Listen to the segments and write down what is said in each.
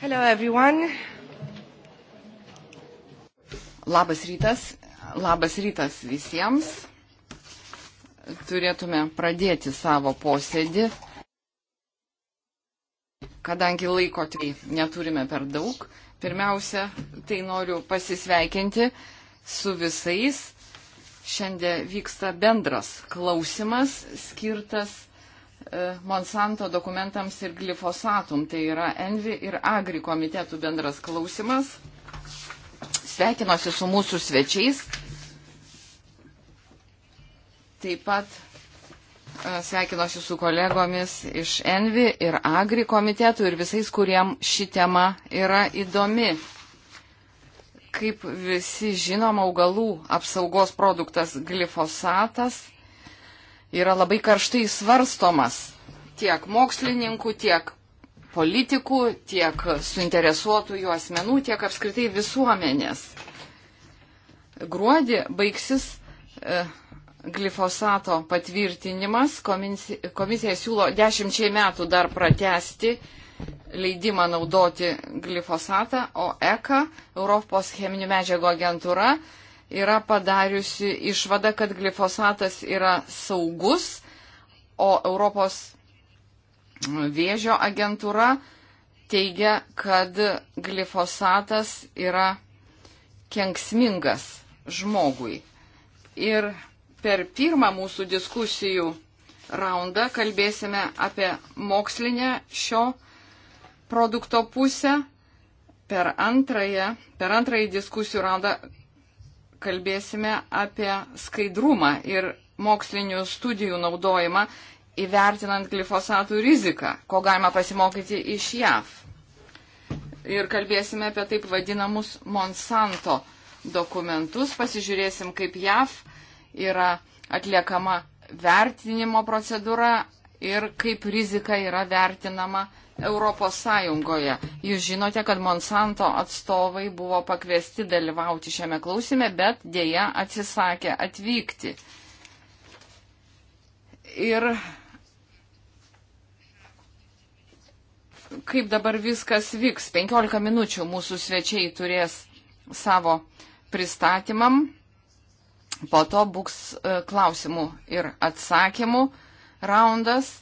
Hello everyone. Labas rytas, labas rytas visiems. Turėtume pradėti savo posėdį, kadangi laiko tai neturime per daug. Pirmiausia, tai noriu pasisveikinti su visais. Šiandien vyksta bendras klausimas skirtas E, Monsanto dokumentams ir glifosatum. Tai yra Envi ir Agri komitetų bendras klausimas. Sveikinuosi su mūsų svečiais. Taip pat e, sveikinuosi su kolegomis iš Envi ir Agri komitetų ir visais, kuriem ši tema yra įdomi. Kaip visi žinom, augalų apsaugos produktas glifosatas yra labai karštai svarstomas tiek mokslininkų, tiek politikų, tiek suinteresuotų jų asmenų, tiek apskritai visuomenės. Gruodį baigsis e, glifosato patvirtinimas, komisija, komisija siūlo dešimčiai metų dar pratesti leidimą naudoti glifosatą, o ECA, Europos cheminių medžiagų agentūra, yra padariusi išvadą, kad glifosatas yra saugus, o Europos vėžio agentūra teigia, kad glifosatas yra kenksmingas žmogui. Ir per pirmą mūsų diskusijų raundą kalbėsime apie mokslinę šio produkto pusę. Per, antrąją, per antrąjį diskusijų raundą kalbėsime apie skaidrumą ir mokslinių studijų naudojimą įvertinant glifosatų riziką, ko galima pasimokyti iš JAV. Ir kalbėsime apie taip vadinamus Monsanto dokumentus, pasižiūrėsim, kaip JAV yra atliekama vertinimo procedūra ir kaip rizika yra vertinama Europos Sąjungoje. Jūs žinote, kad Monsanto atstovai buvo pakviesti dalyvauti šiame klausime, bet dėja atsisakė atvykti. Ir kaip dabar viskas vyks? 15 minučių mūsų svečiai turės savo pristatymam. Po to būks e, klausimų ir atsakymų raundas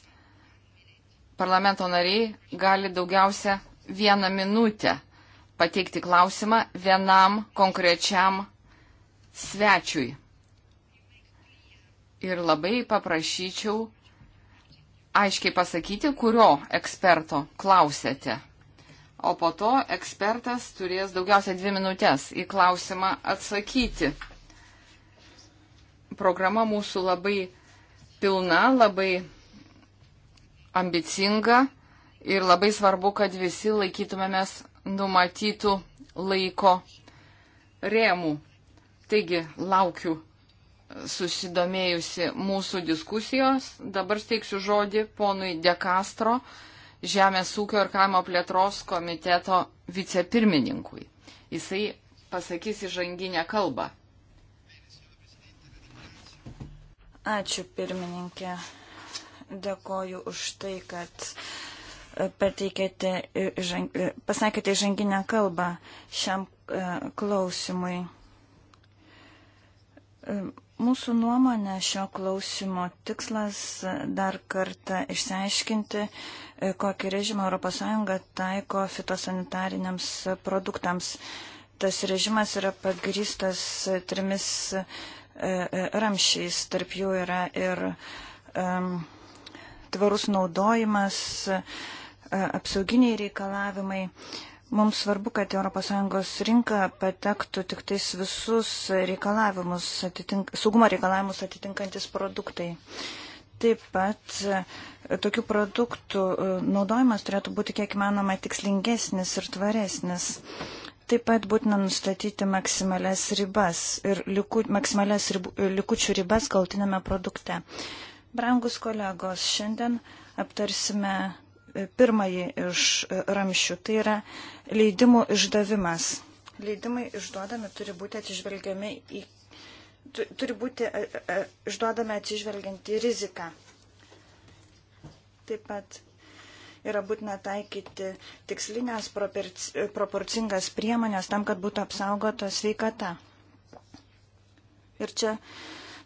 parlamento nariai gali daugiausia vieną minutę pateikti klausimą vienam konkrečiam svečiui. Ir labai paprašyčiau aiškiai pasakyti, kurio eksperto klausėte. O po to ekspertas turės daugiausia dvi minutės į klausimą atsakyti. Programa mūsų labai pilna, labai ambicinga ir labai svarbu, kad visi laikytumėmės numatytų laiko rėmų. Taigi, laukiu susidomėjusi mūsų diskusijos. Dabar steiksiu žodį ponui Dekastro, Žemės ūkio ir kaimo plėtros komiteto vicepirmininkui. Jisai pasakys įžanginę kalbą. Ačiū pirmininkė. Dėkoju už tai, kad e, žang... E, pasakėte įžanginę kalbą šiam e, klausimui. Mūsų nuomonė šio klausimo tikslas dar kartą išsiaiškinti, kokį režimą ES taiko fitosanitariniams produktams. Tas režimas yra pagrystas trimis ramšiais, tarp jų yra ir um, tvarus naudojimas, apsauginiai reikalavimai. Mums svarbu, kad ES rinka patektų tik tais visus reikalavimus, atitink, saugumo reikalavimus atitinkantis produktai. Taip pat tokių produktų naudojimas turėtų būti kiek manoma tikslingesnis ir tvaresnis. Taip pat būtina nustatyti maksimalias ribas ir liku, maksimalias ribu, likučių ribas galtiname produkte. Uh, Brangus kolegos, šiandien aptarsime e, pirmąjį iš e, ramšių, tai yra leidimų išdavimas. Leidimai išduodami turi būti atsižvelgiami į turi būti e, išduodami atsižvelgiant į riziką. Taip pat yra būtina taikyti tikslinės proporcingas priemonės tam, kad būtų apsaugota sveikata. Ir čia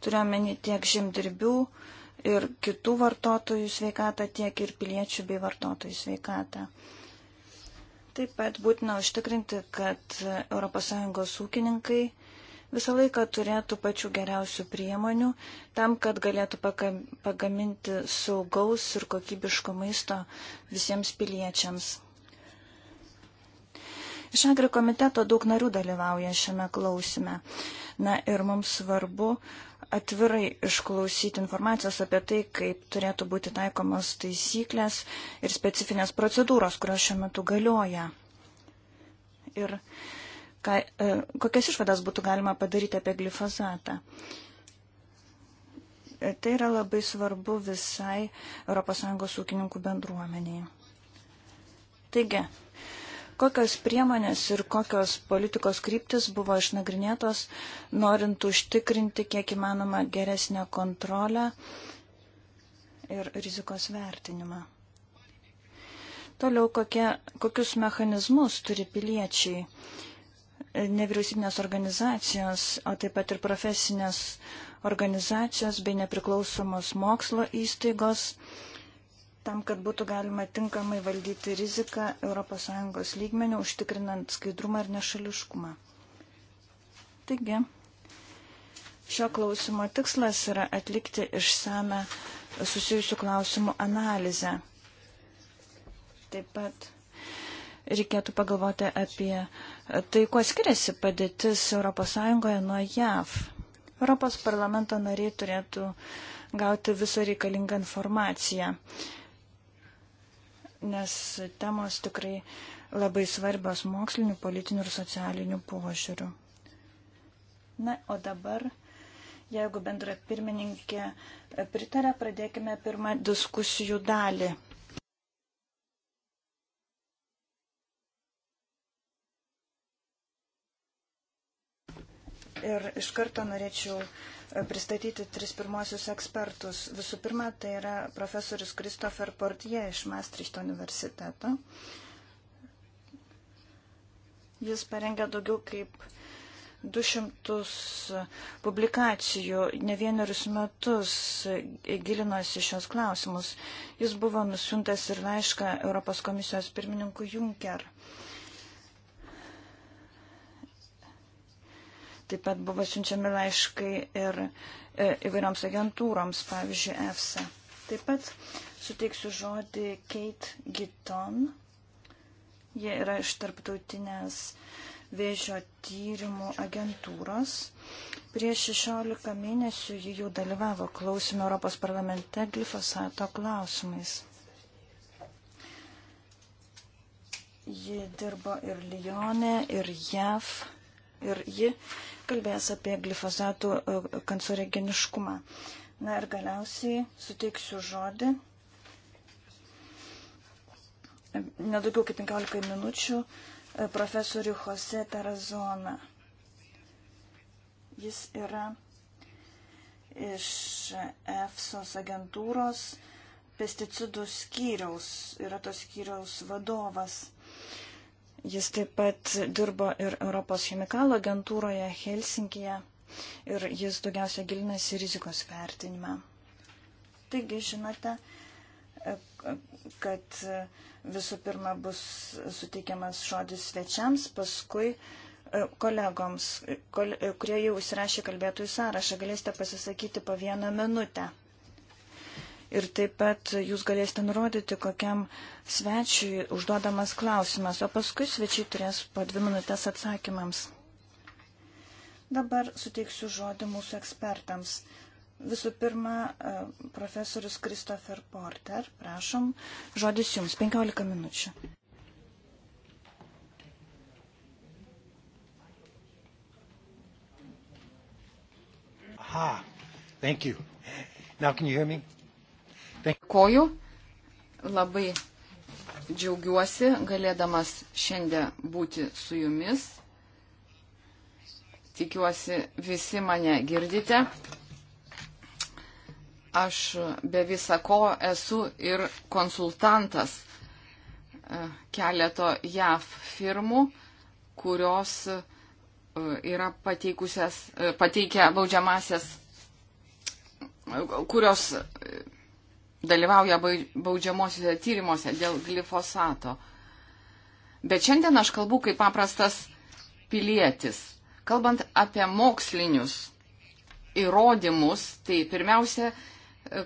turiuomenį tiek žemdirbių, ir kitų vartotojų sveikatą, tiek ir piliečių bei vartotojų sveikatą. Taip pat būtina užtikrinti, kad ES ūkininkai visą laiką turėtų pačių geriausių priemonių tam, kad galėtų pagaminti saugaus ir kokybiško maisto visiems piliečiams. Iš agri komiteto daug narių dalyvauja šiame klausime. Na ir mums svarbu uh, atvirai išklausyti informacijos apie tai, kaip turėtų būti taikomos taisyklės ir specifinės procedūros, kurios šiuo metu galioja. Ir ką, e, kokias išvadas būtų galima padaryti apie glifozatą. E, tai yra labai svarbu visai ES ūkininkų bendruomeniai. Taigi, Kokios priemonės ir kokios politikos kryptis buvo išnagrinėtos, norint užtikrinti kiek įmanoma geresnę kontrolę ir rizikos vertinimą? Toliau, kokie, kokius mechanizmus turi piliečiai, nevyriausybinės organizacijos, o taip pat ir profesinės organizacijos bei nepriklausomos mokslo įstaigos tam, kad būtų galima tinkamai valdyti riziką ES lygmenių, užtikrinant skaidrumą ir nešališkumą. Taigi, šio klausimo tikslas yra atlikti išsame susijusių klausimų analizę. Taip pat reikėtų pagalvoti apie tai, kuo skiriasi padėtis ES nuo JAV. Europos parlamento nariai turėtų gauti visą reikalingą informaciją. Uh, nes temos tikrai labai svarbios mokslinių, politinių ir socialinių požiūrių. Na, o dabar, jeigu bendra pirmininkė pritarė, pradėkime pirmą diskusijų dalį. Ir iš karto norėčiau pristatyti tris pirmosius ekspertus. Visų pirma, tai yra profesorius Kristofer Portie iš Maastrichto universiteto. Jis parengė daugiau kaip 200 publikacijų, ne vienerius metus gilinosi šios klausimus. Jis buvo nusiuntas ir laišką Europos komisijos pirmininkui Juncker. Taip pat buvo siunčiami laiškai ir e, įvairioms agentūroms, pavyzdžiui, EFSA. Taip pat suteiksiu žodį Kate Gitton. Jie yra iš tarptautinės vėžio tyrimų agentūros. Prieš 16 mėnesių ji jau dalyvavo klausime Europos parlamente glifosato klausimais. Ji dirbo ir Lyonė, ir JAV, ir ji kalbės apie glifosatų e, kancerogeniškumą. Na ir galiausiai suteiksiu žodį. Nedaugiau kaip 15 minučių e, profesorių Jose Tarazoną. Jis yra iš EFSOS agentūros pesticidų skyriaus, yra tos skyriaus vadovas. Jis taip pat dirbo ir Europos chemikalų agentūroje Helsinkije ir jis daugiausia gilinasi rizikos vertinimą. Taigi žinote, e, kad visų pirma bus suteikiamas žodis svečiams, paskui e, kolegoms, kurie jau įsirašė kalbėtojų sąrašą, galėsite pasisakyti po vieną minutę ir taip pat jūs galėsite nurodyti, kokiam svečiui užduodamas klausimas, o paskui svečiai turės po dvi minutės atsakymams. Dabar suteiksiu žodį mūsų ekspertams. Visų pirma, e, profesorius Christopher Porter, prašom, žodis jums 15 minučių. Aha, thank you. Now can you hear me? Dėkoju. Tai Labai džiaugiuosi galėdamas šiandien būti su jumis. Tikiuosi visi mane girdite. Aš be visa ko esu ir konsultantas e, keleto JAV firmų, kurios e, yra pateikę e, baudžiamasias, kurios dalyvauja baudžiamosiuose tyrimuose dėl glifosato. Bet šiandien aš kalbu kaip paprastas pilietis. Kalbant apie mokslinius įrodymus, tai pirmiausia,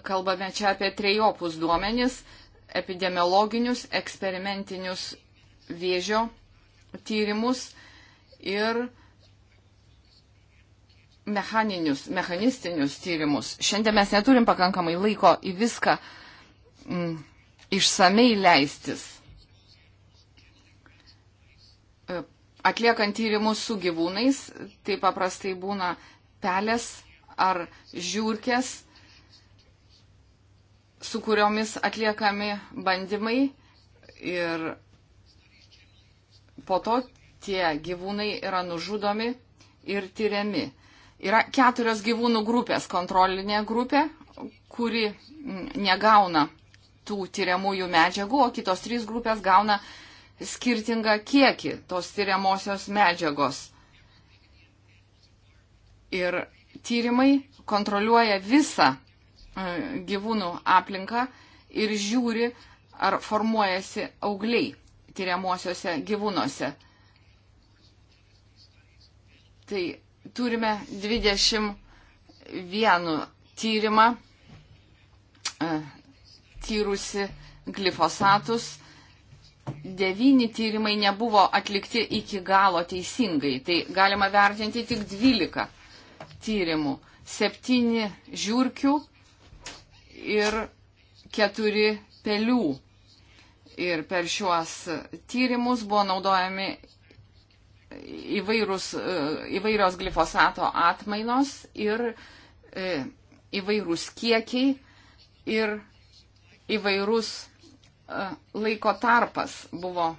kalbame čia apie trejopus duomenis - epidemiologinius, eksperimentinius vėžio tyrimus ir mechaninius, mechanistinius tyrimus. Šiandien mes neturim pakankamai laiko į viską mm, išsamei leistis. E, atliekant tyrimus su gyvūnais, tai paprastai būna pelės ar žiūrkės, su kuriomis atliekami bandymai ir po to tie gyvūnai yra nužudomi ir tyriami. Yra keturios gyvūnų grupės. Kontrolinė grupė, kuri negauna tų tyriamųjų medžiagų, o kitos trys grupės gauna skirtingą kiekį tos tyriamosios medžiagos. Ir tyrimai kontroliuoja visą e, gyvūnų aplinką ir žiūri, ar formuojasi augliai tyriamosiose gyvūnuose. Tai turime 21 tyrimą e, tyrusi glifosatus. Devyni tyrimai nebuvo atlikti iki galo teisingai, tai galima vertinti tik 12 tyrimų. Septyni žiūrkių ir keturi pelių. Ir per šiuos tyrimus buvo naudojami įvairūs, e, įvairios glifosato atmainos ir e, įvairūs kiekiai ir įvairūs e, laiko tarpas buvo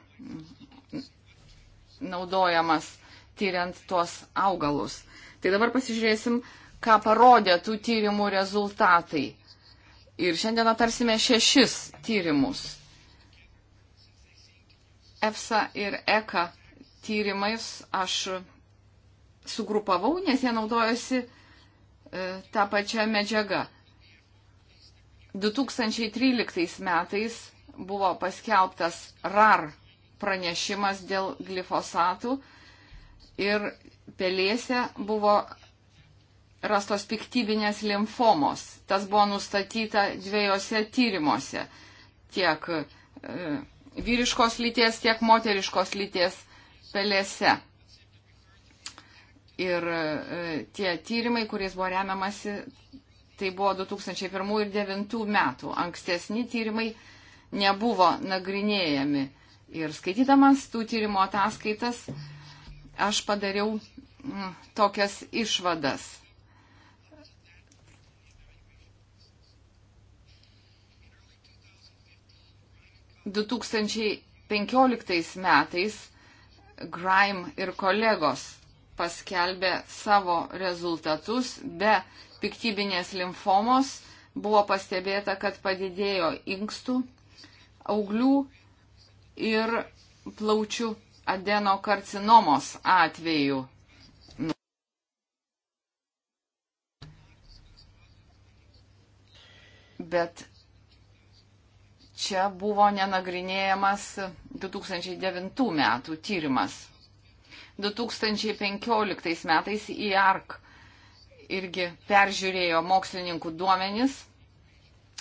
naudojamas tyriant tuos augalus. Tai dabar pasižiūrėsim, ką parodė tų tyrimų rezultatai. Ir šiandien atarsime šešis tyrimus. EFSA ir ECA tyrimais aš sugrupavau, nes jie naudojasi e, tą pačią medžiagą. 2013 metais buvo paskelbtas RAR pranešimas dėl glifosatų ir pelėse buvo rastos piktybinės limfomos. Tas buvo nustatyta dviejose tyrimuose - tiek e, vyriškos lyties, tiek moteriškos lyties pelėse. Ir e, tie tyrimai, kuriais buvo remiamasi, tai buvo 2001 ir 2009 metų. Ankstesni tyrimai nebuvo nagrinėjami. Ir skaitydamas tų tyrimo ataskaitas, aš padariau mm, tokias išvadas. Du 2015 metais Grime ir kolegos paskelbė savo rezultatus be piktybinės limfomos. Buvo pastebėta, kad padidėjo inkstų, auglių ir plaučių adenokarcinomos atveju. Bet čia buvo nenagrinėjamas 2009 metų tyrimas. 2015 metais IARC irgi peržiūrėjo mokslininkų duomenis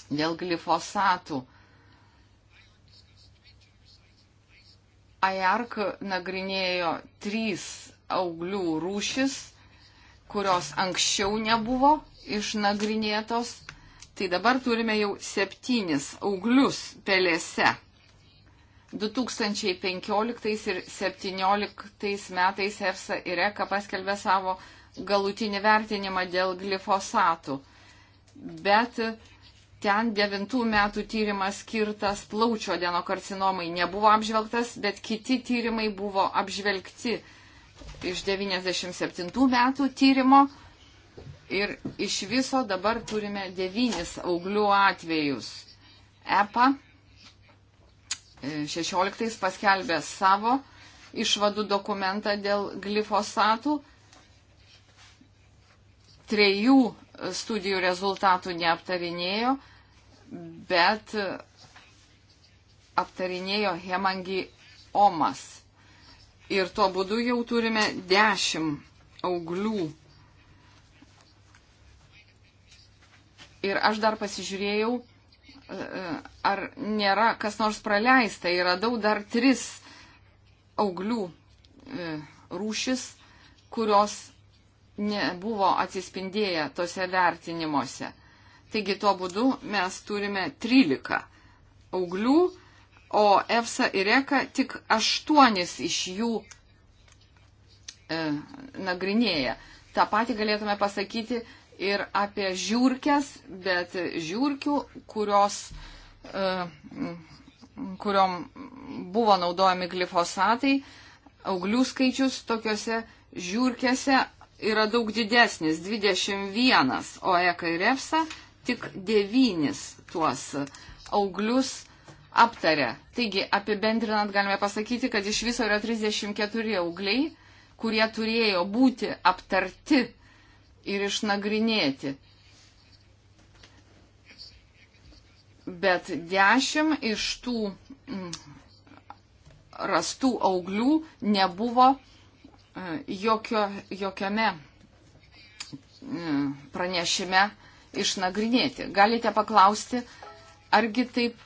dėl glifosatų. IARC nagrinėjo trys auglių rūšis, kurios anksčiau nebuvo išnagrinėtos Tai dabar turime jau septynis auglius pelėse. 2015 ir 2017 metais EFSA ir ECA paskelbė savo galutinį vertinimą dėl glifosatų. Bet ten devintų metų tyrimas skirtas plaučio adenokarcinomai nebuvo apžvelgtas, bet kiti tyrimai buvo apžvelgti iš 97 metų tyrimo Ir iš viso dabar turime devynis auglių atvejus. EPA 16 e, paskelbė savo išvadų dokumentą dėl glifosatų. Trejų studijų rezultatų neaptarinėjo, bet aptarinėjo hemangiomas. Ir tuo būdu jau turime 10 auglių Ir aš dar pasižiūrėjau, e, e, ar nėra kas nors praleista. Ir radau dar tris auglių e, rūšis, kurios nebuvo atsispindėję tose vertinimuose. Taigi tuo būdu mes turime 13 auglių, o EFSA ir ECA tik 8 iš jų e, nagrinėja. Ta pati galėtume pasakyti ir apie žiūrkės, bet žiūrkių, kurios, e, kuriom buvo naudojami glifosatai, auglių skaičius tokiuose žiūrkėse yra daug didesnis - 21, o Eka ir Efsa tik 9 tuos auglius aptarė. Taigi, apibendrinant, galime pasakyti, kad iš viso yra 34 augliai, kurie turėjo būti aptarti ir išnagrinėti. Bet dešimt iš tų mm, rastų auglių nebuvo e, jokio, jokiame e, pranešime išnagrinėti. Galite paklausti, argi taip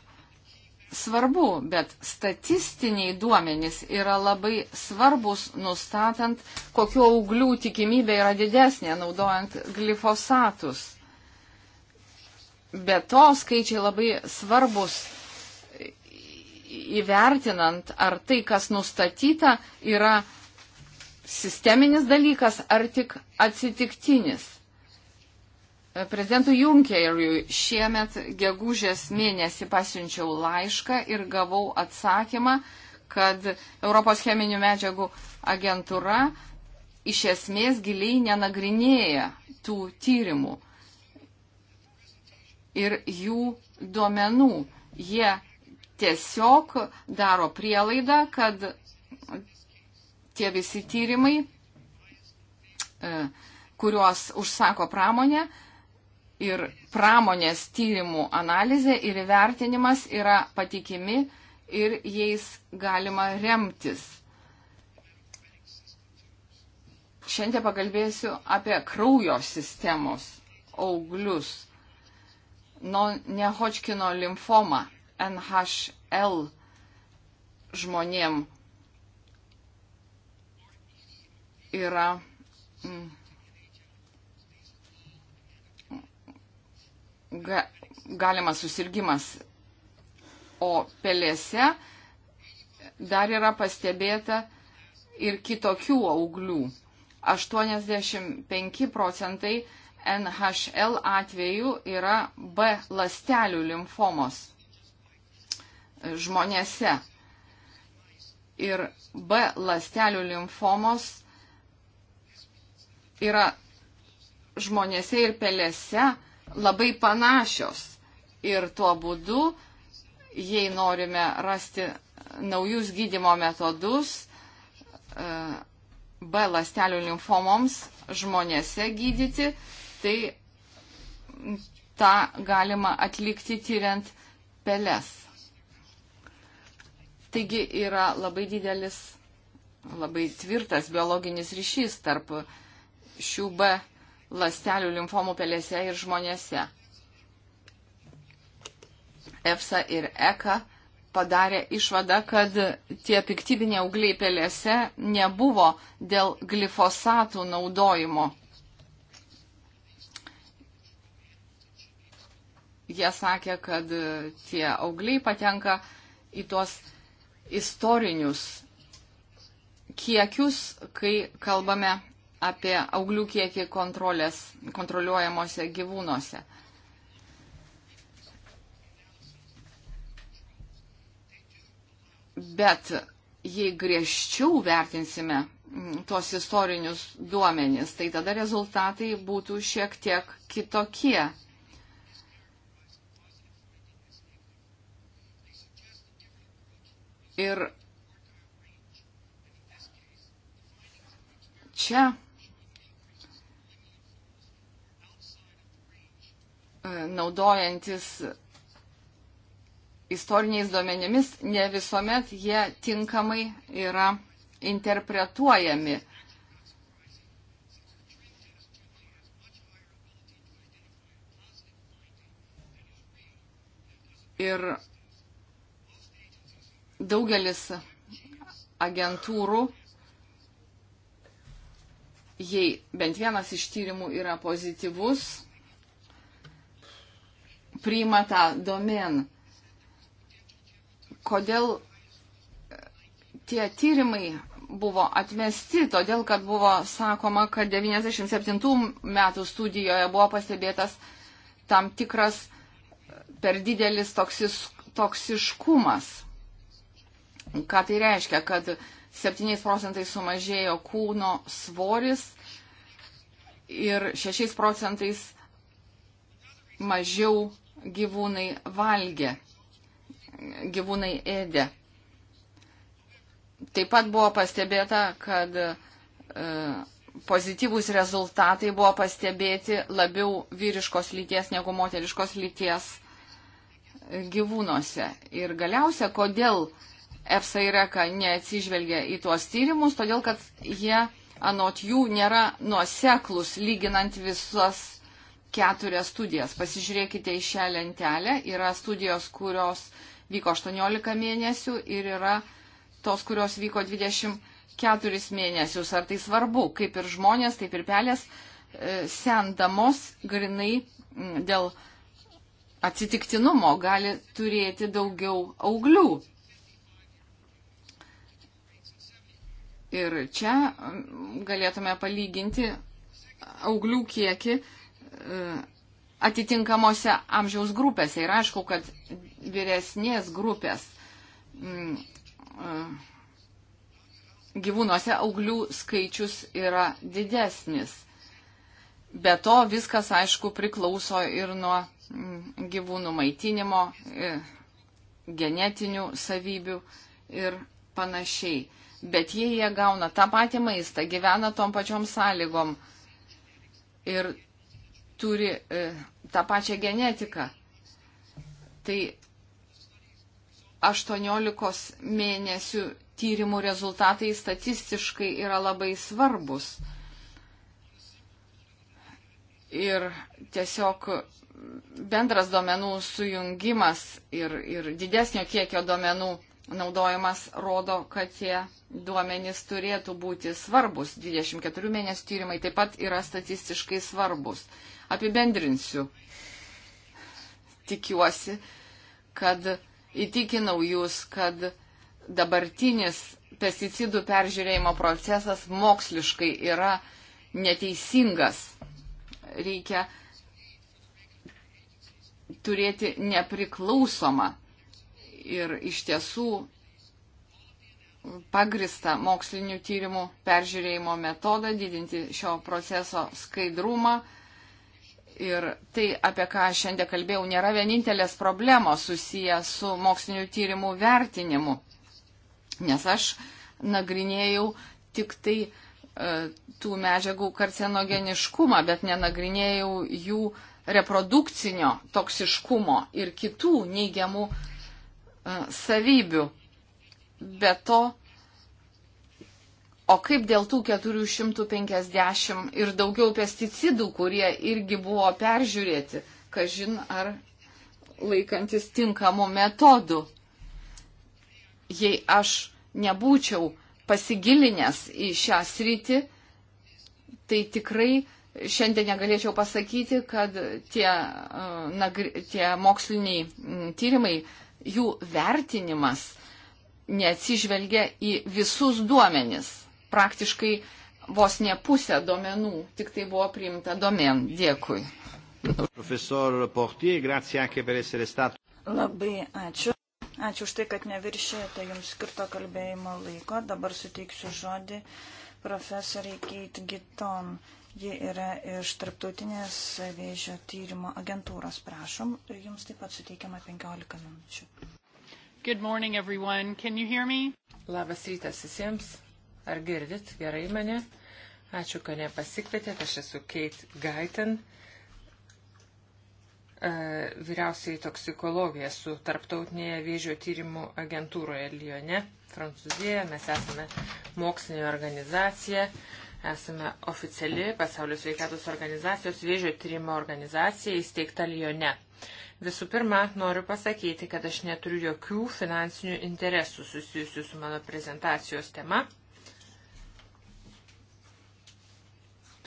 svarbu, bet statistiniai duomenys yra labai svarbus nustatant, kokio auglių tikimybė yra didesnė naudojant glifosatus. Be to skaičiai labai svarbus įvertinant, ar tai, kas nustatyta, yra sisteminis dalykas ar tik atsitiktinis. Prezidentų Junkeriui šiemet gegužės mėnesį pasiunčiau laišką ir gavau atsakymą, kad Europos cheminių medžiagų agentūra iš esmės giliai nenagrinėja tų tyrimų ir jų duomenų. Jie tiesiog daro prielaidą, kad tie visi tyrimai, e, kuriuos užsako pramonė, ir pramonės tyrimų analizė ir įvertinimas yra patikimi ir jais galima remtis. Šiandien pakalbėsiu apie kraujo sistemos auglius, nehočkino limfomą, NHL žmonėm yra. Mm, ga, galimas susirgymas. O pelėse dar yra pastebėta ir kitokių auglių. 85 procentai NHL atvejų yra B lastelių limfomos žmonėse. Ir B lastelių limfomos yra žmonėse ir pelėse labai panašios. Ir tuo būdu, jei norime rasti naujus gydimo metodus e, B lastelių limfomoms žmonėse gydyti, tai tą galima atlikti tyriant peles. Taigi yra labai didelis, labai tvirtas biologinis ryšys tarp šių B lastelių limfomų pelėse ir žmonėse. EFSA ir ECA padarė išvadą, kad tie piktybiniai augliai pelėse nebuvo dėl glifosatų naudojimo. Jie sakė, kad tie augliai patenka į tuos istorinius kiekius, kai kalbame apie auglių kiekį kontroliuojamuose gyvūnuose. Bet jei griežčiau vertinsime mm, tuos istorinius duomenys, tai tada rezultatai būtų šiek tiek kitokie. Ir čia E, naudojantis istoriniais duomenimis, ne visuomet jie tinkamai yra interpretuojami. Ir daugelis agentūrų, jei bent vienas iš tyrimų yra pozityvus, priima tą domen. Kodėl e, tie tyrimai buvo atmesti, todėl kad buvo sakoma, kad 97 metų studijoje buvo pastebėtas tam tikras e, per didelis toksis, toksiškumas. Ką tai reiškia, kad 7 procentai sumažėjo kūno svoris ir 6 procentais mažiau gyvūnai valgė, gyvūnai ėdė. Taip pat buvo pastebėta, kad e, pozityvūs rezultatai buvo pastebėti labiau vyriškos lyties negu moteriškos lyties gyvūnuose. Ir galiausia, kodėl EFSA ir ECA neatsižvelgia į tuos tyrimus, todėl kad jie anot jų nėra nuoseklus lyginant visas keturias studijas. Pasižiūrėkite į šią lentelę. Yra studijos, kurios vyko 18 mėnesių ir yra tos, kurios vyko 24 mėnesius. Ar tai svarbu, kaip ir žmonės, taip ir pelės e, sendamos grinai dėl atsitiktinumo gali turėti daugiau auglių. Ir čia galėtume palyginti auglių kiekį E, atitinkamosi amžiaus grupėse. Ir aišku, kad vyresnės grupės mm, e, gyvūnuose auglių skaičius yra didesnis. Be to viskas, aišku, priklauso ir nuo mm, gyvūnų maitinimo, e, genetinių savybių ir panašiai. Bet jei jie gauna tą patį maistą, gyvena tom pačiom sąlygom ir turi e, tą pačią genetiką. Tai 18 mėnesių tyrimų rezultatai statistiškai yra labai svarbus. Ir tiesiog bendras duomenų sujungimas ir, ir didesnio kiekio duomenų naudojimas rodo, kad tie duomenys turėtų būti svarbus. 24 mėnesių tyrimai taip pat yra statistiškai svarbus. Apibendrinsiu. Tikiuosi, kad įtikinau jūs, kad dabartinis pesticidų peržiūrėjimo procesas moksliškai yra neteisingas. Reikia turėti nepriklausomą ir iš tiesų pagristą mokslinių tyrimų peržiūrėjimo metodą, didinti šio proceso skaidrumą Ir tai, apie ką šiandien kalbėjau, nėra vienintelės problemos susiję su mokslinių tyrimų vertinimu. Nes aš nagrinėjau tik tai e, tų medžiagų karcinogeniškumą, bet nenagrinėjau jų reprodukcinio toksiškumo ir kitų neigiamų e, savybių. Be to, O kaip dėl tų 450 ir daugiau pesticidų, kurie irgi buvo peržiūrėti, kažin ar laikantis tinkamų metodų? Jei aš nebūčiau pasigilinęs į šią sritį, tai tikrai šiandien negalėčiau pasakyti, kad tie, e, na, tie moksliniai tyrimai, jų vertinimas neatsižvelgia į visus duomenis praktiškai vos ne pusę domenų tik tai buvo priimta domen. Dėkui. Profesor Portie, grazie anche per essere stato. Labai ačiū. Ačiū už tai, kad neviršėjote jums skirto kalbėjimo laiko. Dabar suteiksiu žodį profesoriai Kate Gitton. Ji yra iš Tarptautinės vėžio tyrimo agentūros. Prašom, jums taip pat suteikiama 15 minučių. Good morning, everyone. Can you hear me? Labas rytas visiems. Ar girdit gerai mane? Ačiū, kad nepasikvietėte. Aš esu Kate Gaitin, e, vyriausiai toksikologija su Tarptautinėje vėžio tyrimų agentūroje Lyone, Prancūzijoje. Mes esame mokslinė organizacija, esame oficiali Pasaulio sveikatos organizacijos vėžio tyrimo organizacija įsteigta Lyone. Visų pirma, noriu pasakyti, kad aš neturiu jokių finansinių interesų susijusių su mano prezentacijos tema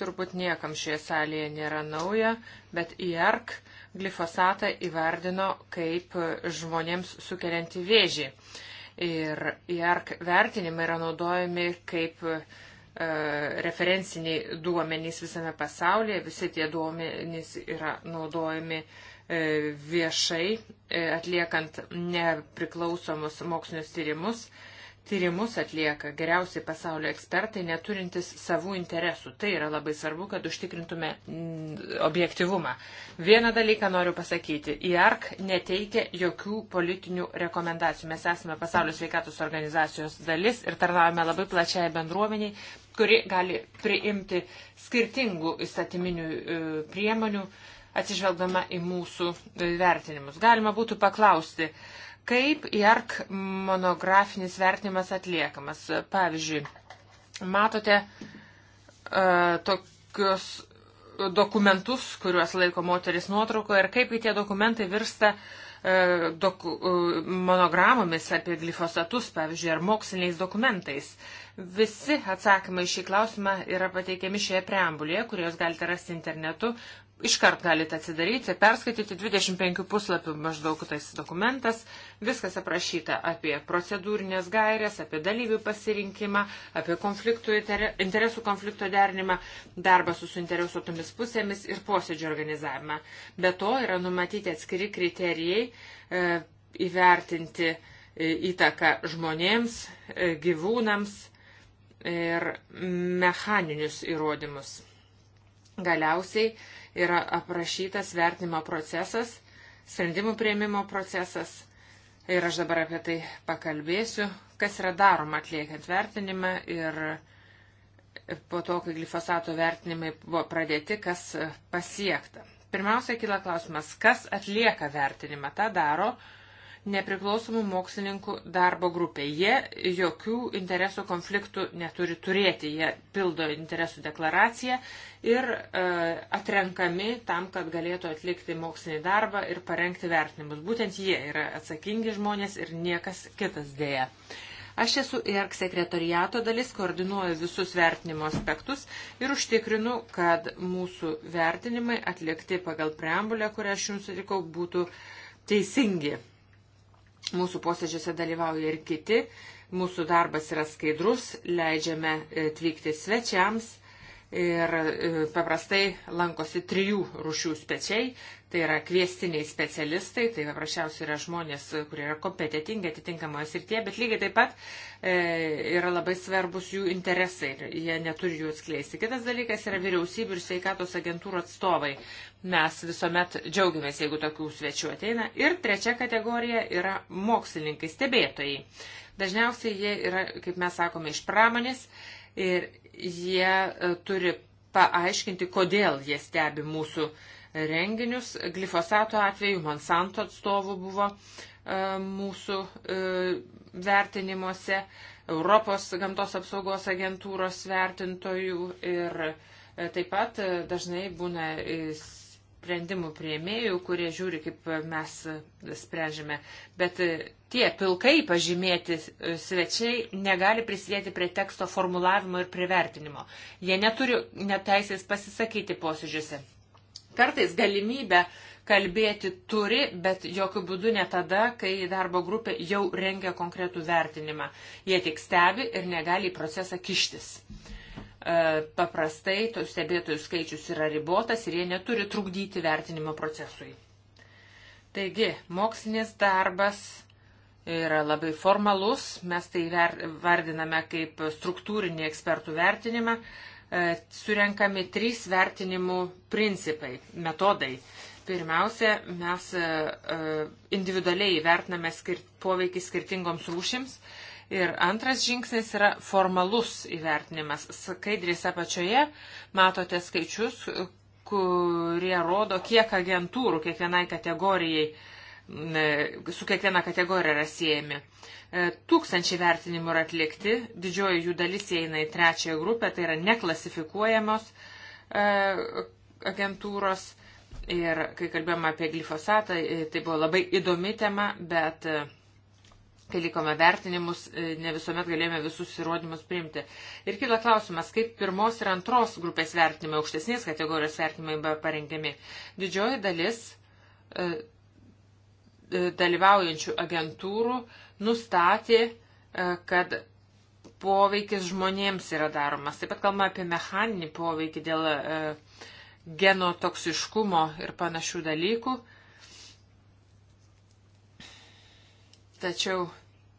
turbūt niekam šioje salėje nėra nauja, bet IARC glifosatą įvardino kaip žmonėms sukelianti vėžį. Ir IARC vertinimai yra naudojami kaip e, referenciniai duomenys visame pasaulyje, visi tie duomenys yra naudojami e, viešai e, atliekant nepriklausomus mokslinius tyrimus tyrimus atlieka geriausi pasaulio ekspertai, neturintis savų interesų. Tai yra labai svarbu, kad užtikrintume mm, objektivumą. Vieną dalyką noriu pasakyti. IARC neteikia jokių politinių rekomendacijų. Mes esame pasaulio sveikatos organizacijos dalis ir tarnaujame labai plačiai bendruomeniai, kuri gali priimti skirtingų įstatyminių e, priemonių atsižvelgdama į mūsų e, vertinimus. Galima būtų paklausti, Kaip IARC monografinis vertinimas atliekamas? Pavyzdžiui, matote uh, tokius dokumentus, kuriuos laiko moteris nuotraukoje ir kaip tie dokumentai virsta uh, doku, uh, monogramomis apie glifosatus, pavyzdžiui, ar moksliniais dokumentais. Visi atsakymai šį klausimą yra pateikiami šioje preambulėje, kuriuos galite rasti internetu iškart galite atsidaryti, perskaityti 25 puslapių maždaug tais dokumentas, viskas aprašyta apie procedūrinės gairės, apie dalyvių pasirinkimą, apie konfliktų, interesų konflikto derinimą, darbą su suinteresuotomis pusėmis ir posėdžio organizavimą. Be to yra numatyti atskiri kriterijai e, įvertinti e, įtaką žmonėms, e, gyvūnams ir mechaninius įrodymus. Galiausiai yra aprašytas vertinimo procesas, sprendimų prieimimo procesas. Ir aš dabar apie tai pakalbėsiu, kas yra daroma atliekant vertinimą ir po to, kai glifosato vertinimai buvo pradėti, kas pasiekta. Pirmiausia, kyla klausimas, kas atlieka vertinimą. Ta daro uh, nepriklausomų mokslininkų darbo grupė. Jie jokių interesų konfliktų neturi turėti, jie pildo interesų deklaraciją ir e, atrenkami tam, kad galėtų atlikti mokslinį darbą ir parengti vertinimus. Būtent jie yra atsakingi žmonės ir niekas kitas dėja. Aš esu IRK e sekretariato dalis, koordinuoju visus vertinimo aspektus ir užtikrinu, kad mūsų vertinimai atlikti pagal preambulę, kurią aš jums sutikau, būtų teisingi. Mūsų posėdžiuose dalyvauja ir kiti. Mūsų darbas yra skaidrus, leidžiame atvykti e, svečiams ir e, paprastai lankosi trijų rušių svečiai Tai yra kviestiniai specialistai, tai paprasčiausiai yra žmonės, kurie yra kompetitingi atitinkamoje srityje, bet lygiai taip pat e, yra labai svarbus jų interesai ir jie neturi jų atskleisti. Kitas dalykas yra vyriausybių ir sveikatos agentūrų atstovai. Mes visuomet džiaugiamės, jeigu tokių svečių ateina. Ir trečia kategorija yra mokslininkai, stebėtojai. Dažniausiai jie yra, kaip mes sakome, iš pramonės ir jie e, turi paaiškinti, kodėl jie stebi mūsų renginius. Glifosato atveju Monsanto atstovų buvo e, mūsų e, vertinimuose, Europos gamtos apsaugos agentūros vertintojų ir e, taip pat dažnai būna sprendimų prieimėjų, kurie žiūri, kaip mes sprendžiame. Bet tie pilkai pažymėti svečiai negali prisidėti prie teksto formulavimo ir privertinimo. Jie neturi neteisės pasisakyti posėdžiuose. Kartais galimybę kalbėti turi, bet jokių būdų ne tada, kai darbo grupė jau rengia konkretų vertinimą. Jie tik stebi ir negali į procesą kištis. E, paprastai tų stebėtojų skaičius yra ribotas ir jie neturi trukdyti vertinimo procesui. Taigi, mokslinis darbas yra labai formalus, mes tai vardiname kaip struktūrinį ekspertų vertinimą, E, surenkami trys vertinimų principai, metodai. Pirmiausia, mes e, e, individualiai vertiname skirt, poveikį skirtingoms rūšims. Ir antras žingsnis yra formalus įvertinimas. Skaidrės apačioje matote skaičius, kurie rodo, kiek agentūrų kiekvienai kategorijai uh, su kiekviena kategorija yra siejami. E, tūkstančiai vertinimų yra atlikti, didžioji jų dalis įeina į trečiąją grupę, tai yra neklasifikuojamos e, agentūros. Ir kai kalbėjome apie glifosatą, e, tai buvo labai įdomi tema, bet kai likome vertinimus, ne visuomet galėjome visus įrodymus priimti. Ir kila klausimas, kaip pirmos ir antros grupės vertinimai, aukštesnės kategorijos vertinimai buvo parengiami. Didžioji dalis dalyvaujančių agentūrų nustatė, e, kad poveikis žmonėms yra daromas. Taip pat kalbame apie mechaninį poveikį dėl e, genotoksiškumo ir panašių dalykų. Tačiau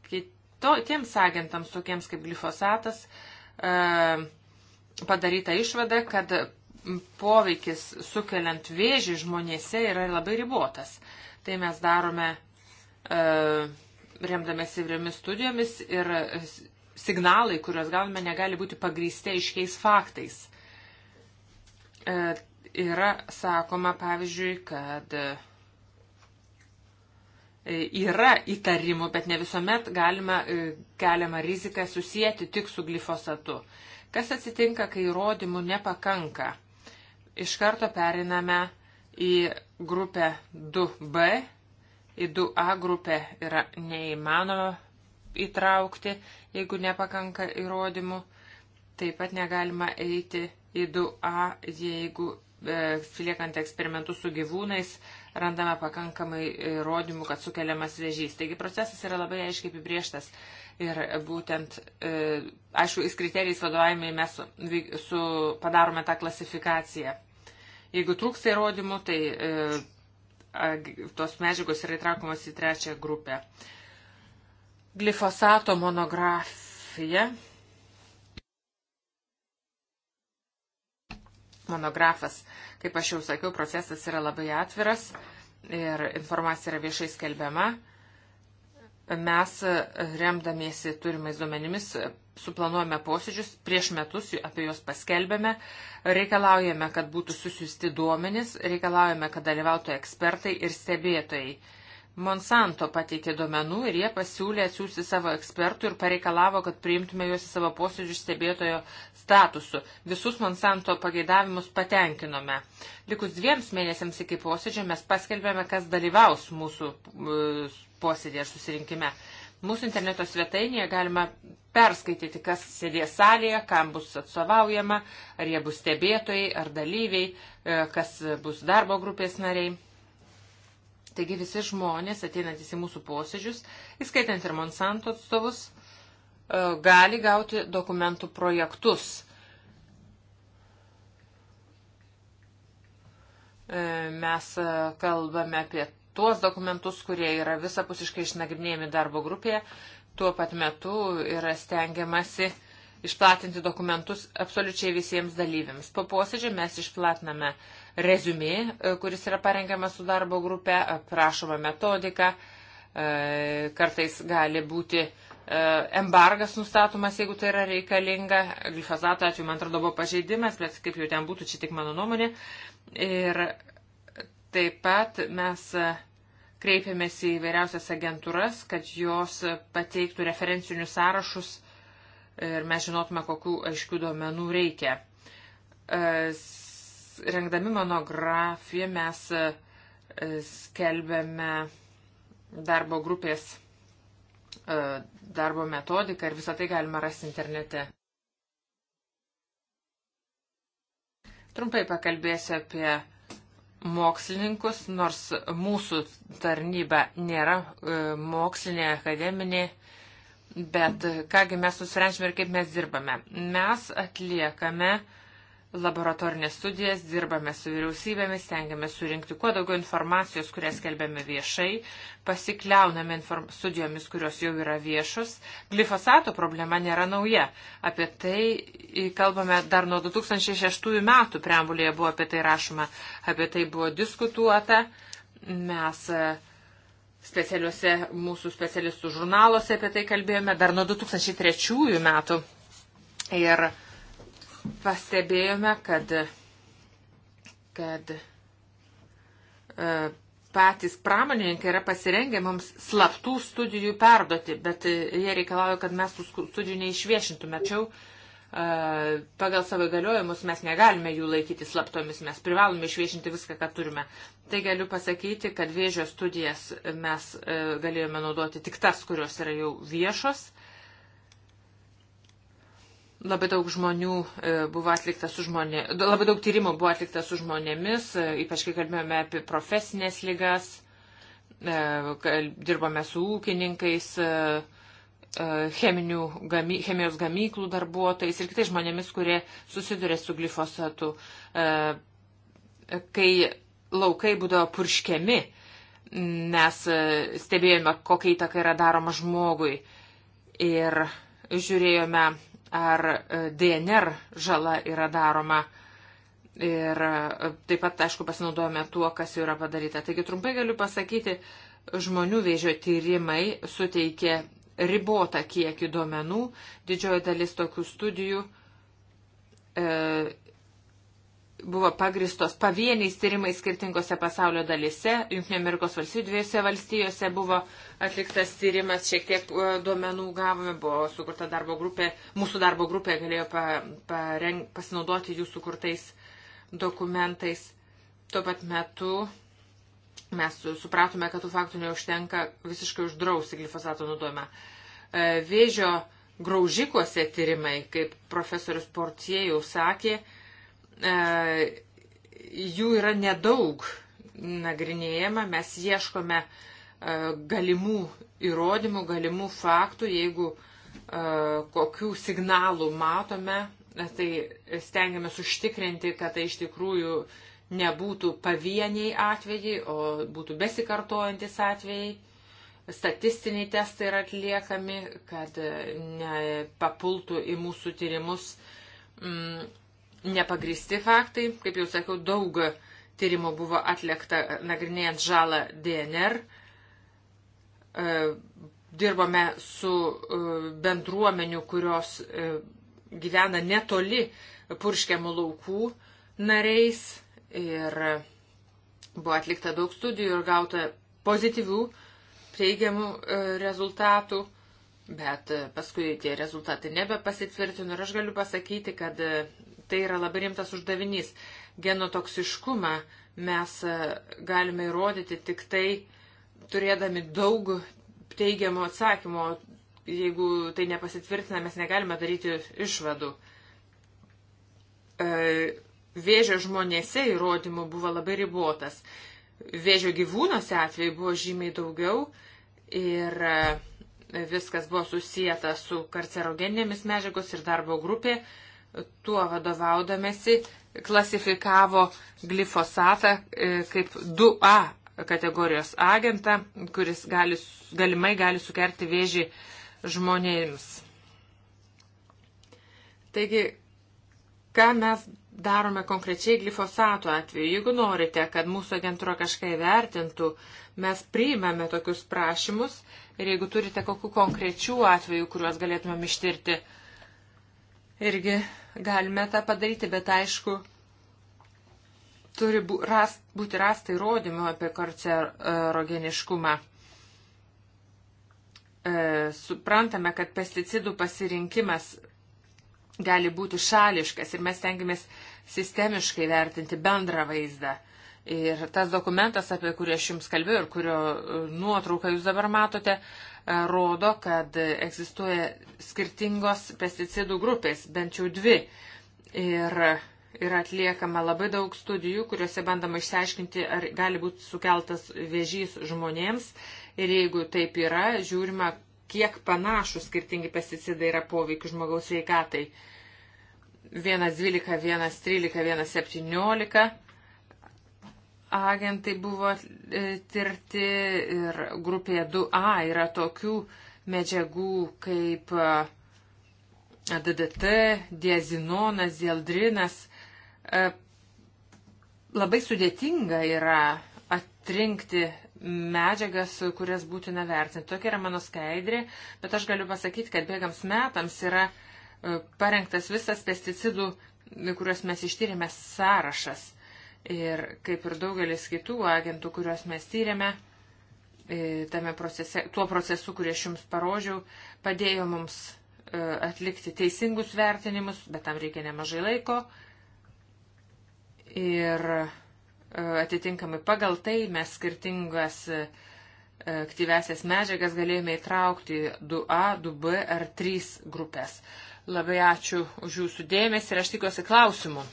kitiems agentams, tokiems kaip glifosatas, e, padaryta išvada, kad poveikis sukeliant vėžį žmonėse yra labai ribotas. Tai mes darome e, remdamėsi įvriomis studijomis ir signalai, kuriuos gauname, negali būti pagrįsti aiškiais faktais. E, yra sakoma, pavyzdžiui, kad e, yra įtarimų, bet ne visuomet galima keliamą riziką susijęti tik su glifosatu. Kas atsitinka, kai įrodymų nepakanka? Iš karto periname uh, į grupę 2B, į 2A grupę yra neįmanoma įtraukti, jeigu nepakanka įrodymų. Taip pat negalima eiti į 2A, jeigu e, atliekant eksperimentus su gyvūnais, randame pakankamai įrodymų, kad sukeliamas vėžys. Taigi procesas yra labai aiškiai apibrieštas ir būtent, e, aišku, įs kriterijais vadovavimai mes su, padarome tą klasifikaciją. Jeigu trūksta įrodymų, tai e, tos medžiagos yra įtraukomos į trečią grupę. Glifosato monografija. Monografas, kaip aš jau sakiau, procesas yra labai atviras ir informacija yra viešai skelbiama mes e, remdamiesi turimais duomenimis e, suplanuojame posėdžius, prieš metus apie juos paskelbėme, reikalaujame, kad būtų susiusti duomenys, reikalaujame, kad dalyvautų ekspertai ir stebėtojai. Monsanto pateikė duomenų ir jie pasiūlė atsiųsti savo ekspertų ir pareikalavo, kad priimtume juos į savo posėdžių stebėtojo statusu. Visus Monsanto pageidavimus patenkinome. Likus dviems mėnesiams iki posėdžio mes paskelbėme, kas dalyvaus mūsų posėdėje ar susirinkime. Mūsų interneto svetainėje galima perskaityti, kas sėdės salėje, kam bus atstovaujama, ar jie bus stebėtojai, ar dalyviai, e, kas bus darbo grupės nariai. Taigi visi žmonės ateinantis į mūsų posėdžius, įskaitant ir Monsanto atstovus, e, gali gauti dokumentų projektus. E, mes kalbame apie tuos dokumentus, kurie yra visapusiškai išnagrinėjami darbo grupėje. Tuo pat metu yra stengiamasi išplatinti dokumentus absoliučiai visiems dalyviams. Po posėdžio mes išplatiname rezumė, e, kuris yra parengiamas su darbo grupė, prašoma metodika, e, kartais gali būti e, embargas nustatomas, jeigu tai yra reikalinga. Glifozato atveju, man atrodo, buvo pažeidimas, bet kaip jau ten būtų, čia tik mano nuomonė. Ir Taip pat mes e, kreipėmės į vairiausias agentūras, kad jos pateiktų referencinius sąrašus ir mes žinotume, kokių aiškių duomenų reikia. E, rengdami monografiją mes e, skelbėme darbo grupės darbo metodiką ir visą tai galima rasti internete. Trumpai pakalbėsiu apie mokslininkus, nors mūsų tarnyba nėra e, mokslinė, akademinė, bet kągi mes nusprendžiame ir kaip mes dirbame. Mes atliekame uh, laboratorinės studijas, dirbame su vyriausybėmis, stengiamės surinkti kuo daugiau informacijos, kurią skelbėme viešai, pasikliauname studijomis, kurios jau yra viešos. Glifosato problema nėra nauja. Apie tai kalbame dar nuo 2006 metų, preambulėje buvo apie tai rašoma, apie tai buvo diskutuota. Mes e, specialiuose mūsų specialistų žurnaluose apie tai kalbėjome dar nuo 2003 metų. Ir uh, pastebėjome, kad, kad e, patys pramonininkai yra pasirengę mums slaptų studijų perduoti, bet e, jie reikalauja, kad mes tų studijų neišviešintume. Tačiau e, pagal savo įgaliojimus mes negalime jų laikyti slaptomis, mes privalome išviešinti viską, ką turime. Tai galiu pasakyti, kad vėžio studijas mes galėjome naudoti tik tas, kurios yra jau viešos. Labai daug žmonių e, buvo atlikta su žmonėmis, labai daug tyrimų buvo atlikta su žmonėmis, e, ypač kai kalbėjome apie profesinės lygas, e, dirbome su ūkininkais, gamy, chemijos gamyklų darbuotojais ir kitais žmonėmis, kurie susiduria su glifosatu. Kai laukai būdavo purškiami, mes stebėjome, kokia įtaka yra daroma žmogui ir žiūrėjome ar e, DNR žala yra daroma. Ir e, taip pat, aišku, pasinaudojame tuo, kas jau yra padaryta. Taigi trumpai galiu pasakyti, žmonių vėžio tyrimai suteikė ribotą kiekį duomenų. Didžioji dalis tokių studijų e, buvo pagristos pavieniais tyrimais skirtingose pasaulio dalise. Junktinė Amerikos valstybių dviejose valstijose buvo atliktas tyrimas, šiek tiek e, duomenų gavome, buvo sukurta darbo grupė, mūsų darbo grupė galėjo pa, pareng, pasinaudoti jų sukurtais dokumentais. Tuo pat metu mes supratome, kad tų faktų neužtenka visiškai uždrausti glifosato naudojimą. E, vėžio graužikuose tyrimai, kaip profesorius Portie jau sakė, E, jų yra nedaug nagrinėjama, mes ieškome e, galimų įrodymų, galimų faktų, jeigu e, kokių signalų matome, tai stengiamės užtikrinti, kad tai iš tikrųjų nebūtų pavieniai atvejai, o būtų besikartojantis atvejai. Statistiniai testai yra atliekami, kad nepapultų į mūsų tyrimus mm, nepagristi faktai. Kaip jau sakiau, daug tyrimų buvo atlikta nagrinėjant žalą DNR. E, dirbome su e, bendruomeniu, kurios e, gyvena netoli purškiamų laukų nariais ir buvo atlikta daug studijų ir gauta pozityvių, teigiamų rezultatų, bet paskui tie rezultatai nebepasitvirtino ir aš galiu pasakyti, kad Tai yra labai rimtas uždavinys. Genotoksiškumą mes e, galime įrodyti tik tai turėdami daug teigiamų atsakymų. Jeigu tai nepasitvirtina, mes negalime daryti išvadų. E, vėžio žmonėse įrodymų buvo labai ribotas. Vėžio gyvūnose atveju buvo žymiai daugiau ir e, viskas buvo susijęta su karcerogeninėmis medžiagos ir darbo grupė tuo vadovaudamėsi klasifikavo glifosatą e, kaip 2A kategorijos agentą, kuris gali, galimai gali sukelti vėžį žmonėms. Taigi, ką mes darome konkrečiai glifosato atveju? Jeigu norite, kad mūsų agentūra kažką įvertintų, mes priimame tokius prašymus ir jeigu turite kokių konkrečių atvejų, kuriuos galėtumėm ištirti, uh, irgi galime tą padaryti, bet aišku, turi bū, ras, būti rasta įrodymų apie karcerogeniškumą. E, suprantame, kad pesticidų pasirinkimas gali būti šališkas ir mes tengiamės sistemiškai vertinti bendrą vaizdą. E, Ir tas dokumentas, apie kurį aš jums kalbėjau ir kurio e, nuotrauką jūs dabar matote, e, rodo, kad egzistuoja skirtingos pesticidų grupės, bent jau dvi. Ir yra atliekama labai daug studijų, kuriuose bandama išsiaiškinti, ar gali būti sukeltas vėžys žmonėms. Ir jeigu taip yra, žiūrima, kiek panašų skirtingi pesticidai yra poveikiu žmogaus veikatai. 1.12, 1.13, 1.17 agentai buvo e, tirti ir grupėje 2A yra tokių medžiagų kaip e, DDT, diazinonas, dieldrinas. E, labai sudėtinga yra atrinkti medžiagas, kurias būtina vertinti. Tokia yra mano skaidrė, bet aš galiu pasakyti, kad bėgams metams yra parengtas visas pesticidų, kuriuos mes ištyrėme sąrašas Ir kaip ir daugelis kitų agentų, kuriuos mes tyrėme, e, tame procese, tuo procesu, kurį aš jums parodžiau, padėjo mums e, atlikti teisingus vertinimus, bet tam reikia nemažai laiko. Ir e, atitinkamai pagal tai mes skirtingas aktyvesias medžiagas galėjome įtraukti 2A, 2B ar 3 grupės. Labai ačiū už jūsų dėmesį ir aš tikiuosi klausimų.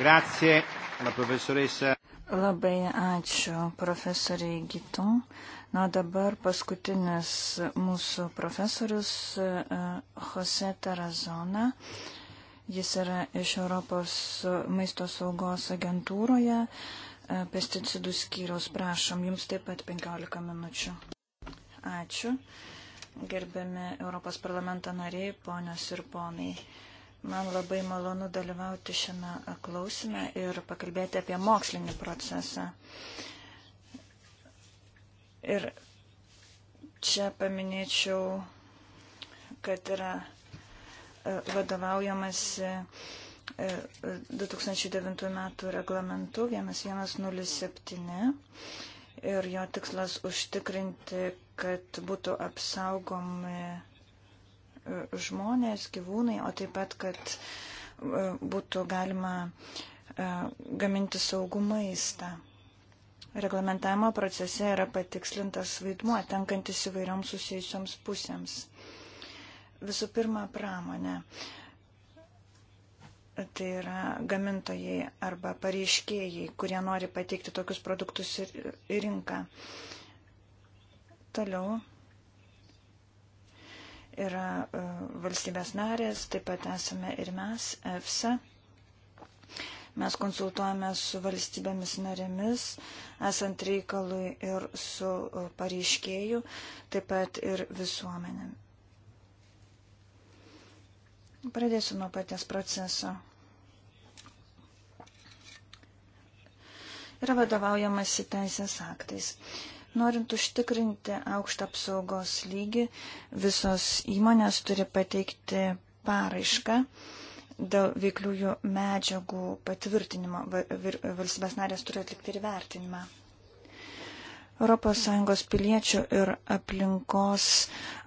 Grazie, la profesoressa. Labai ačiū profesoriai Giton. Na dabar paskutinis mūsų profesorius e, Jose Tarazona. Jis yra iš Europos maisto saugos agentūroje, e, pesticidų skyriaus. Prašom, jums taip pat 15 minučių. Ačiū. Gerbiami Europos parlamento nariai, ponios ir ponai. Man labai malonu dalyvauti šiame klausime ir pakalbėti apie mokslinį procesą. Ir čia paminėčiau, kad yra e, vadovaujamasi 2009 e, metų reglamentu 1107 ir jo tikslas užtikrinti, kad būtų apsaugomi žmonės, gyvūnai, o taip pat, kad e, būtų galima e, gaminti saugų maistą. Reglamentavimo procese yra patikslintas vaidmuo, tenkantis įvairioms susijusioms pusėms. Visų pirma, pramonė. Tai yra gamintojai arba pareiškėjai, kurie nori pateikti tokius produktus į rinką. Toliau yra e, valstybės narės, taip pat esame ir mes, EFSA. Mes konsultuojame su valstybėmis narėmis, esant reikalui ir su e, pareiškėjų, taip pat ir visuomenėm. Pradėsiu nuo paties proceso. Yra vadovaujamasi teisės aktais. Norint užtikrinti aukštą apsaugos lygį, visos įmonės turi pateikti paraišką dėl veikliųjų medžiagų patvirtinimo. Valstybės narės turi atlikti ir vertinimą. ES piliečių ir aplinkos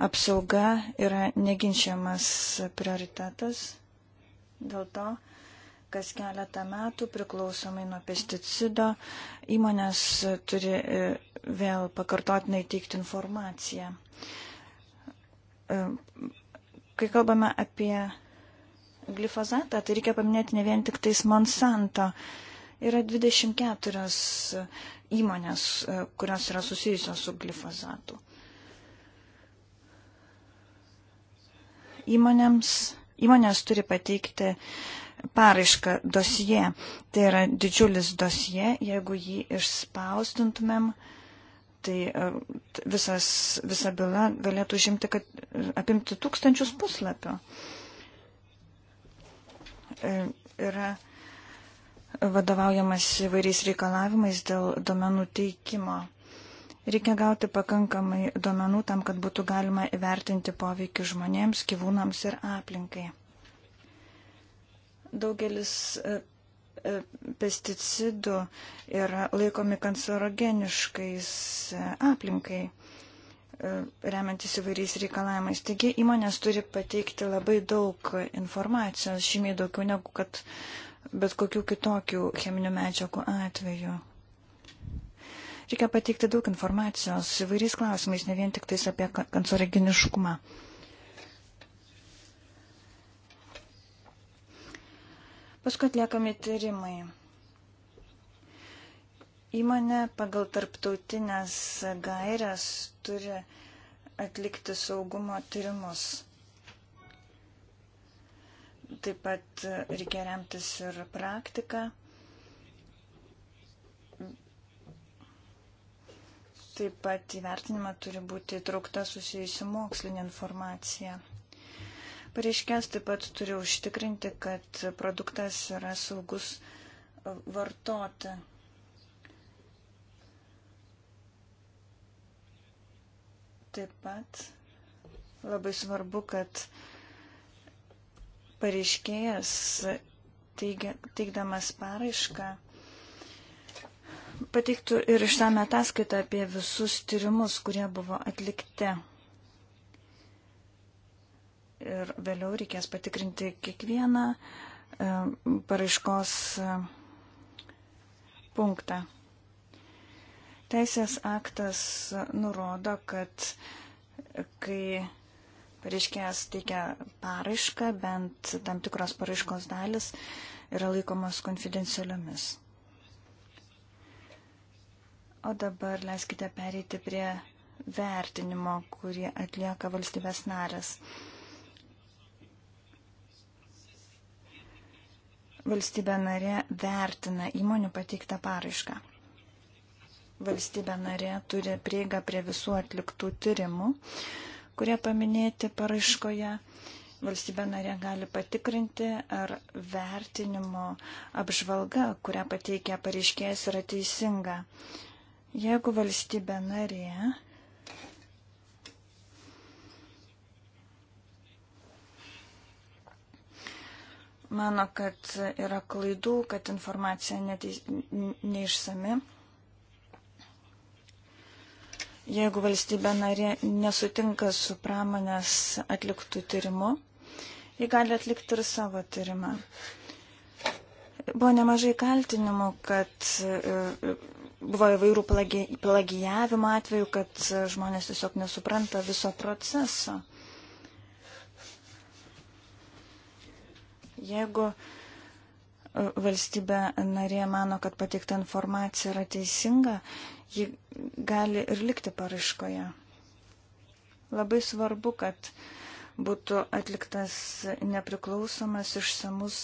apsauga yra neginčiamas prioritetas. Dėl to, kas keletą metų priklausomai nuo pesticido, įmonės turi e, vėl pakartotinai teikti informaciją. E, kai kalbame apie glifozatą, tai reikia paminėti ne vien tik tais Monsanto. Yra 24 įmonės, e, kurios yra susijusios su glifozatu. Įmonėms, įmonės turi pateikti paraišką dosije. Tai yra didžiulis dosije, jeigu jį išspausdintumėm, uh, Tai e, visas, visa byla galėtų žimti, kad apimti tūkstančius puslapio. E, yra vadovaujamas įvairiais reikalavimais dėl domenų teikimo. Reikia gauti pakankamai duomenų tam, kad būtų galima įvertinti poveikį žmonėms, gyvūnams ir aplinkai. Daugelis e, E, pesticidų yra laikomi kancerogeniškais e, aplinkai, e, remiantis įvairiais reikalavimais. Taigi įmonės turi pateikti labai daug informacijos, žymiai daugiau negu kad bet kokių kitokių cheminių medžiagų atveju. Reikia pateikti daug informacijos įvairiais klausimais, ne vien tik tais apie kancerogeniškumą. Ka Paskui atliekami tyrimai. Įmonė pagal tarptautinės gairias turi atlikti saugumo tyrimus. Taip pat reikia remtis ir praktiką. Taip pat įvertinimą turi būti įtraukta susijusi mokslinė informacija. Pareiškės taip pat turi užtikrinti, kad produktas yra saugus vartoti. Taip pat labai svarbu, kad pareiškėjas teikdamas paraišką pateiktų ir ištame ataskaitą apie visus tyrimus, kurie buvo atlikti ir vėliau reikės patikrinti kiekvieną e, paraiškos e, punktą. Teisės aktas nurodo, kad kai pareiškėjas teikia paraišką, bent tam tikros paraiškos dalis yra laikomos konfidencialiomis. O dabar leiskite pereiti prie vertinimo, kurį atlieka valstybės narės. valstybė narė vertina įmonių pateiktą paraišką. Valstybė narė turi prieigą prie visų atliktų tyrimų, kurie paminėti paraiškoje. Valstybė narė gali patikrinti, ar vertinimo apžvalga, kurią pateikia pareiškėjas, yra teisinga. Jeigu valstybė narė mano, kad yra klaidų, kad informacija neteis, neišsami. Jeigu valstybė narė nesutinka su pramonės atliktų tyrimu, ji gali atlikti ir savo tyrimą. Buvo nemažai kaltinimų, kad e, e, buvo įvairių plagijavimo atvejų, kad žmonės tiesiog nesupranta viso proceso. Jeigu e, valstybė narė mano, kad pateikta informacija yra teisinga, ji gali ir likti paraiškoje. Labai svarbu, kad būtų atliktas nepriklausomas išsamus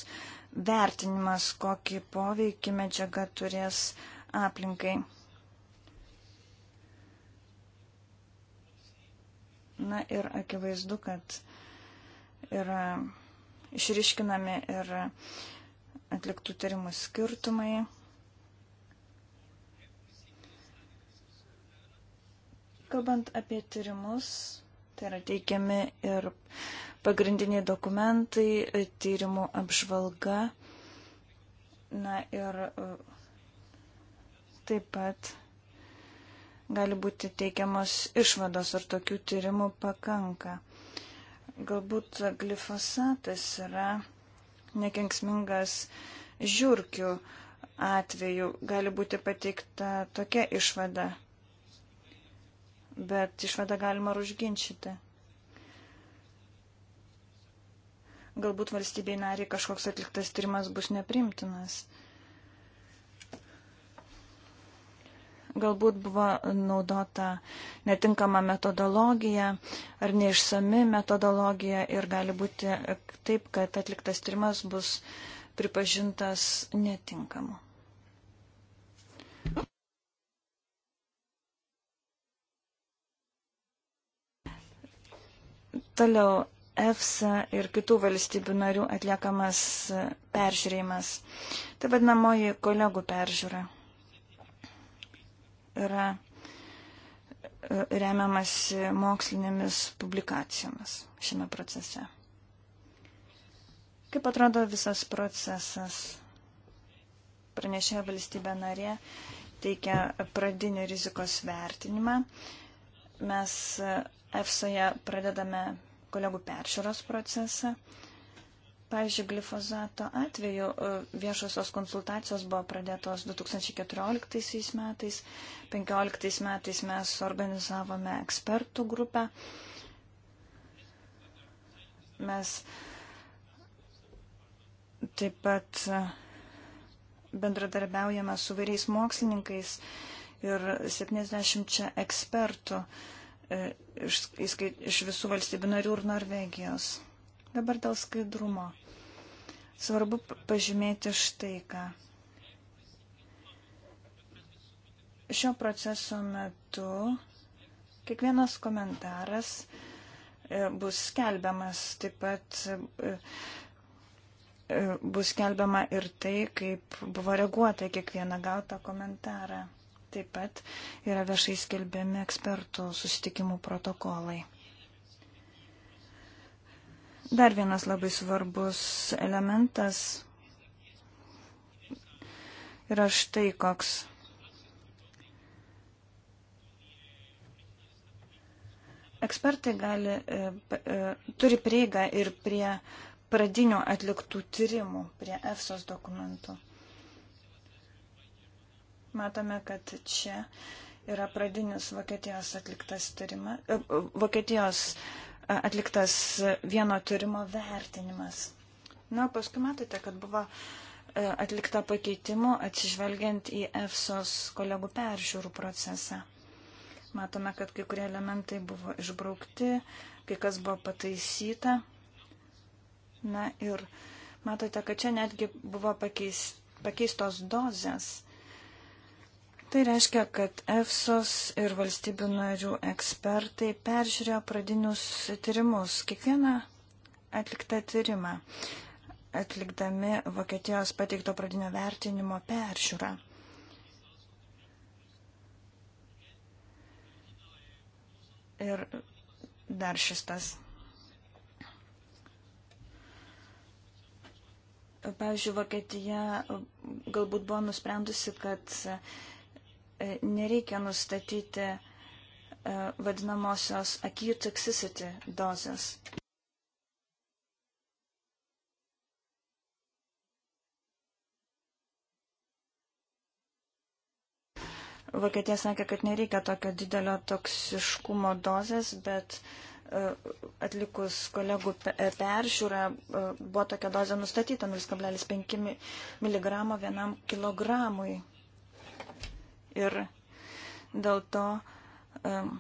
vertinimas, kokį poveikį medžiaga turės aplinkai. Na ir akivaizdu, kad yra išriškinami ir atliktų tyrimų skirtumai. Kalbant apie tyrimus, tai yra teikiami ir pagrindiniai dokumentai, tyrimų apžvalga. Na ir e, taip pat gali būti teikiamos išvados, ar tokių tyrimų pakanka. Galbūt glifosatas yra nekenksmingas žiūrkių atveju. Gali būti pateikta tokia išvada. Bet išvadą galima ir užginčyti. Galbūt valstybei nariai kažkoks atliktas tyrimas bus neprimtinas. galbūt buvo naudota netinkama metodologija ar neišsami metodologija ir gali būti taip, kad atliktas tyrimas bus pripažintas netinkamu. Toliau EFSA ir kitų valstybių narių atliekamas peržiūrėjimas. Tai vadinamoji kolegų peržiūra yra e, remiamas mokslinėmis publikacijomis šiame procese. Kaip atrodo visas procesas? Pranešė valstybė narė, teikia pradinį rizikos vertinimą. Mes e, EFSA pradedame kolegų peršaros procesą. Uh, Pavyzdžiui, glifozato atveju e, viešosios konsultacijos buvo pradėtos 2014 metais. 2015 metais mes organizavome ekspertų grupę. Mes taip pat e, bendradarbiaujame su vairiais mokslininkais ir 70 ekspertų e, iš, iš visų valstybių narių ir Norvegijos. Dabar dėl skaidrumo. Svarbu pažymėti štai ką. Šio proceso metu kiekvienas komentaras e, bus skelbiamas, taip pat e, e, bus skelbiama ir tai, kaip buvo reaguota į kiekvieną gautą komentarą. Taip pat yra viešai skelbiami ekspertų susitikimų protokolai. Dar vienas labai svarbus elementas yra štai koks. Ekspertai gali, e, e, turi prieigą ir prie pradinio atliktų tyrimų, prie EFSOS dokumentų. Matome, kad čia yra pradinis Vokietijos atliktas tyrimas, e, Vokietijos atliktas vieno tyrimo vertinimas. Na, paskui matote, kad buvo e, atlikta pakeitimų atsižvelgiant į EFSOS kolegų peržiūrų procesą. Matome, kad kai kurie elementai buvo išbraukti, kai kas buvo pataisyta. Na ir matote, kad čia netgi buvo pakeis, pakeistos dozes. Tai reiškia, kad EFSOS ir valstybių narių ekspertai peržiūrėjo pradinius tyrimus, kiekvieną atliktą tyrimą, atlikdami Vokietijos pateikto pradinio vertinimo peržiūrą. Ir dar šis tas. Pavyzdžiui, Vokietija galbūt buvo nusprendusi, kad E, nereikia nustatyti e, vadinamosios acute toxicity dozės. Vokietija sakė, kad nereikia tokio didelio toksiškumo dozės, bet e, atlikus kolegų peržiūrą buvo tokia dozė nustatyta 0,5 mg vienam kilogramui ir dėl to um,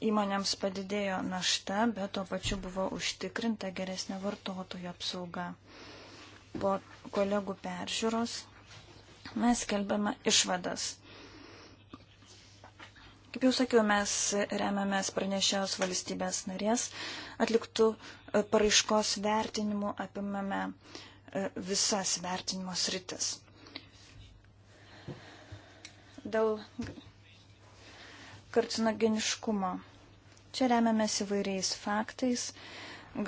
įmonėms padidėjo našta, bet tuo pačiu buvo užtikrinta geresnė vartotojų apsauga. Po kolegų peržiūros mes kelbėme išvadas. Kaip jau sakiau, mes remiamės pranešėjos valstybės narės atliktų e, paraiškos vertinimų apimame E, visas vertinimo sritis. Dėl karcinogeniškumo. Čia remiamės įvairiais faktais.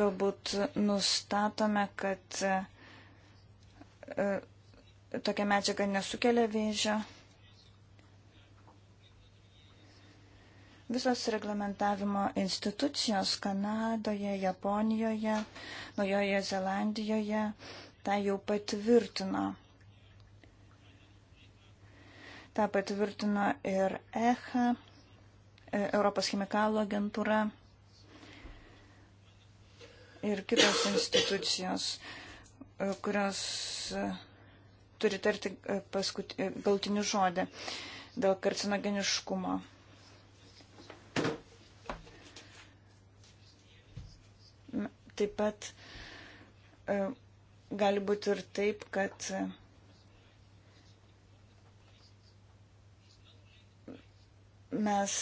Galbūt nustatome, kad e, tokia medžiaga nesukelia vėžio. Visos reglamentavimo institucijos Kanadoje, Japonijoje, Naujojoje Zelandijoje, tą jau patvirtino. Ta patvirtino ir EHA, e, Europos chemikalų agentūra ir kitos institucijos, e, kurios e, turi tarti paskut... galtinių žodį dėl karcinogeniškumo. Taip pat Gali būti ir taip, kad mes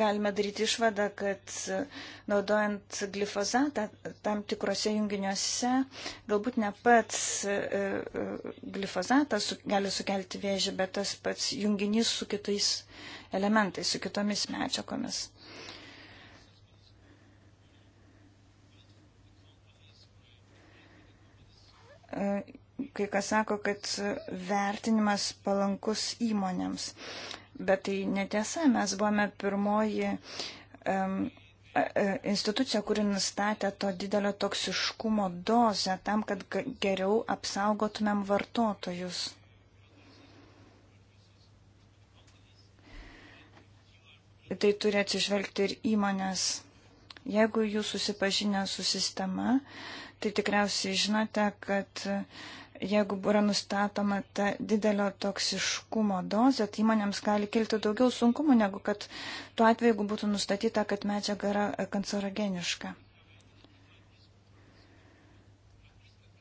galime daryti išvadą, kad naudojant glifozatą tam tikrose junginiuose, galbūt ne pats e, e, glifozatas gali sukelti vėžį, bet tas pats junginys su kitais elementais, su kitomis medžiagomis. kai kas sako, kad vertinimas palankus įmonėms. Bet tai netiesa, mes buvome pirmoji um, institucija, kuri nustatė to didelio toksiškumo dozę tam, kad geriau apsaugotumėm vartotojus. Tai turi atsižvelgti ir įmonės. Jeigu jūs susipažinę su sistema, uh, tai tikriausiai žinote, kad e, jeigu yra nustatoma ta didelio toksiškumo dozė, tai įmonėms gali kilti daugiau sunkumų, negu kad tuo atveju, jeigu būtų nustatyta, kad medžiaga yra e, kancerogeniška.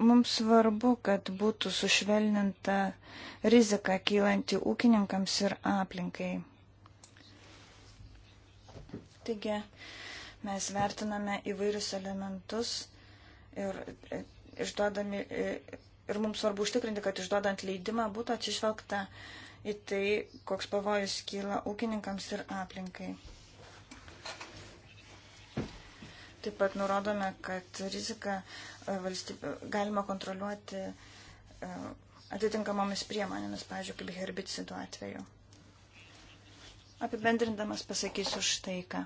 Mums svarbu, kad būtų sušvelninta rizika kylanti ūkininkams ir aplinkai. Taigi mes vertiname įvairius elementus ir, e, išduodami, e, ir mums svarbu užtikrinti, kad išduodant leidimą būtų atsižvelgta į tai, koks pavojus kyla ūkininkams ir aplinkai. Taip pat nurodome, kad riziką e, valstybė, galima kontroliuoti atitinkamomis priemonėmis, pavyzdžiui, kaip herbicidų atveju. Apibendrindamas pasakysiu štai ką.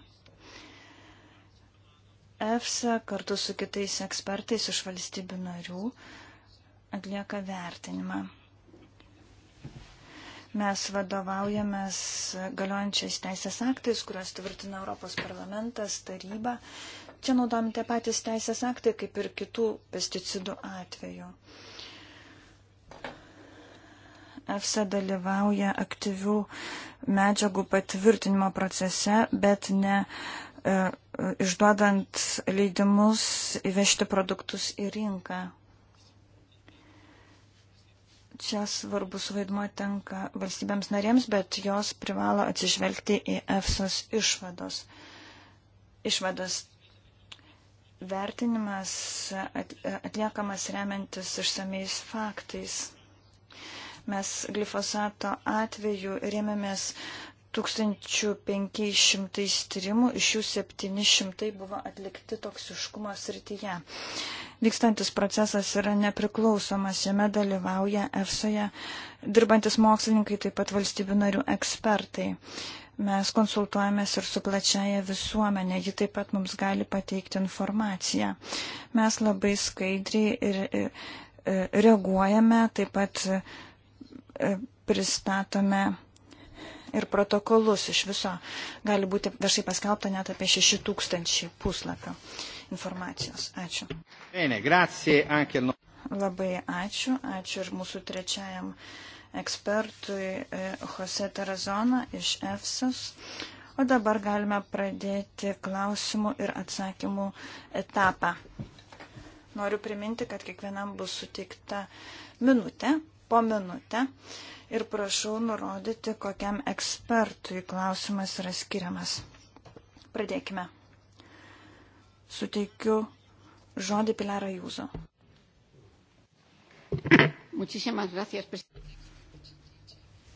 EFSA kartu su kitais ekspertais iš valstybių narių atlieka vertinimą. Mes vadovaujamės galiojančiais teisės aktais, kuriuos tvirtina Europos parlamentas, taryba. Čia naudojami tie patys teisės aktai, kaip ir kitų pesticidų atveju. EFSA dalyvauja aktyvių medžiagų patvirtinimo procese, bet ne uh, E, išduodant leidimus įvežti produktus į rinką. Čia svarbus vaidmo tenka valstybėms narėms, bet jos privalo atsižvelgti į EFSOS išvados. Išvadas vertinimas atliekamas remiantis išsameis faktais. Mes glifosato atveju rėmėmės uh, 1500 tyrimų, iš jų 700 buvo atlikti toksiškumo srityje. Vykstantis procesas yra nepriklausomas, jame dalyvauja EFSOje dirbantis mokslininkai, taip pat valstybių narių ekspertai. Mes konsultuojamės ir su plačiaja visuomenė, ji taip pat mums gali pateikti informaciją. Mes labai skaidriai ir, ir, ir reaguojame, taip pat e, pristatome ir protokolus iš viso gali būti viešai paskelbta net apie 6000 puslapio informacijos. Ačiū. Bene, grazie anche al... Labai ačiū. Ačiū ir mūsų trečiajam ekspertui e, Jose Tarazona iš EFSAS. O dabar galime pradėti klausimų ir atsakymų etapą. Noriu priminti, kad kiekvienam bus suteikta minutė po minutę ir prašau nurodyti, kokiam ekspertui klausimas yra skiriamas. Pradėkime. Suteikiu žodį Pilarą Jūzo.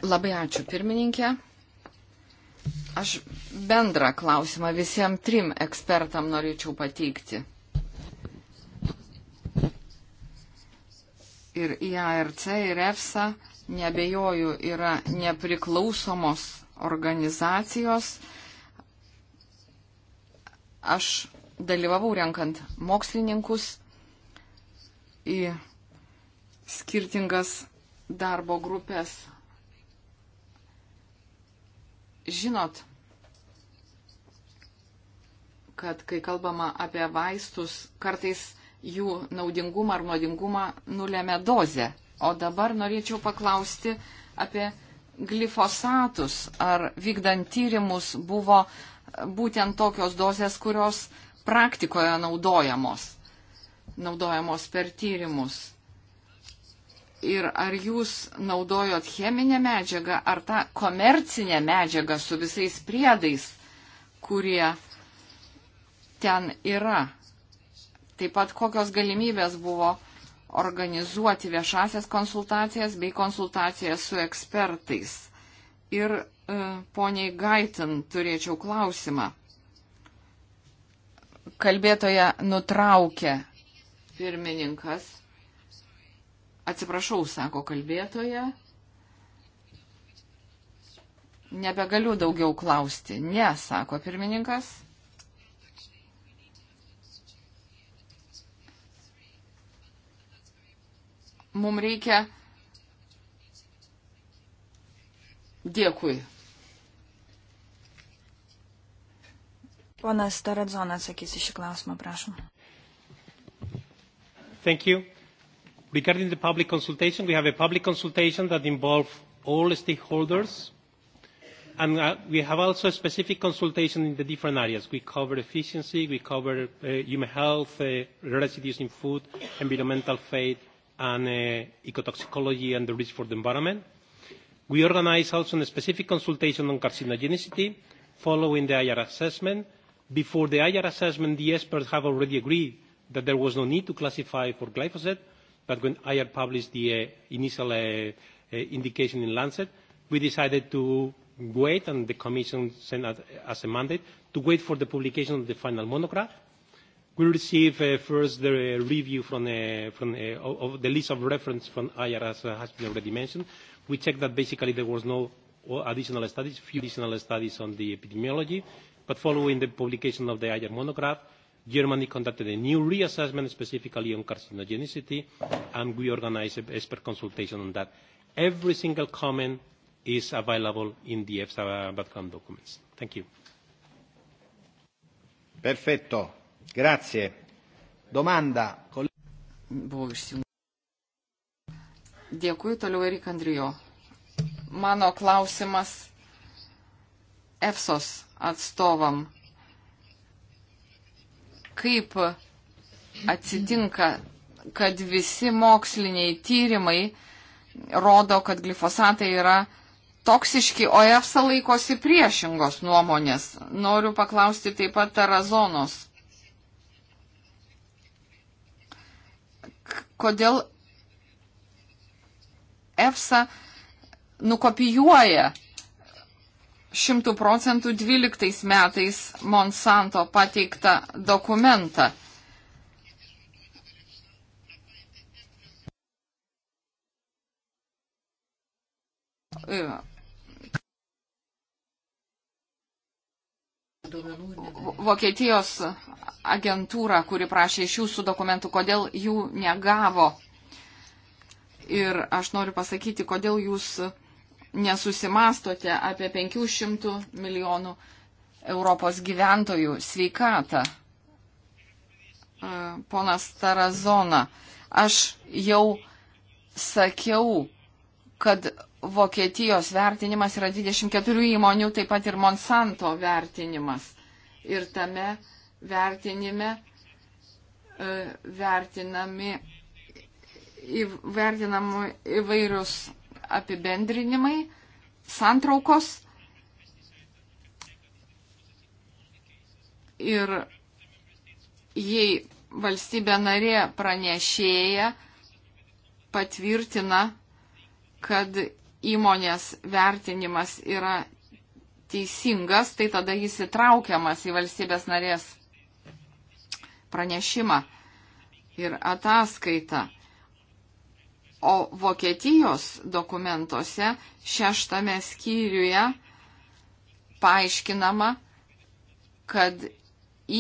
Labai ačiū, pirmininkė. Aš bendrą klausimą visiems trim ekspertam norėčiau pateikti. Ir IARC, ir EFSA nebejoju, yra nepriklausomos organizacijos. Aš dalyvavau renkant mokslininkus į skirtingas darbo grupės. Žinot, kad kai kalbama apie vaistus, kartais jų naudingumą ar nuodingumą nulėmė dozė. O dabar norėčiau paklausti apie glifosatus. Ar vykdant tyrimus buvo būtent tokios dozės, kurios praktikoje naudojamos, naudojamos per tyrimus? ir ar jūs naudojot cheminę medžiagą, ar tą komercinę medžiagą su visais priedais, kurie ten yra. Taip pat kokios galimybės buvo organizuoti viešasias konsultacijas bei konsultacijas su ekspertais. Ir e, poniai Gaitin turėčiau klausimą. Kalbėtoja nutraukė pirmininkas. Atsiprašau, sako kalbėtoja. Nebegaliu daugiau klausti. Ne, sako pirmininkas. Mums reikia. Dėkui. Ponas Taradzonas atsakys į šį klausimą, prašom. Thank you. Regarding the public consultation, we have a public consultation that involves all stakeholders. And uh, we have also a specific consultation in the different areas. We cover efficiency, we cover uh, human health, uh, residues in food, environmental fate, and uh, ecotoxicology and the risk for the environment. We organized also a specific consultation on carcinogenicity following the IR assessment. Before the IR assessment, the experts have already agreed that there was no need to classify for glyphosate, but when IR published the uh, initial uh, uh, indication in Lancet, we decided to wait, and the Commission sent uh, as a mandate, to wait for the publication of the final monograph We receive uh, first the review from, uh, from, uh, of the list of reference from IAR, as uh, has been already mentioned. We checked that basically there was no additional studies, few additional studies on the epidemiology. But following the publication of the IAR monograph, Germany conducted a new reassessment specifically on carcinogenicity, and we organized an expert consultation on that. Every single comment is available in the EFSA background documents. Thank you. Perfetto. Grazie. Domanda. Kol... Buvo išsijungta. Dėkui, toliau Erik Andrijo. Mano klausimas EFSOS atstovam. Kaip atsitinka, kad visi moksliniai tyrimai rodo, kad glifosatai yra toksiški, o EFSA laikosi priešingos nuomonės. Noriu paklausti taip pat Tarazonos kodėl EFSA nukopijuoja šimtų procentų 12 metais Monsanto pateiktą dokumentą. Vokietijos agentūrą, kuri prašė iš jūsų dokumentų, kodėl jų negavo. Ir aš noriu pasakyti, kodėl jūs nesusimastote apie 500 milijonų Europos gyventojų sveikatą. Ponas Tarazona, aš jau sakiau, kad Vokietijos vertinimas yra 24 įmonių, taip pat ir Monsanto vertinimas. Ir tame vertinime e, vertinami, vertinami įvairius apibendrinimai, santraukos. Ir jei valstybė narė pranešėja patvirtina, kad įmonės vertinimas yra teisingas, tai tada jis įtraukiamas į valstybės narės pranešimą ir ataskaitą. O Vokietijos dokumentuose šeštame skyriuje paaiškinama, kad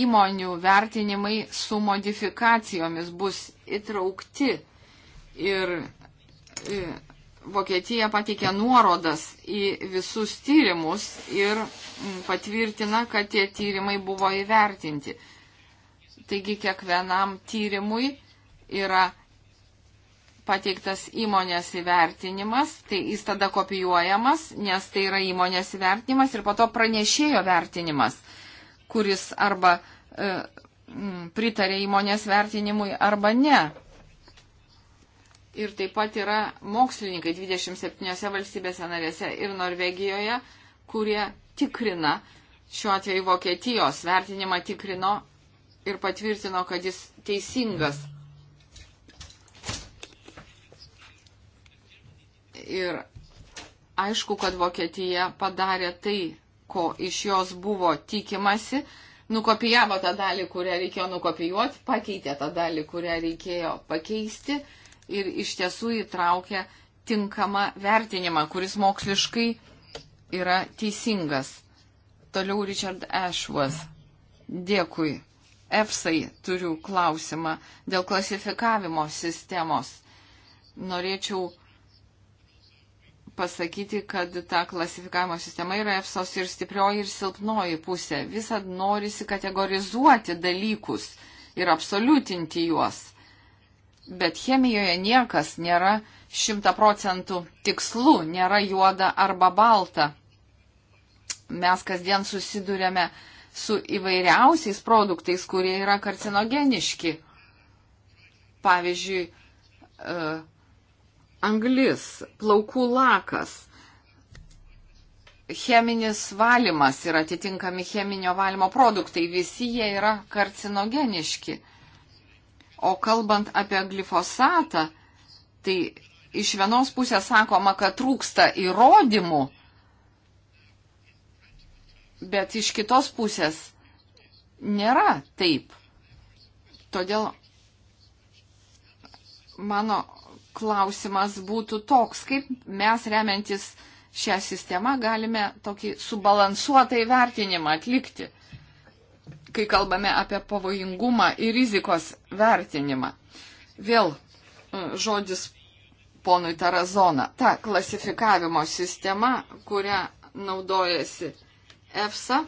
įmonių vertinimai su modifikacijomis bus įtraukti ir, ir e, Vokietija pateikė nuorodas į visus tyrimus ir mm, patvirtina, kad tie tyrimai buvo įvertinti. Taigi kiekvienam tyrimui yra pateiktas įmonės įvertinimas, tai jis tada kopijuojamas, nes tai yra įmonės įvertinimas ir po to pranešėjo vertinimas, kuris arba e, pritarė įmonės vertinimui arba ne ir taip pat yra mokslininkai 27 valstybėse narėse ir Norvegijoje, kurie tikrina, šiuo atveju Vokietijos vertinimą tikrino ir patvirtino, kad jis teisingas. Ir aišku, kad Vokietija padarė tai, ko iš jos buvo tikimasi, nukopijavo tą dalį, kurią reikėjo nukopijuoti, pakeitė tą dalį, kurią reikėjo pakeisti ir iš tiesų įtraukia tinkamą vertinimą, kuris moksliškai yra teisingas. Toliau Richard Ashworth. Dėkui. EFSAI turiu klausimą dėl klasifikavimo sistemos. Norėčiau pasakyti, kad ta klasifikavimo sistema yra EFSOS ir stiprioji ir silpnoji pusė. Visad norisi kategorizuoti dalykus ir absoliutinti juos. Bet chemijoje niekas nėra šimta procentų tikslu, nėra juoda arba balta. Mes kasdien susidurėme su įvairiausiais produktais, kurie yra karcinogeniški. Pavyzdžiui, e, anglis, plaukų lakas, cheminis valymas ir atitinkami cheminio valymo produktai, visi jie yra karcinogeniški. O kalbant apie glifosatą, tai iš vienos pusės sakoma, kad trūksta įrodymų, bet iš kitos pusės nėra taip. Todėl mano klausimas būtų toks, kaip mes remiantis šią sistemą galime tokį subalansuotą įvertinimą atlikti kai kalbame apie pavojingumą ir rizikos vertinimą. Vėl e, žodis ponui Tarazona. Ta klasifikavimo sistema, kurią naudojasi EFSA,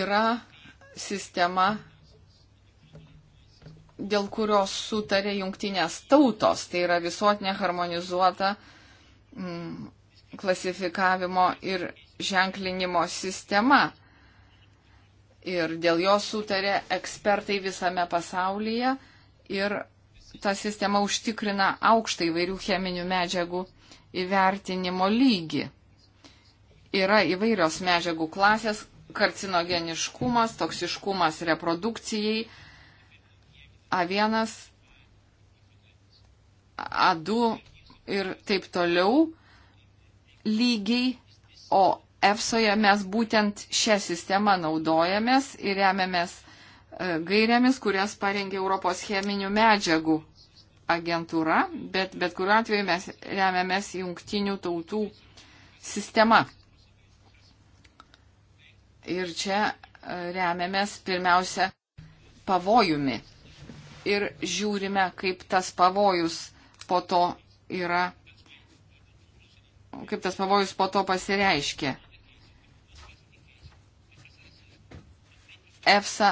yra sistema, dėl kurios sutarė jungtinės tautos. Tai yra visuotinė harmonizuota mm, klasifikavimo ir ženklinimo sistema. Ir dėl jo sutarė ekspertai visame pasaulyje ir ta sistema užtikrina aukštą įvairių cheminių medžiagų įvertinimo lygį. Yra įvairios medžiagų klasės, karcinogeniškumas, toksiškumas reprodukcijai, A1, A2 ir taip toliau lygiai, o EFSOje mes būtent šią sistemą naudojamės ir remiamės e, gairiamis, kurias parengė Europos cheminių medžiagų agentūra, bet, bet kuriuo atveju mes remiamės jungtinių tautų sistema. Ir čia e, remiamės pirmiausia pavojumi ir žiūrime, kaip tas pavojus po to yra kaip tas pavojus po to pasireiškia. EFSA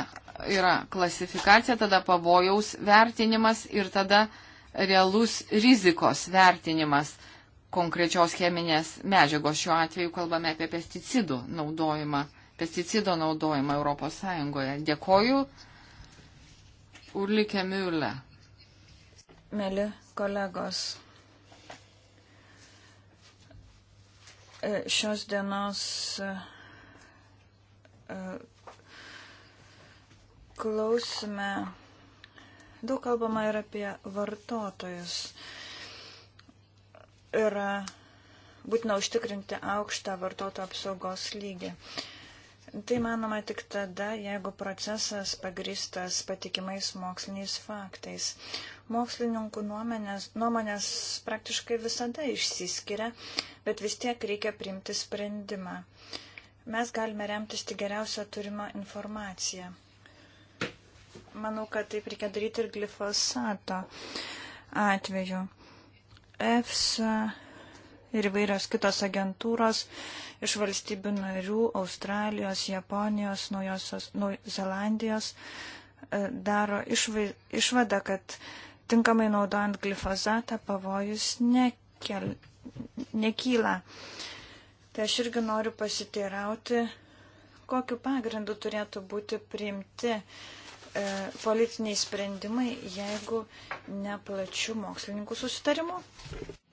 yra klasifikacija, tada pavojaus vertinimas ir tada realus rizikos vertinimas konkrečios cheminės medžiagos. Šiuo atveju kalbame apie pesticidų naudojimą, pesticido naudojimą Europos Sąjungoje. Dėkoju. Urlikė Miulė. Mėly kolegos, E, šios dienos e, e, klausime daug kalbama ir apie vartotojus. Yra būtina užtikrinti aukštą vartotojų apsaugos lygį. Uh, Tai manoma tik tada, jeigu procesas pagristas patikimais moksliniais faktais. Mokslininkų nuomenės, nuomonės praktiškai visada išsiskiria, bet vis tiek reikia priimti sprendimą. Mes galime remtis tik geriausią turimą informaciją. Manau, kad taip reikia daryti ir glifosato atveju. EFSA ir įvairios kitos agentūros iš valstybių narių - Australijos, Japonijos, Naujosios Nauj Zelandijos e, - daro išvadą, kad tinkamai naudojant glifozatą pavojus nekel, nekyla. Tai aš irgi noriu pasiteirauti, kokiu pagrindu turėtų būti priimti uh, E, politiniai sprendimai, jeigu ne plačių mokslininkų susitarimų?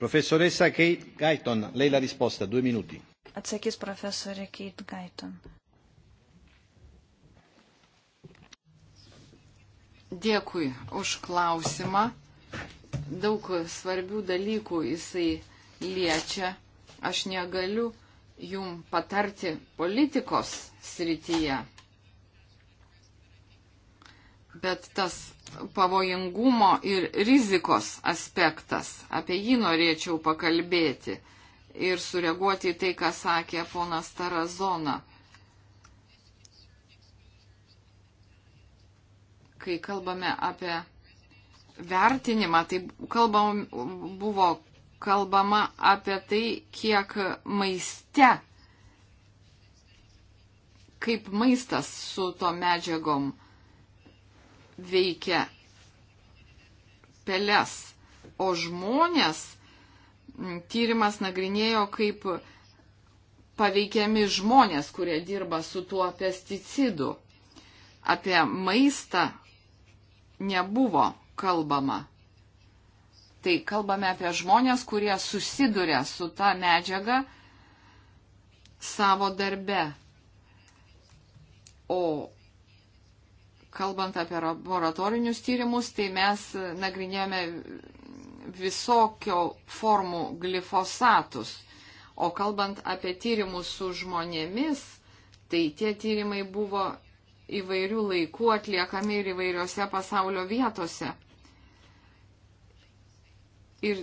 Profesoresa Kate Gaiton, Leila Risposta, 2 minutį. Atsakys profesorė Kate Gaiton. Dėkui už klausimą. Daug svarbių dalykų jisai liečia. Aš negaliu jum patarti politikos srityje bet tas pavojingumo ir rizikos aspektas, apie jį norėčiau pakalbėti ir sureaguoti į tai, ką sakė ponas Tarazona. Kai kalbame apie vertinimą, tai kalbam, buvo kalbama apie tai, kiek maiste, kaip maistas su to medžiagom uh, veikia peles, o žmonės tyrimas nagrinėjo, kaip paveikiami žmonės, kurie dirba su tuo pesticidu. Apie maistą nebuvo kalbama. Tai kalbame apie žmonės, kurie susiduria su ta medžiaga savo darbe. O kalbant apie laboratorinius tyrimus, tai mes nagrinėjome visokio formų glifosatus. O kalbant apie tyrimus su žmonėmis, tai tie tyrimai buvo įvairių laikų atliekami ir įvairiose pasaulio vietose. Ir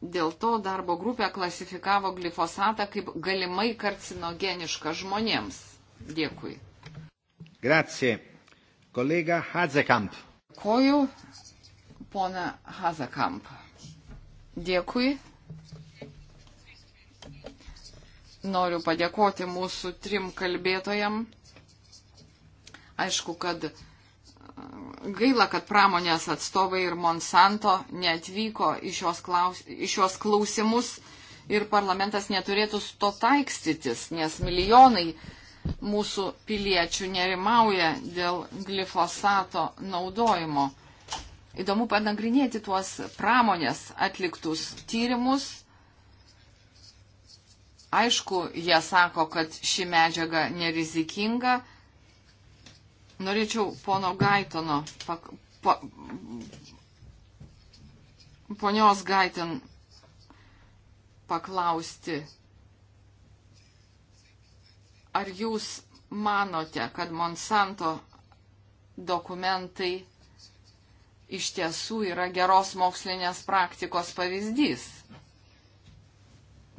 dėl to darbo grupė klasifikavo glifosatą kaip galimai karcinogenišką žmonėms. Dėkui. Grazie. Kolega Hazekamp. Koju, pona Hazekamp. Dėkui. Noriu padėkoti mūsų trim kalbėtojam. Aišku, kad e, gaila, kad pramonės atstovai ir Monsanto neatvyko į šios, klaus, į šios klausimus ir parlamentas neturėtų su to taikstytis, nes milijonai uh, mūsų piliečių nerimauja dėl glifosato naudojimo. Įdomu panagrinėti tuos pramonės atliktus tyrimus. Aišku, jie sako, kad ši medžiaga nerizikinga. Norėčiau pono Gaitono, pak, pa, ponios Gaitin paklausti Ar jūs manote, kad Monsanto dokumentai iš tiesų yra geros mokslinės praktikos pavyzdys?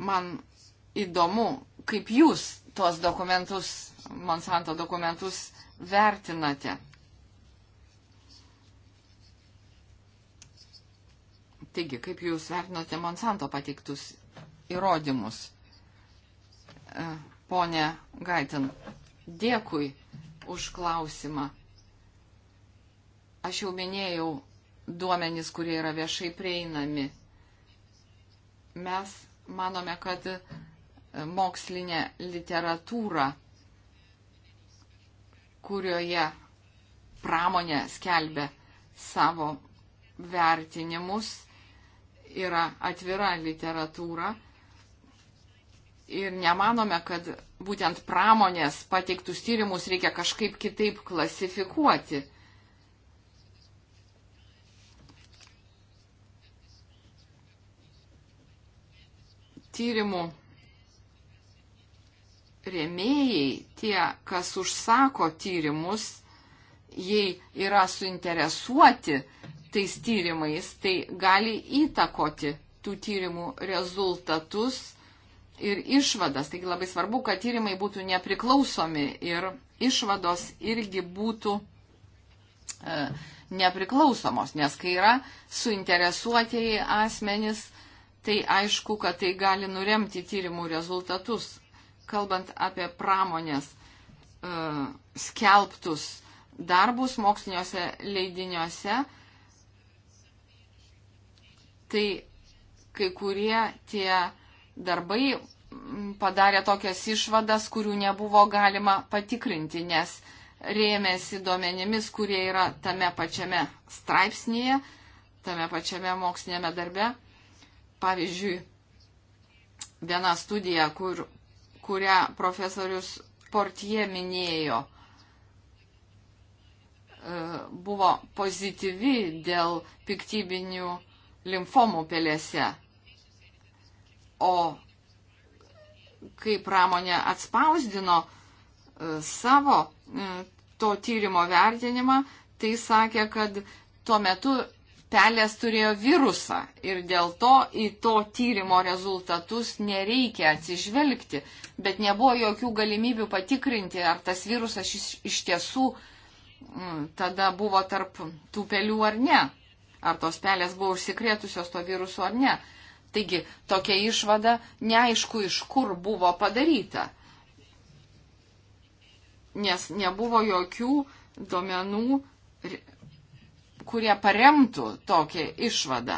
Man įdomu, kaip jūs tuos dokumentus, Monsanto dokumentus vertinate. Taigi, kaip jūs vertinote Monsanto pateiktus įrodymus? E, ponė Gaitin. Dėkui už klausimą. Aš jau minėjau duomenys, kurie yra viešai prieinami. Mes manome, kad mokslinė literatūra, kurioje pramonė skelbia savo vertinimus, yra atvira literatūra ir nemanome, kad būtent pramonės pateiktus tyrimus reikia kažkaip kitaip klasifikuoti. Tyrimų rėmėjai, tie, kas užsako tyrimus, jei yra suinteresuoti tais tyrimais, tai gali įtakoti tų tyrimų rezultatus ir išvadas. Taigi labai svarbu, kad tyrimai būtų nepriklausomi ir išvados irgi būtų e, nepriklausomos, nes kai yra suinteresuotieji asmenys, tai aišku, kad tai gali nuremti tyrimų rezultatus. Kalbant apie pramonės e, skelbtus darbus moksliniuose leidiniuose, tai kai kurie tie darbai mm, padarė tokias išvadas, kurių nebuvo galima patikrinti, nes rėmėsi duomenimis, kurie yra tame pačiame straipsnėje, tame pačiame mokslinėme darbe. Pavyzdžiui, viena studija, kur, kurią profesorius Portie minėjo, e, buvo pozityvi dėl piktybinių limfomų pelėse. O kai pramonė atspausdino e, savo e, to tyrimo vertinimą, tai sakė, kad tuo metu pelės turėjo virusą ir dėl to į to tyrimo rezultatus nereikia atsižvelgti, bet nebuvo jokių galimybių patikrinti, ar tas virusas iš, iš tiesų m, tada buvo tarp tų pelių ar ne, ar tos pelės buvo užsikrėtusios to virusu ar ne. Taigi tokia išvada neaišku iš kur buvo padaryta, nes nebuvo jokių duomenų, kurie paremtų tokią išvadą.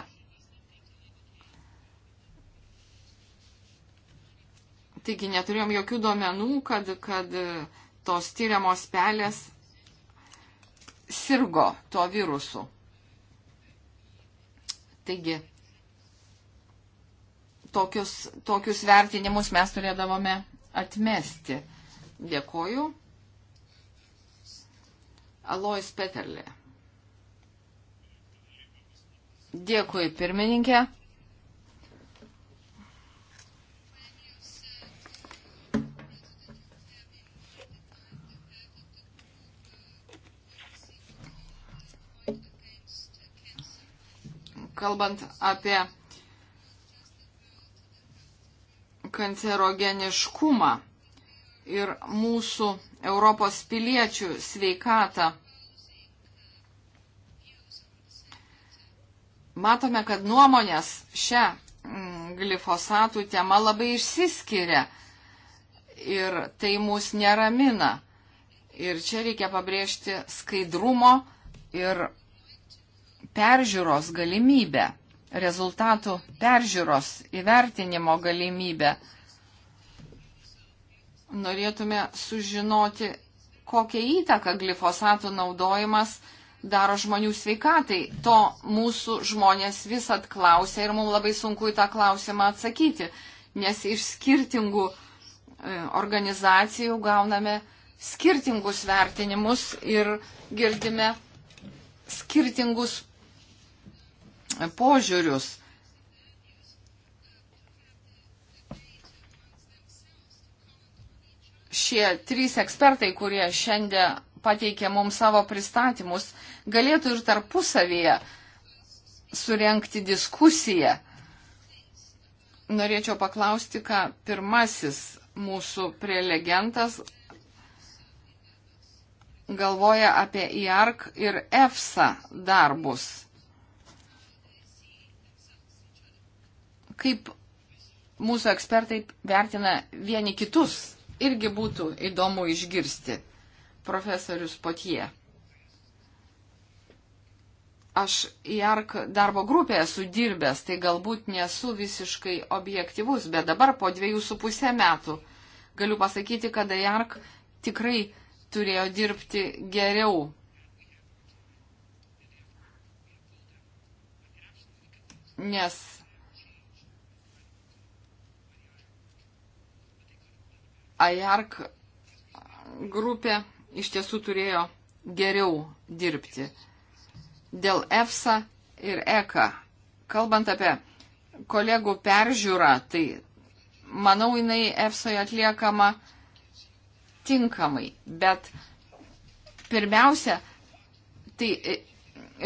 Taigi neturėjom jokių duomenų, kad, kad tos tyriamos pelės sirgo tuo virusu. Taigi tokius, tokius vertinimus mes turėdavome atmesti. Dėkoju. Alois Peterlė. Dėkui, pirmininkė. Kalbant apie kancerogeniškumą ir mūsų Europos piliečių sveikatą. Matome, kad nuomonės šią mm, glifosatų tema labai išsiskiria ir tai mus neramina. Ir čia reikia pabrėžti skaidrumo ir peržiūros galimybę rezultatų peržiūros įvertinimo galimybę. Norėtume sužinoti, kokią įtaką glifosatų naudojimas daro žmonių sveikatai. To mūsų žmonės visat klausia ir mums labai sunku į tą klausimą atsakyti, nes iš skirtingų e, organizacijų gauname skirtingus vertinimus ir girdime skirtingus požiūrius. Šie trys ekspertai, kurie šiandien pateikė mums savo pristatymus, galėtų ir tarpusavėje surenkti diskusiją. Norėčiau paklausti, ką pirmasis mūsų prelegentas galvoja apie IARC ir EFSA darbus. kaip mūsų ekspertai vertina vieni kitus, irgi būtų įdomu išgirsti. Profesorius Potie. Aš į ARK darbo grupę esu dirbęs, tai galbūt nesu visiškai objektivus, bet dabar po dviejų su pusę metų galiu pasakyti, kad į ARK tikrai turėjo dirbti geriau. Nes AJARK grupė iš tiesų turėjo geriau dirbti. Dėl EFSA ir ECA. Kalbant apie kolegų peržiūrą, tai manau jinai EFSA atliekama tinkamai, bet pirmiausia, tai e,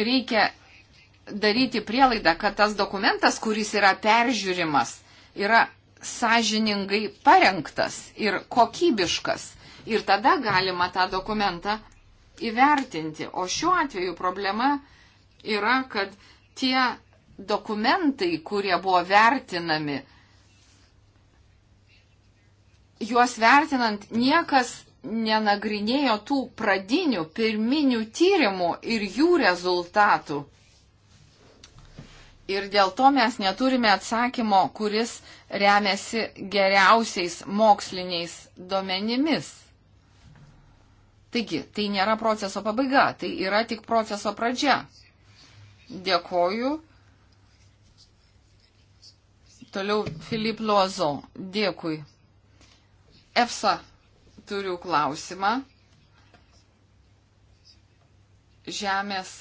reikia daryti prielaidą, kad tas dokumentas, kuris yra peržiūrimas, yra sąžiningai parengtas ir kokybiškas. Ir tada galima tą dokumentą įvertinti. O šiuo atveju problema yra, kad tie dokumentai, kurie buvo vertinami, juos vertinant niekas nenagrinėjo tų pradinių, pirminių tyrimų ir jų rezultatų. Ir dėl to mes neturime atsakymo, kuris remiasi geriausiais moksliniais duomenimis. Taigi, tai nėra proceso pabaiga, tai yra tik proceso pradžia. Dėkoju. Toliau Filip Lozo. Dėkui. EFSA turiu klausimą. Žemės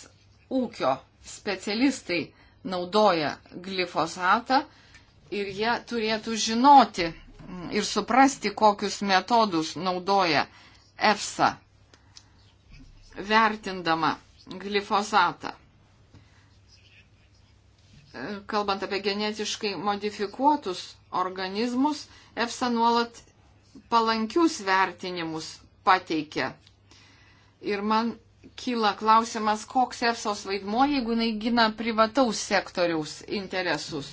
ūkio specialistai naudoja glifosatą ir jie turėtų žinoti mm, ir suprasti, kokius metodus naudoja EFSA vertindama glifosatą. E, kalbant apie genetiškai modifikuotus organizmus, EFSA nuolat palankius vertinimus pateikia. Ir man kyla klausimas, koks EFSOS vaidmuo, jeigu jinai gina privataus sektoriaus interesus.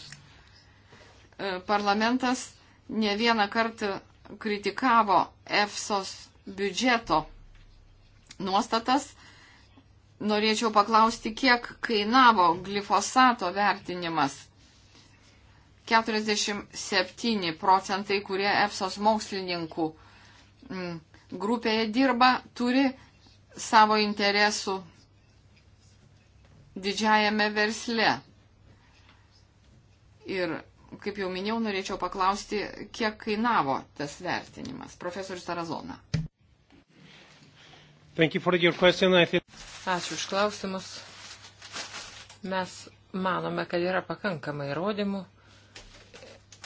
E, parlamentas ne vieną kartą kritikavo EFSOS biudžeto nuostatas. Norėčiau paklausti, kiek kainavo glifosato vertinimas. 47 procentai, kurie EFSOS mokslininkų mm, grupėje dirba, turi savo interesų didžiajame versle. Ir, kaip jau minėjau, norėčiau paklausti, kiek kainavo tas vertinimas. Profesorius Tarazona. Ačiū už klausimus. Mes manome, kad yra pakankamai įrodymų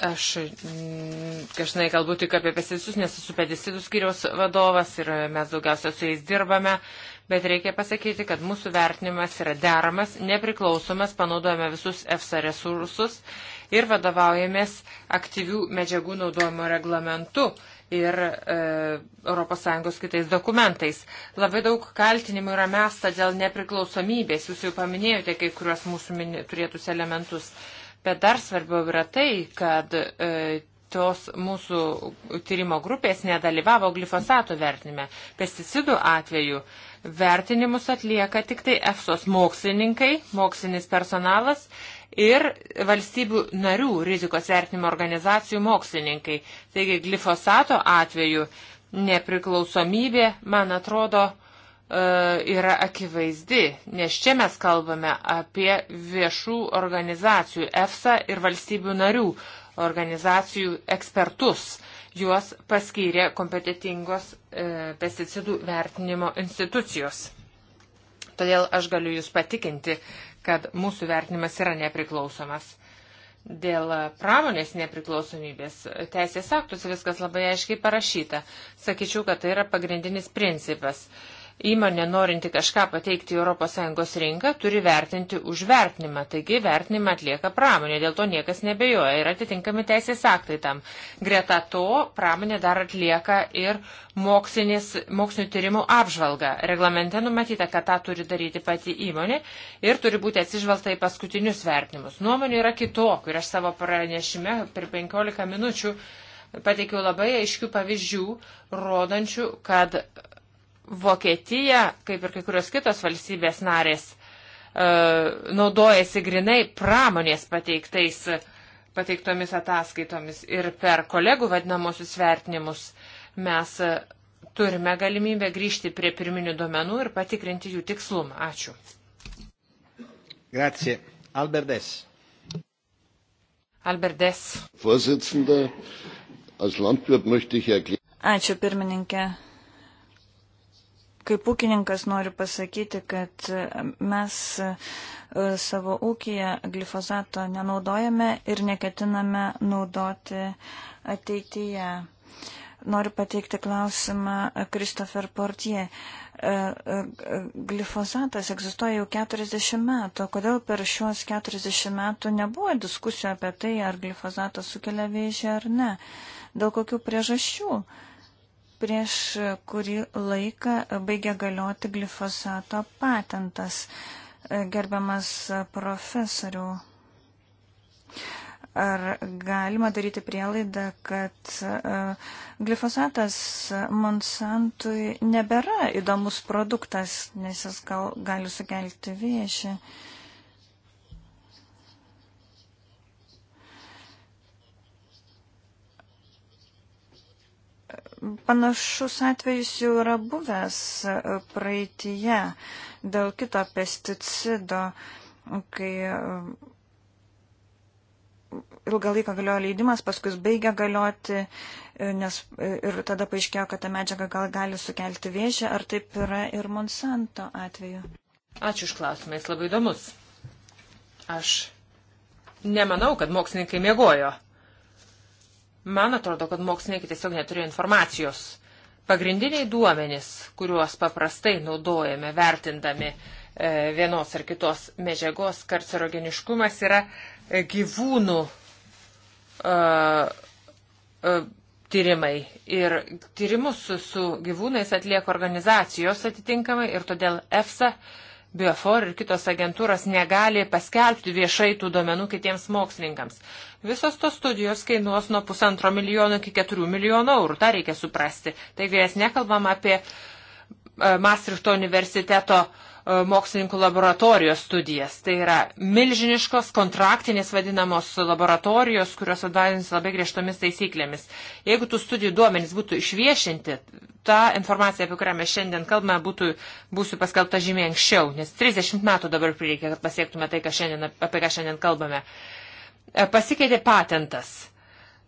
Aš mm, kažnai kalbu tik apie pesticidus, nes esu pesticidų skiriaus vadovas ir mes daugiausia su jais dirbame, bet reikia pasakyti, kad mūsų vertinimas yra deramas, nepriklausomas, panaudojame visus EFSA resursus ir vadovaujamės aktyvių medžiagų naudojimo reglamentu ir e, ES kitais dokumentais. Labai daug kaltinimų yra mesta dėl nepriklausomybės, jūs jau paminėjote kai kuriuos mūsų turėtus elementus. E, Bet dar svarbiau yra tai, kad e, tos mūsų tyrimo grupės nedalyvavo glifosato vertinime. Pesticidų atveju vertinimus atlieka tik tai EFSOS mokslininkai, mokslinis personalas ir valstybių narių rizikos vertinimo organizacijų mokslininkai. Taigi glifosato atveju nepriklausomybė, man atrodo, e, E, yra akivaizdi, nes čia mes kalbame apie viešų organizacijų, EFSA ir valstybių narių organizacijų ekspertus. Juos paskyrė kompetitingos e, pesticidų vertinimo institucijos. Todėl aš galiu Jūs patikinti, kad mūsų vertinimas yra nepriklausomas. Dėl pramonės nepriklausomybės teisės aktuose viskas labai aiškiai parašyta. Sakyčiau, kad tai yra pagrindinis principas. E, Įmonė norinti kažką pateikti į ES rinką turi vertinti už vertinimą, taigi vertinimą atlieka pramonė, dėl to niekas nebejoja ir atitinkami teisės aktai tam. Greta to pramonė dar atlieka ir mokslinių tyrimų apžvalgą. Reglamente numatyta, kad tą turi daryti pati įmonė ir turi būti atsižvelgta į paskutinius vertinimus. Nuomonių yra kitokių ir aš savo pranešime per 15 minučių pateikiau labai aiškių pavyzdžių, rodančių, kad Vokietija, kaip ir kai kurios kitos valstybės narės, e, naudojasi grinai pramonės pateiktais, pateiktomis ataskaitomis ir per kolegų vadinamosius vertinimus mes e, turime galimybę grįžti prie pirminių duomenų ir patikrinti jų tikslumą. Ačiū. Grazie. Albertes. Albertes. Ačiū pirmininkė. Kaip ūkininkas noriu pasakyti, kad mes e, savo ūkiją glifozato nenaudojame ir neketiname naudoti ateityje. Noriu pateikti klausimą Christopher Portie. E, glifosatas egzistuoja jau 40 metų. Kodėl per šiuos 40 metų nebuvo diskusijų apie tai, ar glifosatas sukelia vėžį ar ne? Dėl kokių priežasčių? Uh, Prieš kurį laiką baigė galioti glifosato patentas. Gerbiamas profesorių, ar galima daryti prielaidą, kad e, glifosatas Monsantui nebėra įdomus produktas, nes jis gal, gali sukelti viešį? Panašus atvejis jau yra buvęs e, praeitie dėl kito pesticido, kai e, ilgą laiką galiojo leidimas, paskui jis baigė galioti e, nes, ir tada paaiškėjo, kad ta medžiaga gal gali sukelti vėžį, ar taip yra ir Monsanto atveju. Ačiū už klausimą, jis labai įdomus. Aš nemanau, kad mokslininkai mėgojo. Man atrodo, kad mokslininkai tiesiog neturėjo informacijos. Pagrindiniai duomenys, kuriuos paprastai naudojame vertindami e, vienos ar kitos medžiagos karcerogeniškumas yra e, gyvūnų uh, uh, tyrimai. Ir tyrimus su, su gyvūnais atlieka organizacijos atitinkamai ir todėl EFSA uh, Biofor ir kitos agentūros negali paskelbti viešai tų duomenų kitiems mokslininkams. Visos tos studijos kainuos nuo pusantro milijono iki keturių milijonų eurų, tą reikia suprasti. Taigi mes nekalbam apie uh, E, Maastrichto universiteto e, mokslininkų laboratorijos studijas. Tai yra milžiniškos kontraktinės vadinamos laboratorijos, kurios vadovaujamos labai griežtomis taisyklėmis. Jeigu tų studijų duomenys būtų išviešinti, ta informacija, apie kurią mes šiandien kalbame, būtų, būsiu paskelbta žymiai anksčiau, nes 30 metų dabar prireikia, kad pasiektume tai, ką šiandien, apie ką šiandien kalbame. E, pasikeitė patentas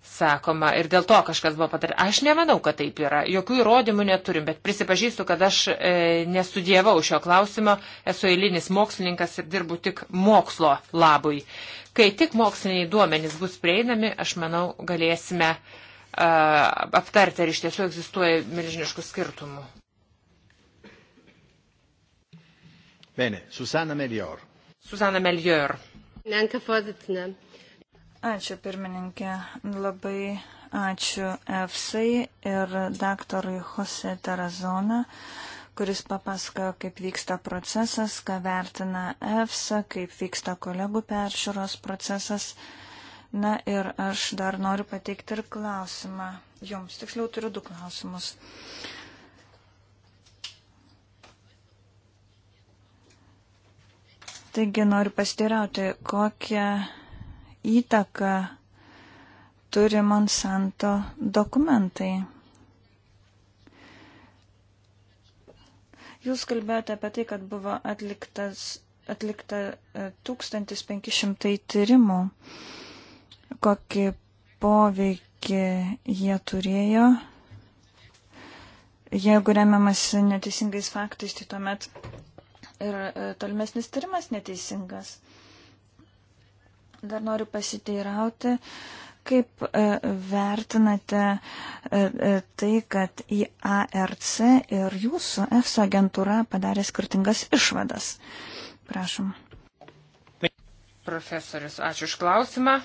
sakoma, ir dėl to kažkas buvo padaryta. Aš nemanau, kad taip yra. Jokių įrodymų neturim, bet prisipažįstu, kad aš e, nesudėvau šio klausimo, esu eilinis mokslininkas ir dirbu tik mokslo labui. Kai tik moksliniai duomenys bus prieinami, aš manau, galėsime e, aptarti, ar iš tiesų egzistuoja milžiniškų skirtumų. Bene, Susana Melior. Susana Melior. Danke, Vorsitzende. Ačiū pirmininkė, labai ačiū EFSAI ir daktarui Jose Tarazona, kuris papasakojo, kaip vyksta procesas, ką vertina EFSA, kaip vyksta kolegų peržiūros procesas. Na ir aš dar noriu pateikti ir klausimą. Jums tiksliau turiu du klausimus. Taigi noriu pastirauti, kokią įtaką turi Monsanto dokumentai. Jūs kalbėjote apie tai, kad buvo atliktas, atlikta 1500 e, tyrimų, kokį poveikį jie turėjo. Jeigu remiamas neteisingais faktais, tai tuomet ir e, tolimesnis tyrimas neteisingas. Dar noriu pasiteirauti, kaip e, vertinate e, e, tai, kad IARC ir jūsų EFSA agentūra padarė skirtingas išvadas. Prašom. Profesorius, ačiū iš klausimą.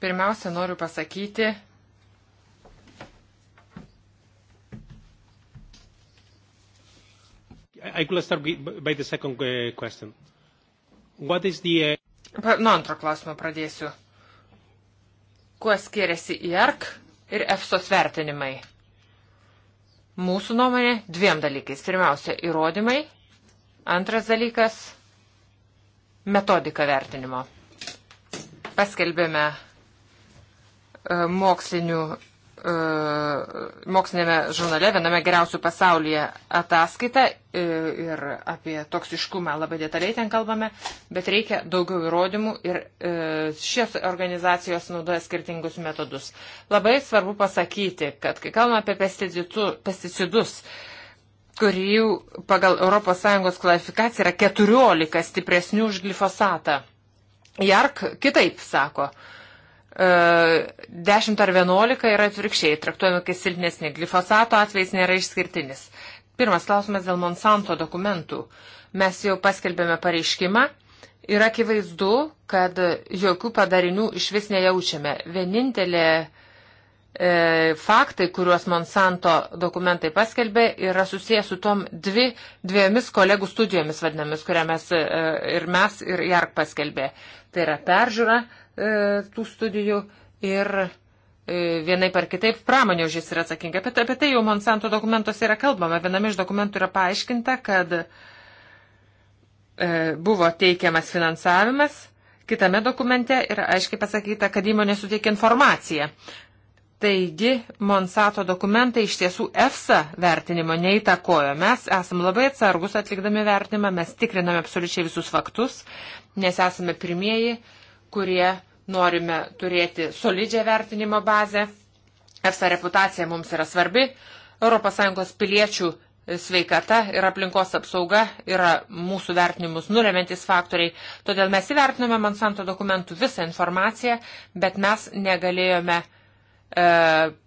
Pirmiausia, noriu pasakyti, I could start by the second eh, question the... Uh, nuo antro klausimo pradėsiu. Kuo skiriasi IARC ir EFSOS vertinimai? Mūsų nuomonė dviem dalykais. Pirmiausia, įrodymai. Antras dalykas - metodika vertinimo. Paskelbėme e, mokslinių E, mokslinėme žurnale, viename geriausių pasaulyje ataskaita e, ir apie toksiškumą labai detaliai ten kalbame, bet reikia daugiau įrodymų ir e, šios organizacijos naudoja skirtingus metodus. Labai svarbu pasakyti, kad kai kalbame apie pesticidus, kurių pagal ES kvalifikaciją yra 14 stipresnių už glifosatą. JARK kitaip sako, uh, 10 ar 11 yra atvirkščiai traktuojami kaip silpnesni. Glifosato atvejs nėra išskirtinis. Pirmas klausimas dėl Monsanto dokumentų. Mes jau paskelbėme pareiškimą. Yra akivaizdu, kad jokių padarinių iš vis nejaučiame. Vienintelė e, faktai, kuriuos Monsanto dokumentai paskelbė, yra susijęs su tom dvi, dviejomis kolegų studijomis vadinamis, kurią mes e, ir mes ir JARK paskelbė. Tai yra peržiūra. E, E, tų studijų ir e, vienaip ar kitaip pramonė už jis yra atsakinga. Apie, apie tai jau Monsanto dokumentuose yra kalbama. Viename iš dokumentų yra paaiškinta, kad e, buvo teikiamas finansavimas, kitame dokumente yra aiškiai pasakyta, kad įmonė suteikia informaciją. Taigi, Monsato dokumentai iš tiesų EFSA vertinimo neįtakojo. Mes esam labai atsargus atlikdami vertinimą, mes tikriname absoliučiai visus faktus, nes esame pirmieji, kurie norime turėti solidžią vertinimo bazę. EFSA reputacija mums yra svarbi. ES piliečių sveikata ir aplinkos apsauga yra mūsų vertinimus nulemantis faktoriai. Todėl mes įvertinome Monsanto dokumentų visą informaciją, bet mes negalėjome e,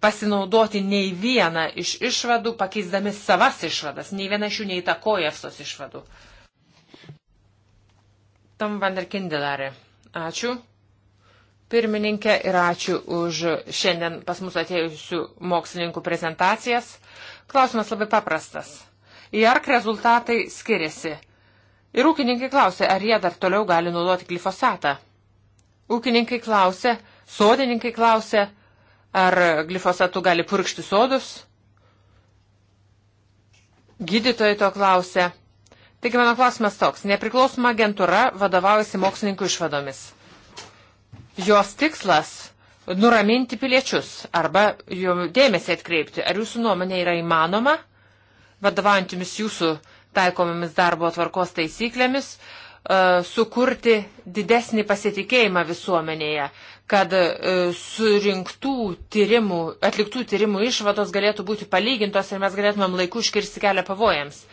pasinaudoti nei vieną iš išvadų, pakeisdami savas išvadas. Nei viena iš jų neįtakoja visos išvadų. Tom Vanderkindelarė. Ačiū pirmininkė ir ačiū už šiandien pas mus atėjusių mokslininkų prezentacijas. Klausimas labai paprastas. IARC rezultatai skiriasi. Ir ūkininkai klausė, ar jie dar toliau gali naudoti glifosatą. Ūkininkai klausė, sodininkai klausė, ar glifosatu gali purkšti sodus. Gydytojai to klausė. Taigi mano klausimas toks. Nepriklausoma agentūra vadovaujasi mokslininkų išvadomis jos tikslas - nuraminti piliečius arba jų dėmesį atkreipti. Ar jūsų nuomonė yra įmanoma, vadovaujantimis jūsų taikomomis darbo tvarkos taisyklėmis, e, sukurti didesnį pasitikėjimą visuomenėje, kad e, surinktų tyrimų, atliktų tyrimų išvados galėtų būti palygintos ir mes galėtumėm laiku iškirsti kelią pavojams.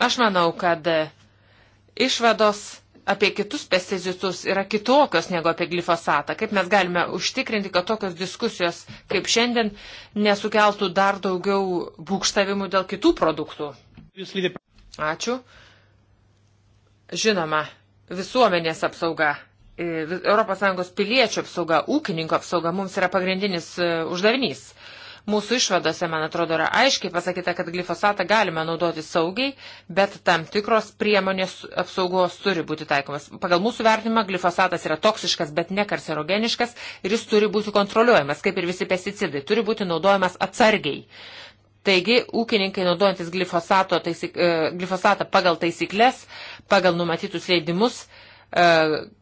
Aš manau, kad e, išvados apie kitus pesticidus yra kitokios negu apie glifosatą? Kaip mes galime užtikrinti, kad tokios diskusijos kaip šiandien nesukeltų dar daugiau būkštavimų dėl kitų produktų? Ačiū. Žinoma, visuomenės apsauga. ES piliečių apsauga, ūkininko apsauga mums yra pagrindinis e, uždavinys. Uh, Mūsų išvadose, man atrodo, yra aiškiai pasakyta, kad glifosatą galime naudoti saugiai, bet tam tikros priemonės apsaugos turi būti taikomas. Pagal mūsų vertinimą glifosatas yra toksiškas, bet ne karcerogeniškas ir jis turi būti kontroliuojamas, kaip ir visi pesticidai, turi būti naudojamas atsargiai. Taigi, ūkininkai naudojantis taisyk, e, glifosatą pagal taisyklės, pagal numatytus leidimus, e,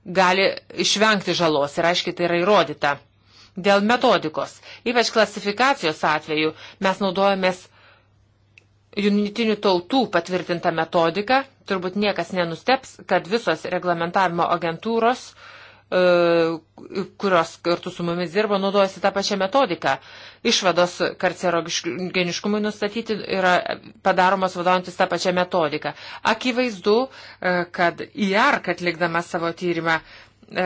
gali išvengti žalos ir aiškiai tai yra įrodyta dėl metodikos. Ypač klasifikacijos atveju mes naudojamės Junitinių tautų patvirtinta metodika. Turbūt niekas nenusteps, kad visos reglamentavimo agentūros, e, kurios kartu su mumis dirba, naudojasi tą pačią metodiką. Išvados karcerogeniškumui nustatyti yra padaromos vadovantis tą pačią metodiką. Akivaizdu, e, kad IAR, atlikdama savo tyrimą, E,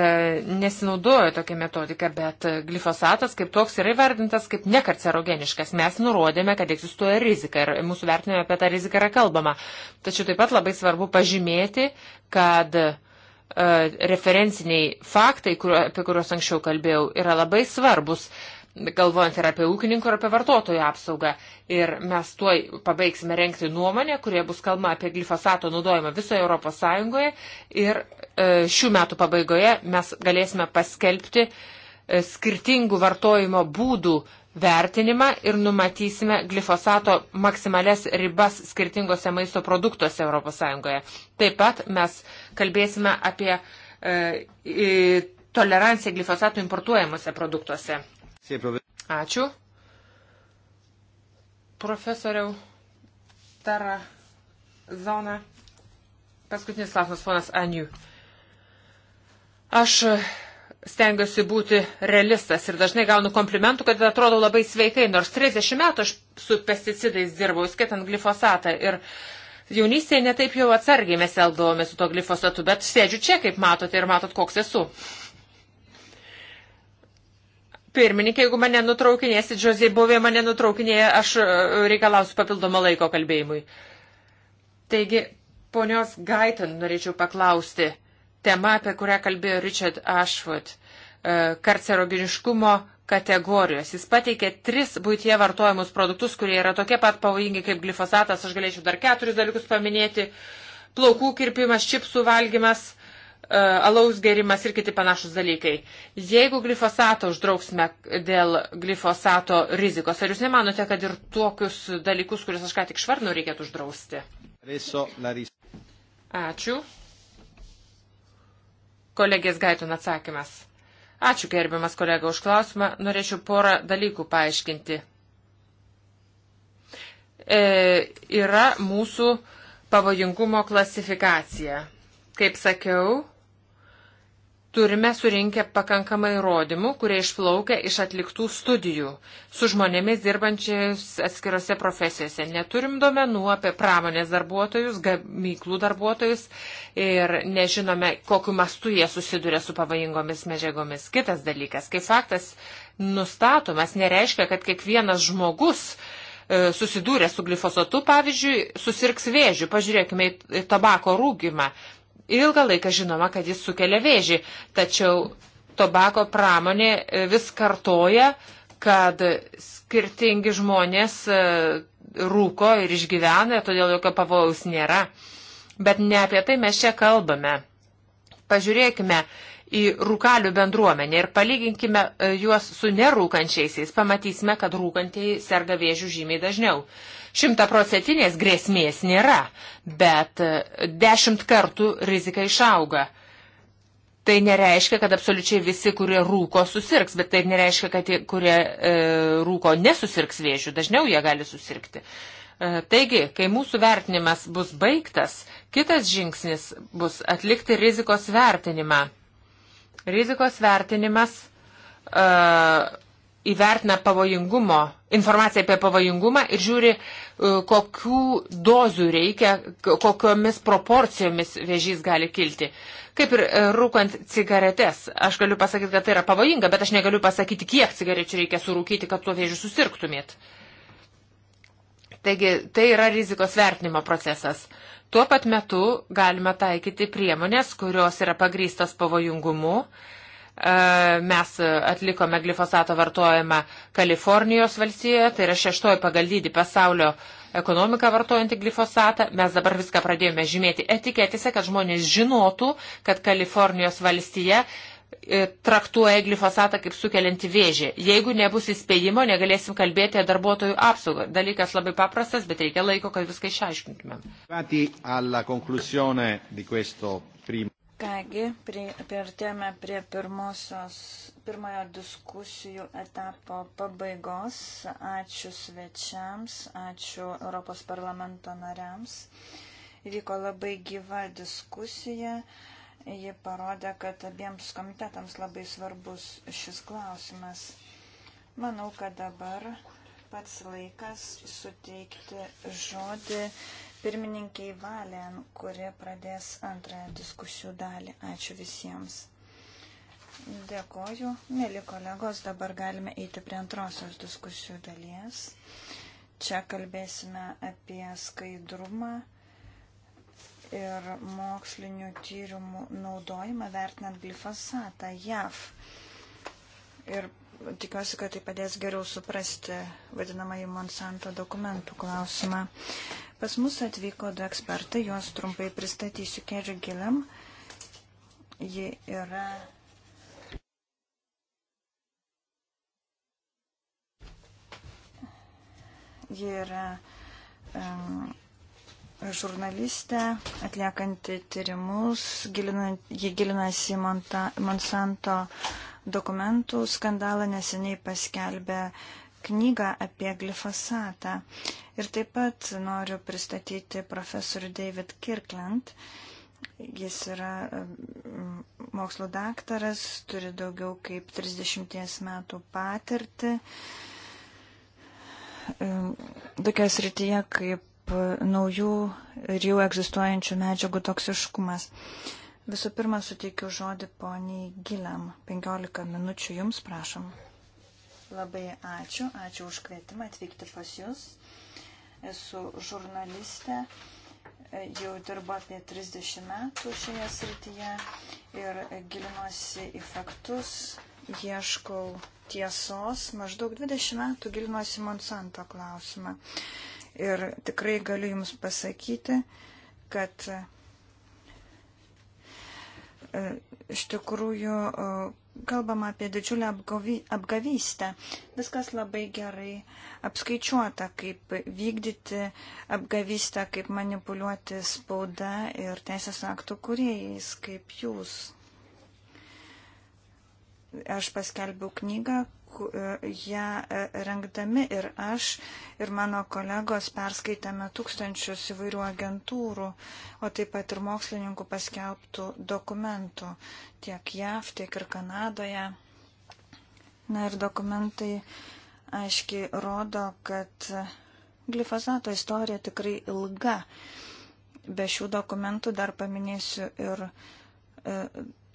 nesinaudojo tokia metodika, bet glifosatas kaip toks yra įvardintas kaip nekarcerogeniškas. Mes nurodėme, kad egzistuoja rizika ir mūsų vertinime apie tą riziką yra kalbama. Tačiau taip pat labai svarbu pažymėti, kad e, referenciniai faktai, apie kuriuos anksčiau kalbėjau, yra labai svarbus galvojant ir apie ūkininkų, ir apie vartotojų apsaugą. Ir mes tuoj pabaigsime renkti nuomonę, kurie bus kalba apie glifosato naudojimą visoje Europos Sąjungoje ir E, šių metų pabaigoje mes galėsime paskelbti e, skirtingų vartojimo būdų vertinimą ir numatysime glifosato maksimales ribas skirtingose maisto produktuose ES. Taip pat mes kalbėsime apie e, toleranciją glifosato importuojamuose produktuose. Ačiū. Profesoriau Tara Zona. Paskutinis klausimas, ponas Aniu. Aš stengiuosi būti realistas ir dažnai gaunu komplimentų, kad atrodo labai sveikai, nors 30 metų aš su pesticidais dirbau, skaitant glifosatą. Ir jaunystėje netaip jau atsargiai mes eldavome su to glifosatu, bet sėdžiu čia, kaip matote, ir matot, koks esu. Pirmininkė, jeigu mane nutraukinėsit, Džozė buvė mane nutraukinėje, aš e, reikalausiu papildomą laiko kalbėjimui. Taigi, ponios Gaitin norėčiau paklausti tema, apie kurią kalbėjo Richard Ashwood e, - karcerogeniškumo kategorijos. Jis pateikė tris būtie vartojimus produktus, kurie yra tokie pat pavojingi kaip glifosatas. Aš galėčiau dar keturis dalykus paminėti - plaukų kirpimas, čipsų valgymas e, alaus gerimas ir kiti panašus dalykai. Jeigu glifosatą uždrauksime dėl glifosato rizikos, ar jūs nemanote, kad ir tokius dalykus, kuriuos aš ką tik švarnu, reikėtų uždrausti? Ačiū. Kolegės Gaitin atsakymas. Ačiū gerbiamas kolega už klausimą. Norėčiau porą dalykų paaiškinti. E, yra mūsų pavojingumo klasifikacija. Kaip sakiau, turime surinkę pakankamai įrodymų, kurie išplaukia iš atliktų studijų su žmonėmis dirbančiais atskirose profesijose. Neturim duomenų apie pramonės darbuotojus, gamyklų darbuotojus ir nežinome, kokiu mastu jie susiduria su pavojingomis medžiagomis. Kitas dalykas, kai faktas nustatomas, nereiškia, kad kiekvienas žmogus e, susidūrė su glifosatu, pavyzdžiui, susirgs vėžių. Pažiūrėkime į tabako rūgimą. Ilgą laiką žinoma, kad jis sukelia vėžį, tačiau tobako pramonė e, vis kartoja, kad skirtingi žmonės e, rūko ir išgyvena, todėl jokio pavojaus nėra. Bet ne apie tai mes čia kalbame. Pažiūrėkime į rūkalių bendruomenę ir palyginkime e, juos su nerūkančiaisiais. Pamatysime, kad rūkantieji serga vėžių žymiai dažniau. Šimtaprocentinės grėsmės nėra, bet e, dešimt kartų rizika išauga. Tai nereiškia, kad absoliučiai visi, kurie rūko, susirgs, bet tai nereiškia, kad tie, kurie e, rūko, nesusirgs vėžių, dažniau jie gali susirgti. E, taigi, kai mūsų vertinimas bus baigtas, kitas žingsnis bus atlikti rizikos vertinimą. Rizikos vertinimas e, įvertina pavojingumo, informaciją apie pavojingumą ir žiūri, e, kokių dozių reikia, kokiomis proporcijomis vėžys gali kilti. Kaip ir e, rūkant cigaretes, aš galiu pasakyti, kad tai yra pavojinga, bet aš negaliu pasakyti, kiek cigarečių reikia surūkyti, kad tuo vėžiu susirgtumėt. Taigi tai yra rizikos vertinimo procesas. Tuo pat metu galime taikyti priemonės, kurios yra pagrystos pavojingumu E, mes atlikome glifosato vartojimą Kalifornijos valstijoje, tai yra šeštoji pagal dydį pasaulio ekonomika vartojanti glifosatą. Mes dabar viską pradėjome žymėti etiketėse, kad žmonės žinotų, kad Kalifornijos valstija e, traktuoja glifosatą kaip sukelianti vėžį. Jeigu nebus įspėjimo, negalėsim kalbėti apie darbuotojų apsaugą. Dalykas labai paprastas, bet reikia laiko, kad viską išaiškintumėm. Kągi, priartėjome prie pirmosios, pirmojo diskusijų etapo pabaigos. Ačiū svečiams, ačiū Europos parlamento nariams. Vyko labai gyva diskusija. Ji parodė, kad abiems komitetams labai svarbus šis klausimas. Manau, kad dabar pats laikas suteikti žodį pirmininkiai Valen, kurie pradės antrąją diskusijų dalį. Ačiū visiems. Dėkoju, mėly kolegos, dabar galime eiti prie antrosios diskusijų dalies. Čia kalbėsime apie skaidrumą ir mokslinių tyrimų naudojimą vertinant glifosatą JAV. Ir tikiuosi, kad tai padės geriau suprasti vadinamąjį Monsanto dokumentų klausimą. Pas mus atvyko du ekspertai, juos trumpai pristatysiu Kerry Gilliam. Ji yra. Ji yra um, žurnalistė, atliekanti tyrimus, gilina, ji gilinasi į Monsanto dokumentų skandalą, neseniai paskelbė knygą apie glifosatą. Ir taip pat noriu pristatyti profesorių David Kirkland. Jis yra mm, mokslo daktaras, turi daugiau kaip 30 metų patirtį. Mm, Tokia srityje kaip naujų ir jau egzistuojančių medžiagų toksiškumas. Visų pirma, suteikiu žodį poniai Giliam. 15 minučių jums prašom. Labai ačiū, ačiū už kvietimą atvykti pas Jūs. Esu žurnalistė, jau dirbu apie 30 metų šioje srityje ir gilinuosi į faktus, ieškau tiesos. Maždaug 20 metų gilinuosi Monsanto klausimą. Ir tikrai galiu Jums pasakyti, kad e, iš tikrųjų e, kalbama apie didžiulę apgavystę. Viskas labai gerai apskaičiuota, kaip vykdyti apgavystę, kaip manipuliuoti spauda ir teisės aktų kuriejais, kaip jūs. Aš paskelbiau knygą, ją e, rengdami ir aš, ir mano kolegos perskaitėme tūkstančius įvairių agentūrų, o taip pat ir mokslininkų paskelbtų dokumentų tiek JAV, tiek ir Kanadoje. Na ir dokumentai aiškiai rodo, kad glifosato istorija tikrai ilga. Be šių dokumentų dar paminėsiu ir E,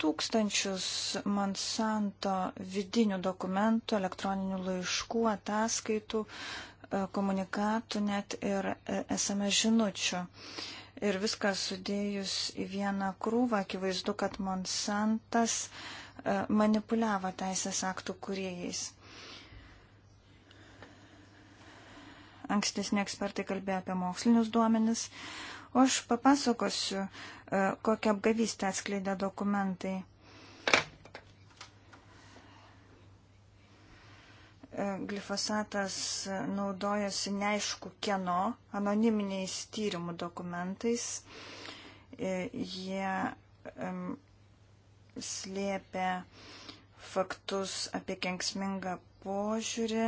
tūkstančius Monsanto vidinių dokumentų, elektroninių laiškų, ataskaitų, e, komunikatų, net ir SMS e, žinučių. Ir viskas sudėjus į vieną krūvą, akivaizdu, kad Monsantas manipuliavo teisės aktų kuriejais. Ankstesni ekspertai kalbėjo apie mokslinius duomenis, o aš papasakosiu, uh, E, kokią apgavystę atskleidė dokumentai. E, glifosatas naudojasi neaišku kieno, anoniminiais tyrimų dokumentais. E, jie um, slėpė faktus apie kenksmingą požiūrį,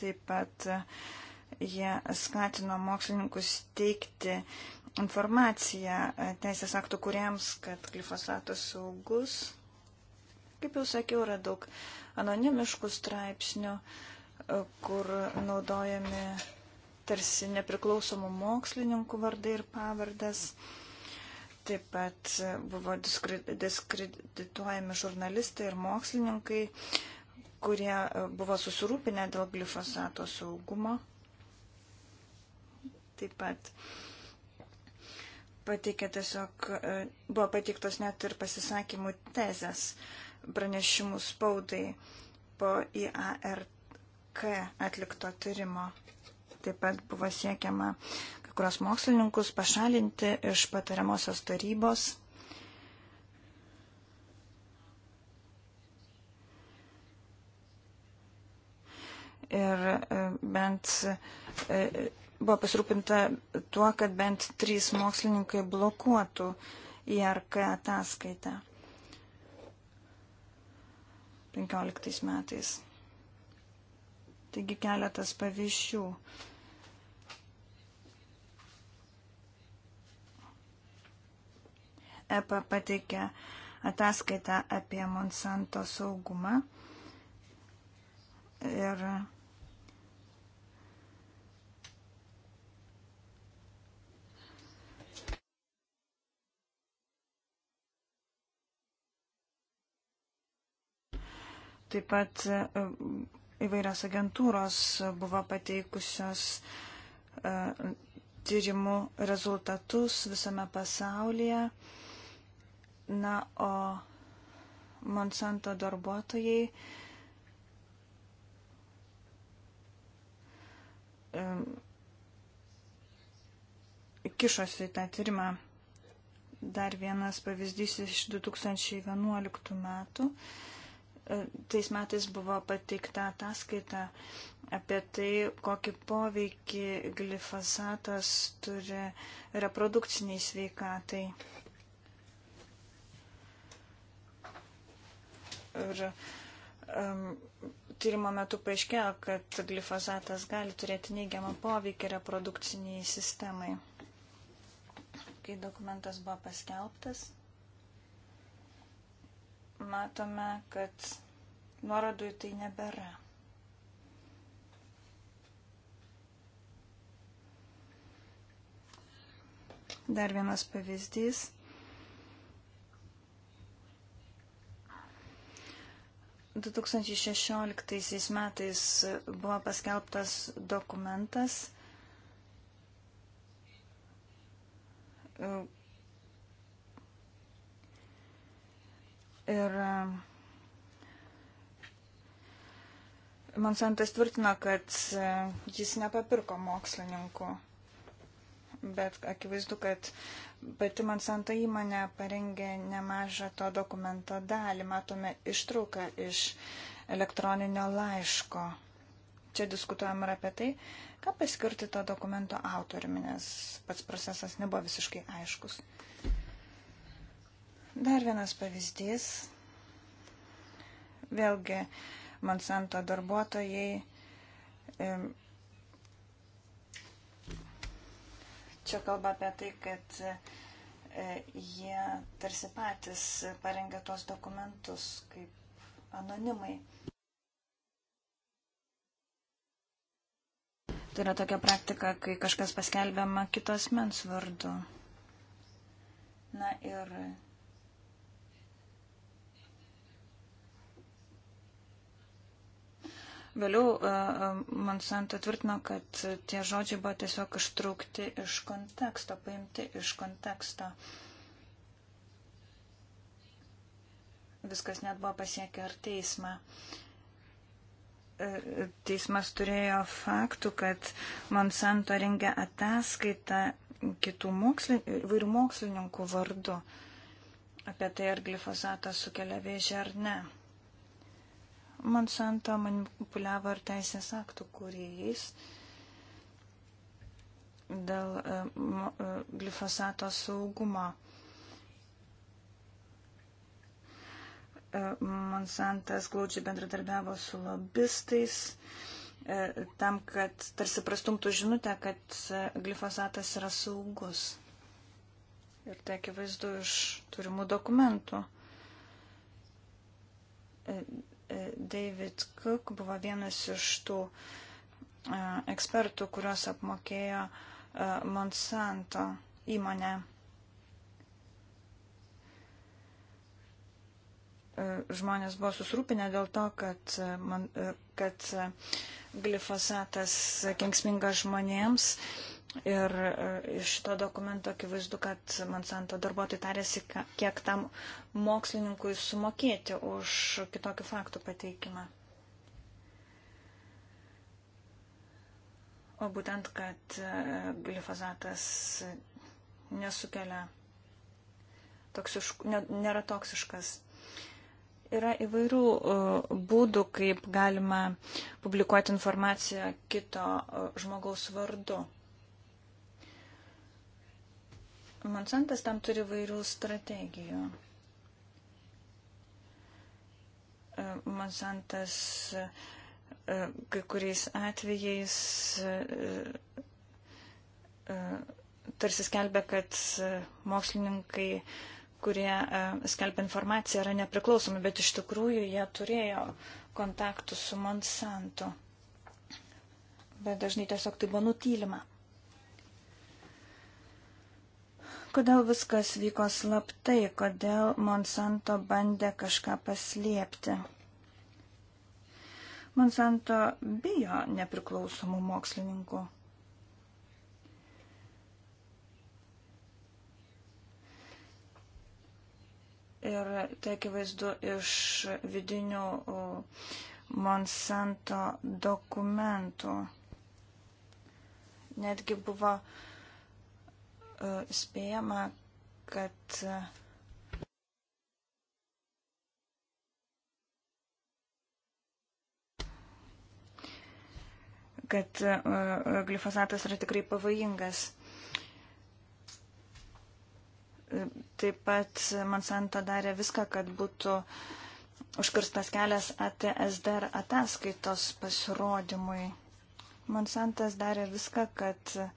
taip pat jie skatino mokslininkus teikti informaciją e, teisės aktų kuriems, kad glifosatas saugus. Kaip jau sakiau, yra daug anonimiškų straipsnių, e, kur naudojami tarsi nepriklausomų mokslininkų vardai ir pavardas. Taip pat e, buvo diskredituojami žurnalistai ir mokslininkai, kurie buvo susirūpinę dėl glifosato saugumo. Taip pat uh, pateikė tiesiog, e, buvo pateiktos net ir pasisakymų tezės pranešimų spaudai po IARK atlikto tyrimo. Taip pat buvo siekiama kai kurios mokslininkus pašalinti iš patariamosios tarybos. Ir e, bent e, buvo pasirūpinta tuo, kad bent trys mokslininkai blokuotų IRK ataskaitą 15 metais. Taigi keletas pavyzdžių. EPA pateikė ataskaitą apie Monsanto saugumą ir Taip pat e, įvairios agentūros buvo pateikusios e, tyrimų rezultatus visame pasaulyje. Na, o Monsanto darbuotojai e, kišosi į tą tyrimą. Dar vienas pavyzdys iš 2011 metų tais metais buvo pateikta ataskaita apie tai, kokį poveikį glifosatas turi reprodukciniai sveikatai. Ir um, tyrimo metu paaiškėjo, kad glifosatas gali turėti neigiamą poveikį reprodukciniai sistemai. Kai dokumentas buvo paskelbtas, matome, kad nuorodų į tai nebėra. Dar vienas pavyzdys. – 2016 metais buvo paskelbtas dokumentas, Ir e, Monsantas tvirtina, kad e, jis nepapirko mokslininkų, bet akivaizdu, kad pati Monsanto įmonė parengė nemažą to dokumento dalį. Matome ištrauką iš elektroninio laiško. Čia diskutuojam ir apie tai, ką paskirti to dokumento autoriumi, nes pats procesas nebuvo visiškai aiškus. Dar vienas pavyzdys. Vėlgi, Monsanto darbuotojai čia kalba apie tai, kad e, jie tarsi patys parengė tuos dokumentus kaip anonimai. Tai yra tokia praktika, kai kažkas paskelbiama kitos mens vardu. Na ir Vėliau e, e, Monsanto tvirtino, kad tie žodžiai buvo tiesiog ištraukti iš konteksto, paimti iš konteksto. Viskas net buvo pasiekę ar teismą e, teismas turėjo faktų, kad Monsanto rengia ataskaitą kitų mokslin, vairių mokslininkų vardu apie tai, ar glifosatas sukelia vėžį ar ne. Monsanto manipuliavo ir teisės aktų kūrėjais dėl e, e, glifosato saugumo. E, Monsantas glaudžiai bendradarbiavo su lobistais tam, kad tarsi prastumtų žinutę, kad glifosatas yra saugus. Ir tai akivaizdu iš turimų dokumentų David Cook buvo vienas iš tų e, ekspertų, kuriuos apmokėjo e, Monsanto įmonė. E, žmonės buvo susirūpinę dėl to, kad, man, kad glifosatas kenksmingas žmonėms Ir e, iš to dokumento akivaizdu, kad Monsanto darbuotojai tarėsi, kiek tam mokslininkui sumokėti už kitokių faktų pateikimą. O būtent, kad e, glifozatas nesukelia toksišk, nėra toksiškas. Yra įvairių e, būdų, kaip galima publikuoti informaciją kito žmogaus vardu. Monsantas tam turi vairių strategijų. E, Monsantas e, kai kuriais atvejais e, tarsi skelbia, kad mokslininkai, kurie skelbia informaciją, yra nepriklausomi, bet iš tikrųjų jie turėjo kontaktų su Monsanto. Bet dažnai tiesiog tai buvo nutylima. kodėl viskas vyko slaptai, kodėl Monsanto bandė kažką paslėpti. Monsanto bijo nepriklausomų mokslininkų. Ir tai akivaizdu iš vidinių Monsanto dokumentų. Netgi buvo uh, E, spėjama, kad e, kad e, glifosatas yra tikrai pavojingas. Taip pat Monsanto darė viską, kad būtų užkirstas kelias ATSDR ataskaitos pasirodymui. Monsantas darė viską, kad uh,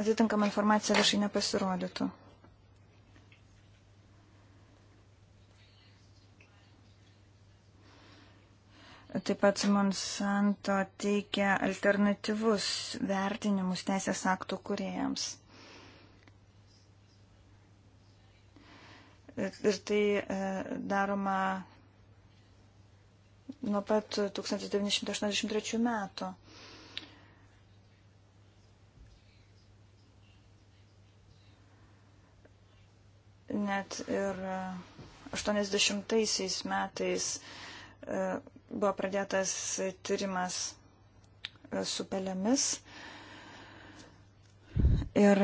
atitinkama informacija viešai nepasirodytų. Taip pat Monsanto teikia alternatyvus vertinimus teisės aktų kuriejams. Ir tai e, daroma nuo pat 1983 metų. Net ir 80-aisiais e, metais e, buvo pradėtas tyrimas e, su pelėmis. Ir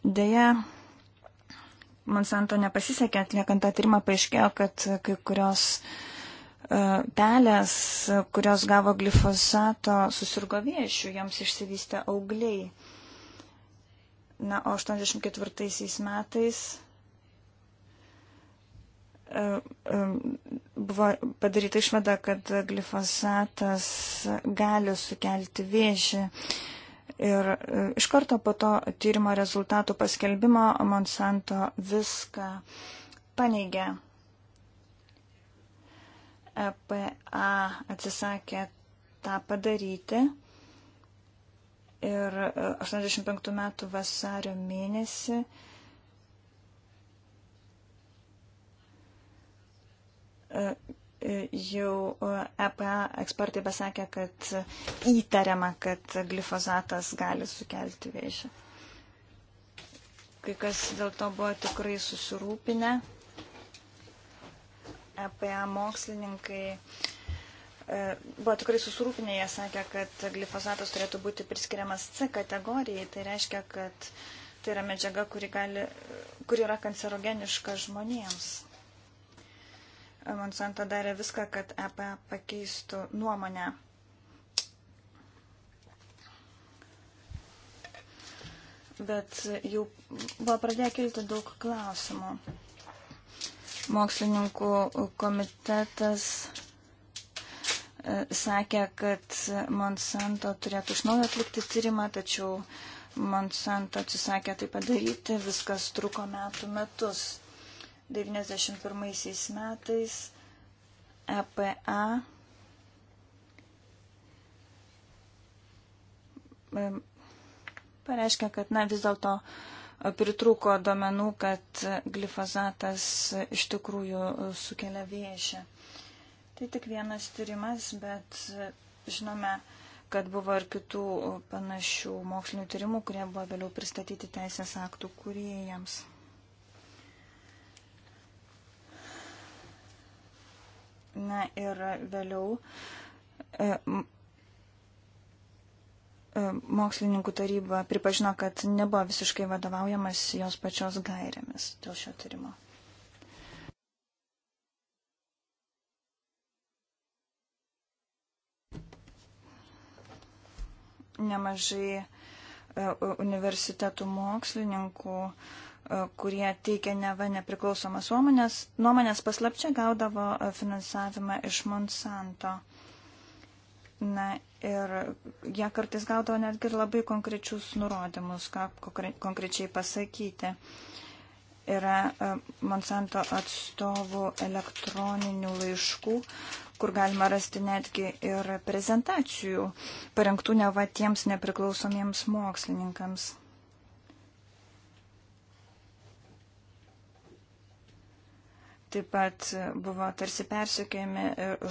dėja, Monsanto nepasisekė atliekant tą tyrimą, paaiškėjo, kad kai kurios pelės, kurios gavo glifosato, susirgo viešių, jiems išsivystė augliai. Na, o 84 metais e, e, buvo padaryta išvada, kad glifosatas gali sukelti vėžį. Ir e, iš karto po to tyrimo rezultatų paskelbimo Monsanto viską paneigė. EPA atsisakė tą padaryti ir 85 e, metų vasario mėnesį e, e, jau EPA ekspertai pasakė, kad įtariama, kad glifozatas gali sukelti vėžį. Kai kas dėl to buvo tikrai susirūpinę. EPA mokslininkai uh, E, buvo tikrai susirūpinę, jie sakė, kad glifosatas turėtų būti priskiriamas C kategorijai, tai reiškia, kad tai yra medžiaga, kuri, gali, kuri yra kancerogeniška žmonėms. E, Monsanto darė viską, kad EPA pakeistų nuomonę. Bet jau buvo pradėję kilti daug klausimų. Mokslininkų komitetas sakė, kad Monsanto turėtų iš naujo atlikti tyrimą, tačiau Monsanto atsisakė tai padaryti, viskas truko metų metus. 91 metais EPA pareiškia, kad na, vis dėlto pritruko domenų, kad glifozatas iš tikrųjų sukelia viešę. Tai tik vienas tyrimas, bet e, žinome, kad buvo ir kitų e, panašių mokslinių tyrimų, kurie buvo vėliau pristatyti teisės aktų kūrėjams. Na ir vėliau e, e mokslininkų taryba pripažino, kad nebuvo visiškai vadovaujamas jos pačios gairėmis dėl šio tyrimo. nemažai e, universitetų mokslininkų, e, kurie teikia neva nepriklausomas nuomonės, nuomonės paslapčia gaudavo e, finansavimą iš Monsanto. Na ir jie kartais gaudavo netgi ir labai konkrečius nurodymus, ką konkrečiai pasakyti. Yra Monsanto atstovų elektroninių laiškų, kur galima rasti netgi ir prezentacijų parengtų ne va tiems nepriklausomiems mokslininkams. Taip pat buvo tarsi persikėjami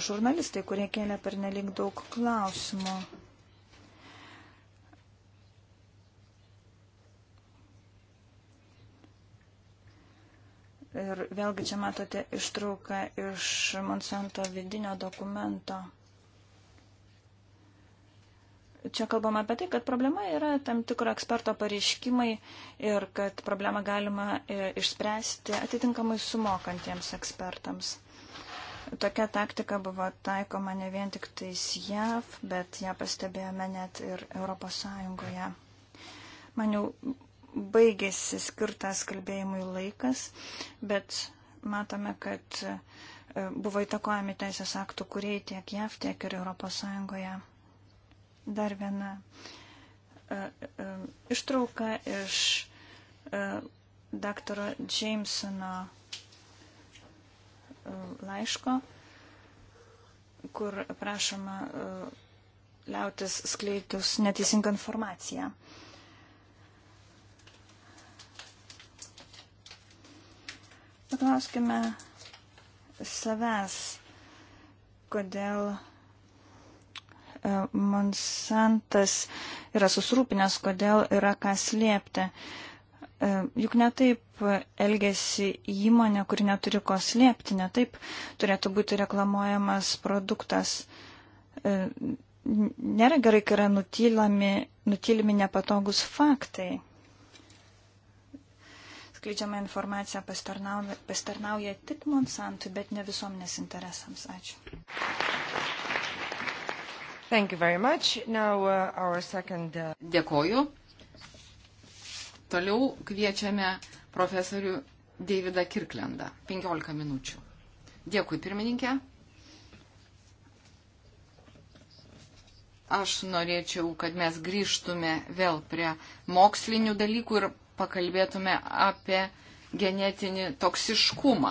žurnalistai, kurie kėlė per nelik daug klausimų. Ir vėlgi čia matote ištrauką iš Monsanto vidinio dokumento. Čia kalbama apie tai, kad problema yra tam tikro eksperto pareiškimai ir kad problemą galima e, išspręsti atitinkamai sumokantiems ekspertams. Tokia taktika buvo taikoma ne vien tik tais JAV, bet ją pastebėjome net ir Europos Sąjungoje. Man jau baigėsi skirtas kalbėjimui laikas, bet matome, kad e, buvo įtakojami teisės aktų kuriai tiek JAV, tiek ir ES. Dar viena e, e, ištrauka iš dr. Jamesono laiško, kur prašoma liautis skleidus neteisingą informaciją. Uh, Paklauskime savęs, kodėl e, Monsantas yra susirūpinęs, kodėl yra ką slėpti. E, juk netaip elgesi įmonė, kuri neturi ko slėpti, netaip turėtų būti reklamuojamas produktas. E, nėra gerai, kai yra nutylami, nutylimi nepatogus faktai skleidžiama informacija pastarnauja, pastarnauja tik Monsantui, bet ne visuomenės interesams. Ačiū. Thank you very much. Now, uh, our second, uh... Dėkoju. Toliau kviečiame profesorių Davidą Kirklendą. 15 minučių. Dėkui, pirmininkė. Aš norėčiau, kad mes grįžtume vėl prie mokslinių dalykų ir pakalbėtume apie genetinį toksiškumą.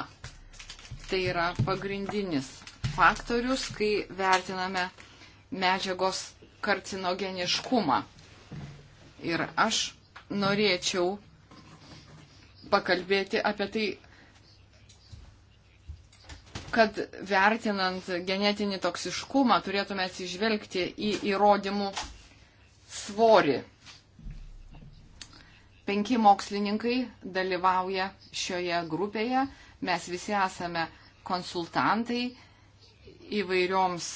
Tai yra pagrindinis faktorius, kai vertiname medžiagos karcinogeniškumą. Ir aš norėčiau pakalbėti apie tai, kad vertinant genetinį toksiškumą turėtume atsižvelgti į įrodymų svorį. Penki mokslininkai dalyvauja šioje grupėje. Mes visi esame konsultantai įvairioms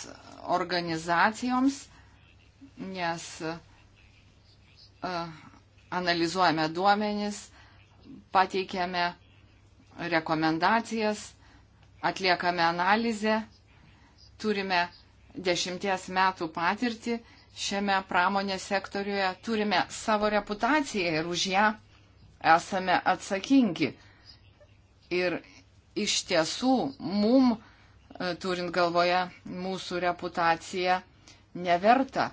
organizacijoms, nes uh, analizuojame duomenis, pateikėme rekomendacijas, atliekame analizę, turime dešimties metų patirtį šiame pramonės sektoriuje turime savo reputaciją ir už ją esame atsakingi. Ir iš tiesų mum, e, turint galvoje mūsų reputaciją, neverta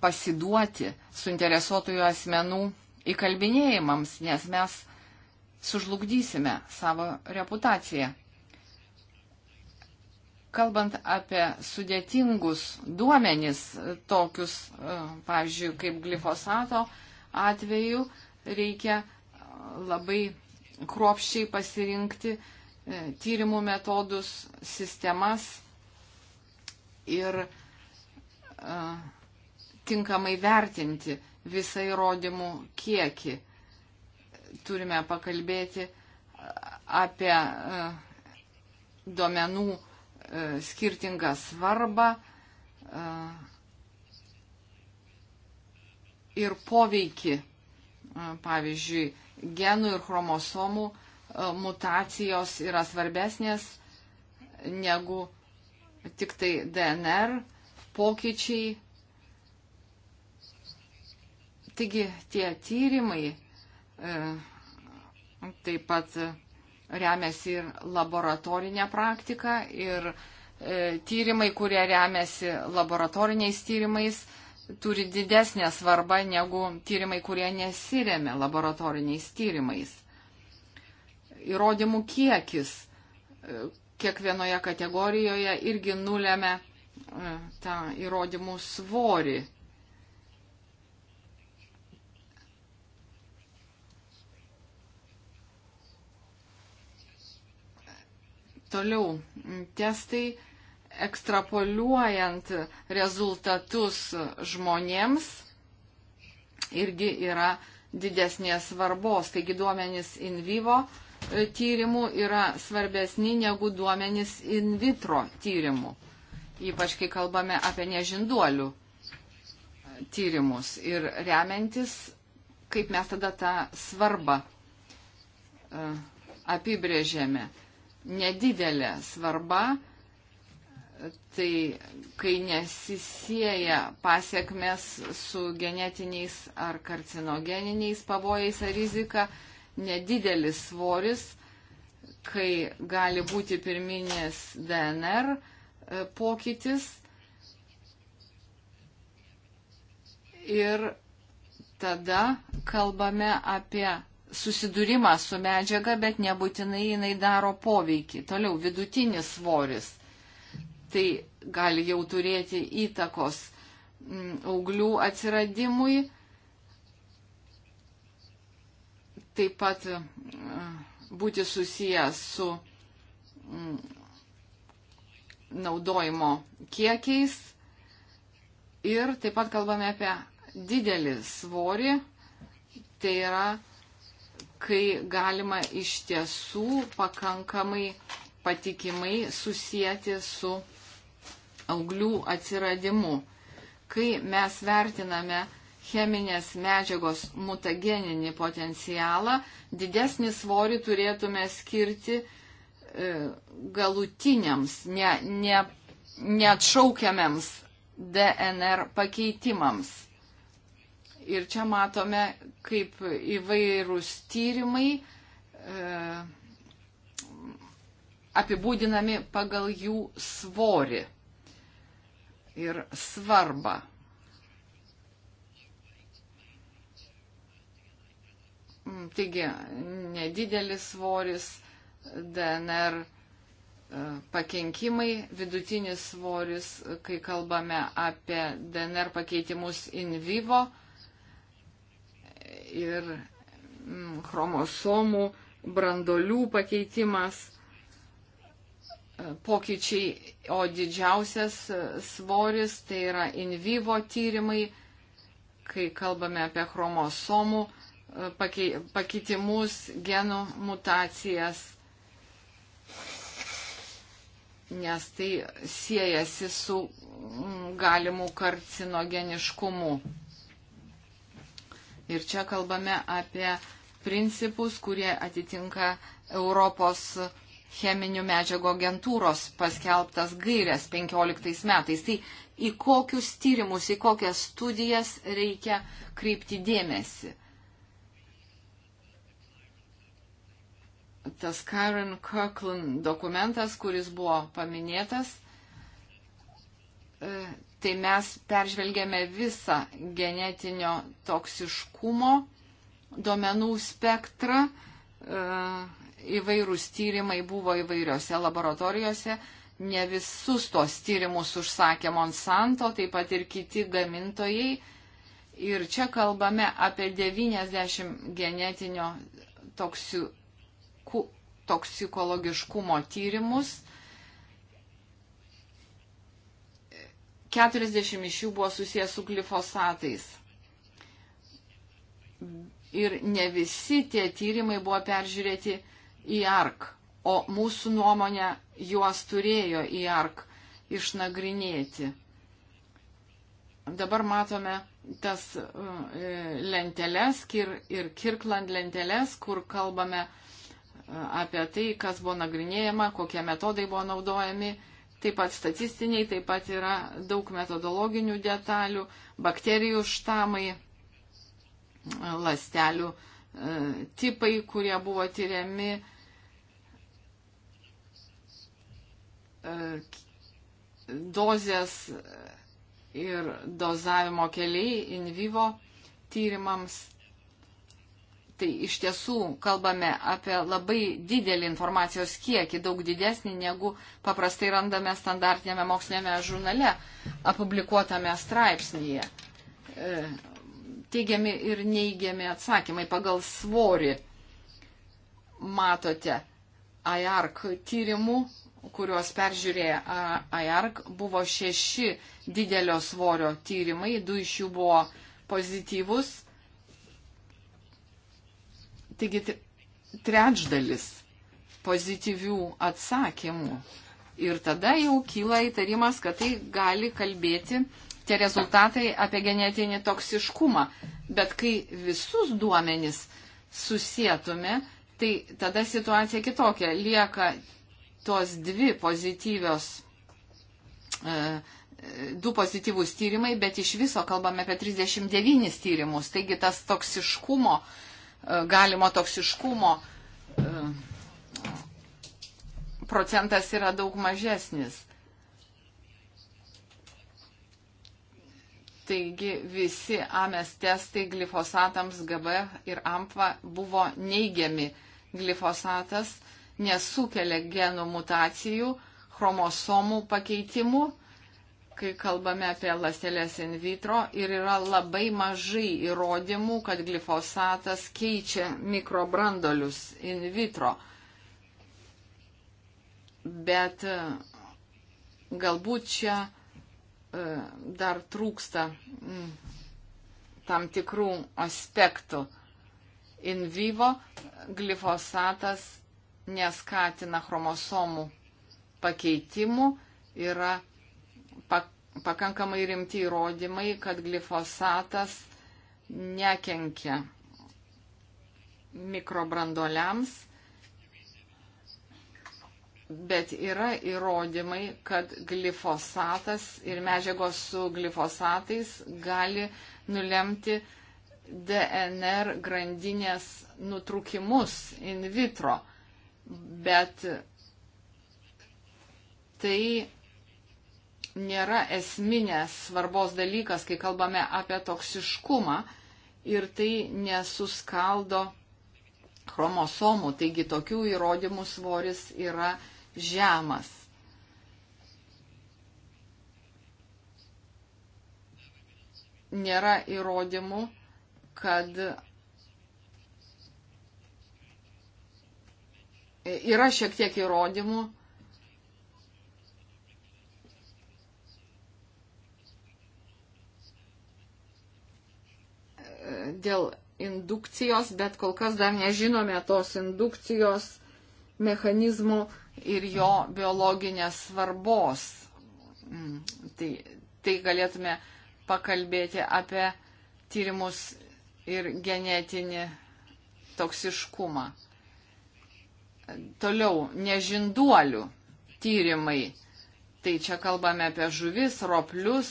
pasiduoti suinteresuotųjų asmenų įkalbinėjimams, nes mes sužlugdysime savo reputaciją kalbant apie sudėtingus duomenis, tokius, e, pavyzdžiui, kaip glifosato atveju, reikia e, labai kruopščiai pasirinkti e, tyrimų metodus, sistemas ir tinkamai vertinti visą įrodymų kiekį. Turime pakalbėti apie duomenų E, skirtingą svarbą e, ir poveikį, e, pavyzdžiui, genų ir chromosomų mutacijos yra svarbesnės negu tik tai DNR pokyčiai. Taigi tie tyrimai taip pat remiasi ir laboratorinė praktika, ir e, tyrimai, kurie remiasi laboratoriniais tyrimais, turi didesnę svarbą negu tyrimai, kurie nesiremia laboratoriniais tyrimais. Įrodymų kiekis e, kiekvienoje kategorijoje irgi nulėmė e, tą įrodymų svorį. Toliau, testai ekstrapoliuojant rezultatus žmonėms irgi yra didesnės svarbos. Taigi duomenys in vivo tyrimų yra svarbesni negu duomenys in vitro tyrimų. Ypač kai kalbame apie nežinduolių tyrimus ir remiantis, kaip mes tada tą svarbą e, apibrėžėme nedidelė svarba, tai kai nesisėja pasiekmes su genetiniais ar karcinogeniniais pavojais ar rizika, nedidelis svoris, kai gali būti pirminės DNR e, pokytis ir tada kalbame apie susidūrimą su medžiaga, bet nebūtinai jinai daro poveikį. Toliau vidutinis svoris. Tai gali jau turėti įtakos mm, auglių atsiradimui. Taip pat mm, būti susijęs su mm, naudojimo kiekiais. Ir taip pat kalbame apie didelį svorį. Tai yra kai galima iš tiesų pakankamai patikimai susijęti su auglių atsiradimu. Kai mes vertiname cheminės medžiagos mutageninį potencialą, didesnį svorį turėtume skirti e, galutiniams, ne, ne, neatšaukiamiams DNR pakeitimams. Ir čia matome, kaip įvairūs tyrimai e, apibūdinami pagal jų svorį ir svarbą. Mm, taigi, nedidelis svoris, DNR e, pakenkimai, vidutinis svoris, kai kalbame apie DNR pakeitimus in vivo, ir mm, chromosomų, brandolių pakeitimas, e, pokyčiai, o didžiausias e, svoris tai yra in vivo tyrimai, kai kalbame apie chromosomų e, pakeitimus, genų mutacijas, nes tai siejasi su mm, galimu karcinogeniškumu. Ir čia kalbame apie principus, kurie atitinka Europos cheminių medžiagų agentūros paskelbtas gairias 15 metais. Tai į kokius tyrimus, į kokias studijas reikia kreipti dėmesį. Tas Karen Kirkland dokumentas, kuris buvo paminėtas, e, tai mes peržvelgėme visą genetinio toksiškumo duomenų spektrą. E, įvairūs tyrimai buvo įvairiose laboratorijose. Ne visus tos tyrimus užsakė Monsanto, taip pat ir kiti gamintojai. Ir čia kalbame apie 90 genetinio toksiku, toksikologiškumo tyrimus 40 iš jų buvo susijęs su glifosatais. Ir ne visi tie tyrimai buvo peržiūrėti į ARK, o mūsų nuomonė juos turėjo į ARK išnagrinėti. Dabar matome tas e, lenteles kir, ir Kirkland lenteles, kur kalbame e, apie tai, kas buvo nagrinėjama, kokie metodai buvo naudojami taip pat statistiniai, taip pat yra daug metodologinių detalių, bakterijų štamai, lastelių e, tipai, kurie buvo tyriami. E, dozės ir dozavimo keliai in vivo tyrimams Tai iš tiesų kalbame apie labai didelį informacijos kiekį, daug didesnį negu paprastai randame standartinėme mokslinėme žurnale apublikuotame straipsnėje. E, teigiami ir neigiami atsakymai pagal svorį. Matote, IARC tyrimų, kuriuos peržiūrėjo IARC, buvo šeši didelio svorio tyrimai, du iš jų buvo pozityvus Taigi trečdalis pozityvių atsakymų. Ir tada jau kyla įtarimas, kad tai gali kalbėti tie rezultatai apie genetinį toksiškumą. Bet kai visus duomenis susietume, tai tada situacija kitokia. Lieka tos dvi pozityvios, e, du pozityvūs tyrimai, bet iš viso kalbame apie 39 tyrimus. Taigi tas toksiškumo uh, E, galimo toksiškumo e, procentas yra daug mažesnis. Taigi visi AMES testai glifosatams GB ir AMPVA buvo neigiami. Glifosatas nesukelia genų mutacijų, chromosomų pakeitimų kai kalbame apie ląstelės in vitro ir yra labai mažai įrodymų, kad glifosatas keičia mikrobrandolius in vitro. Bet e, galbūt čia e, dar trūksta tam tikrų aspektų. In vivo glifosatas neskatina chromosomų pakeitimų, yra pakankamai rimti įrodymai, kad glifosatas nekenkia mikrobrandoliams, bet yra įrodymai, kad glifosatas ir medžiagos su glifosatais gali nulemti DNR grandinės nutrukimus in vitro, bet tai nėra esminės svarbos dalykas, kai kalbame apie toksiškumą ir tai nesuskaldo chromosomų, taigi tokių įrodymų svoris yra žemas. Nėra įrodymų, kad yra šiek tiek įrodymų, dėl indukcijos, bet kol kas dar nežinome tos indukcijos mechanizmų ir jo biologinės svarbos. Mm, tai, tai galėtume pakalbėti apie tyrimus ir genetinį toksiškumą. Toliau, nežinduolių tyrimai. Tai čia kalbame apie žuvis, roplius,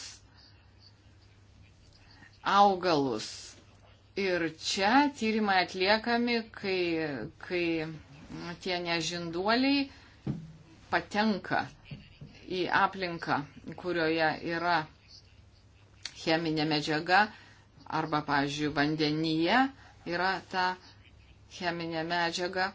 augalus Ir čia tyrimai atliekami, kai, kai tie nežinduoliai patenka į aplinką, kurioje yra cheminė medžiaga arba, pavyzdžiui, vandenyje yra ta cheminė medžiaga,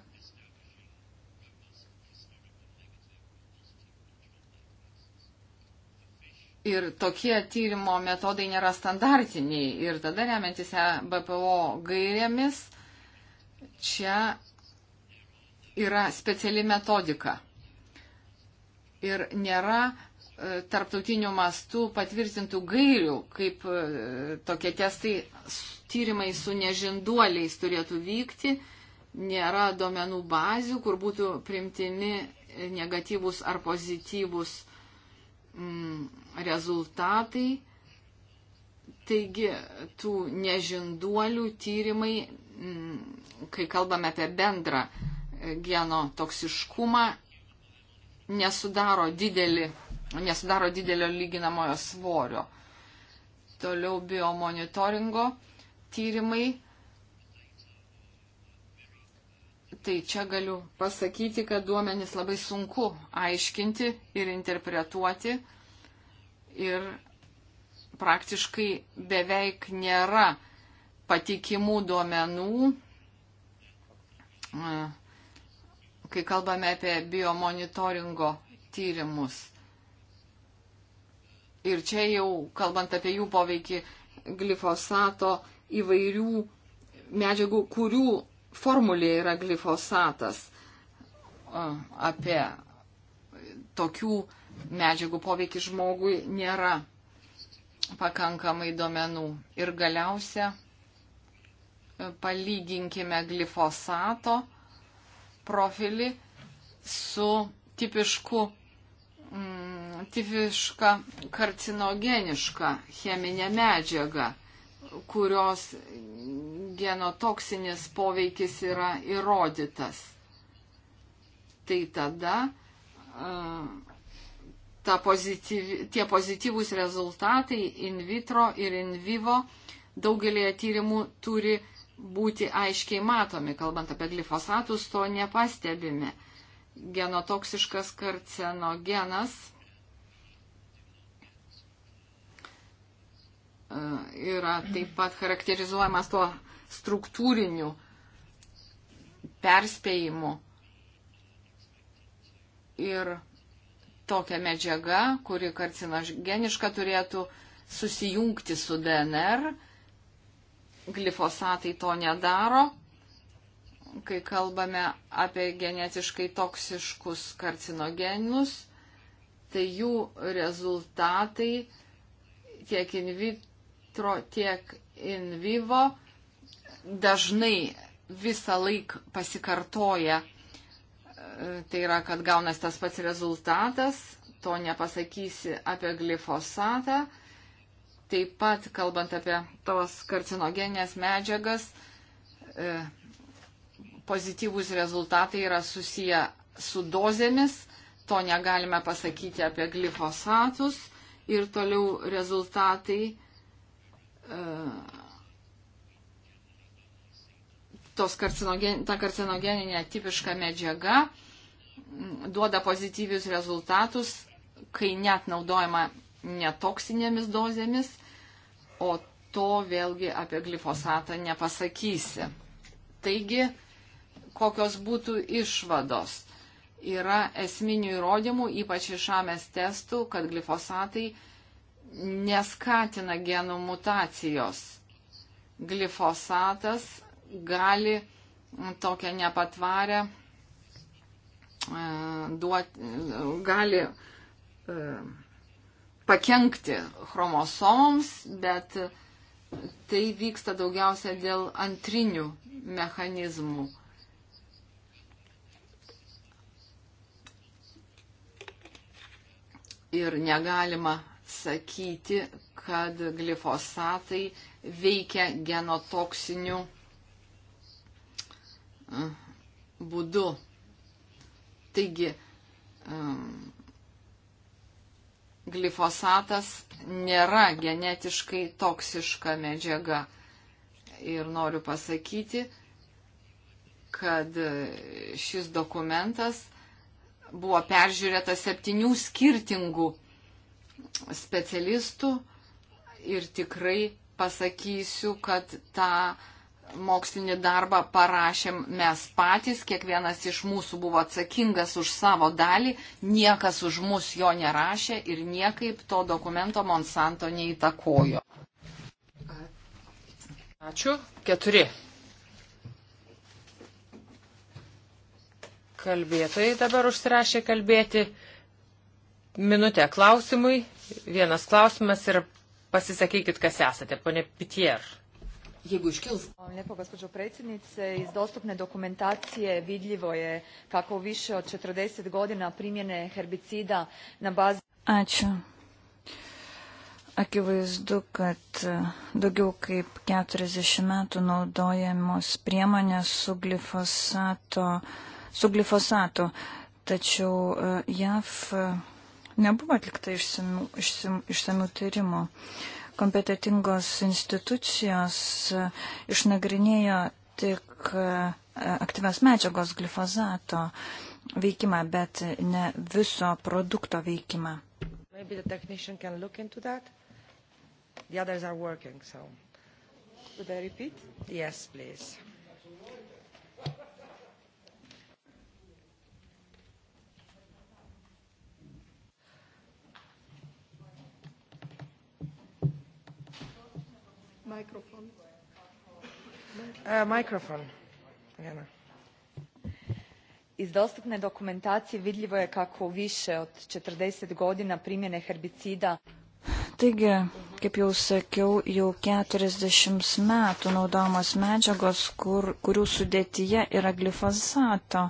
ir tokie tyrimo metodai nėra standartiniai. Ir tada remiantis e BPO gairėmis, čia yra speciali metodika. Ir nėra e, tarptautinių mastų patvirtintų gairių, kaip e, tokie testai, tyrimai su nežinduoliais turėtų vykti, nėra duomenų bazių, kur būtų primtini negatyvus ar pozityvus mm, rezultatai. Taigi tų nežinduolių tyrimai, mm, kai kalbame apie bendrą e, geno toksiškumą, nesudaro, didelį, nesudaro didelio lyginamojo svorio. Toliau biomonitoringo tyrimai. Tai čia galiu pasakyti, kad duomenys labai sunku aiškinti ir interpretuoti ir praktiškai beveik nėra patikimų duomenų, kai kalbame apie biomonitoringo tyrimus. Ir čia jau, kalbant apie jų poveikį glifosato įvairių medžiagų, kurių formulė yra glifosatas, apie tokių medžiagų poveikį žmogui nėra pakankamai duomenų. Ir galiausia, palyginkime glifosato profilį su tipišku, mm, tipiška karcinogeniška cheminė medžiaga, kurios genotoksinis poveikis yra įrodytas. Tai tada mm, pozityv, tie pozityvūs rezultatai in vitro ir in vivo daugelėje tyrimų turi būti aiškiai matomi. Kalbant apie glifosatus, to nepastebime. Genotoksiškas karcinogenas e, yra taip pat charakterizuojamas tuo struktūriniu perspėjimu. Ir tokia medžiaga, kuri karcinogeniška turėtų susijungti su DNR. Glifosatai to nedaro. Kai kalbame apie genetiškai toksiškus karcinogenus, tai jų rezultatai tiek in vitro, tiek in vivo dažnai visą laiką pasikartoja tai yra, kad gaunas tas pats rezultatas, to nepasakysi apie glifosatą. Taip pat, kalbant apie tos karcinogenės medžiagas, e, pozityvūs rezultatai yra susiję su dozėmis, to negalime pasakyti apie glifosatus ir toliau rezultatai e, tos karcinogen, ta karcinogeninė tipiška medžiaga duoda pozityvius rezultatus, kai net naudojama netoksinėmis dozėmis, o to vėlgi apie glifosatą nepasakysi. Taigi, kokios būtų išvados? Yra esminių įrodymų, ypač iš amės testų, kad glifosatai neskatina genų mutacijos. Glifosatas gali tokią nepatvarę E, duot, gali e, pakenkti chromosoms, bet tai vyksta daugiausia dėl antrinių mechanizmų. Ir negalima sakyti, kad glifosatai veikia genotoksiniu e, būdu. Taigi, um, glifosatas nėra genetiškai toksiška medžiaga. Ir noriu pasakyti, kad šis dokumentas buvo peržiūrėtas septynių skirtingų specialistų ir tikrai pasakysiu, kad tą ta mokslinį darbą parašėm mes patys, kiekvienas iš mūsų buvo atsakingas už savo dalį, niekas už mus jo nerašė ir niekaip to dokumento Monsanto neįtakojo. Ačiū. Keturi. Kalbėtojai dabar užsirašė kalbėti. Minutė klausimui. Vienas klausimas ir pasisakykit, kas esate, ponė Pitier jeigu iškils. Lijepo, gospođo predsjednice. Iz dostupne dokumentacije vidljivo je kako u više od 40 godina primjene herbicida na bazi... Ačiū. Akivaizdu, kad e, daugiau kaip 40 metų naudojamos priemonės su glifosato, su glifosato tačiau e, JAV e, nebuvo atlikta išsamių, išsamių tyrimų. Uh, kompetitingos institucijos e, išnagrinėjo tik e, aktyvios medžiagos glifozato veikimą, bet ne viso produkto veikimą. Maybe the technician can look into that. The others are working, so. Should I repeat? Yes, please. Microphone. Microphone. Jana. Iz dostupne dokumentacije vidljivo je kako u više od 40 godina primjene herbicida Taigi, kaip jau sakiau, jau 40 metų naudojamos medžiagos, kur, kurių sudėtyje yra glifosato,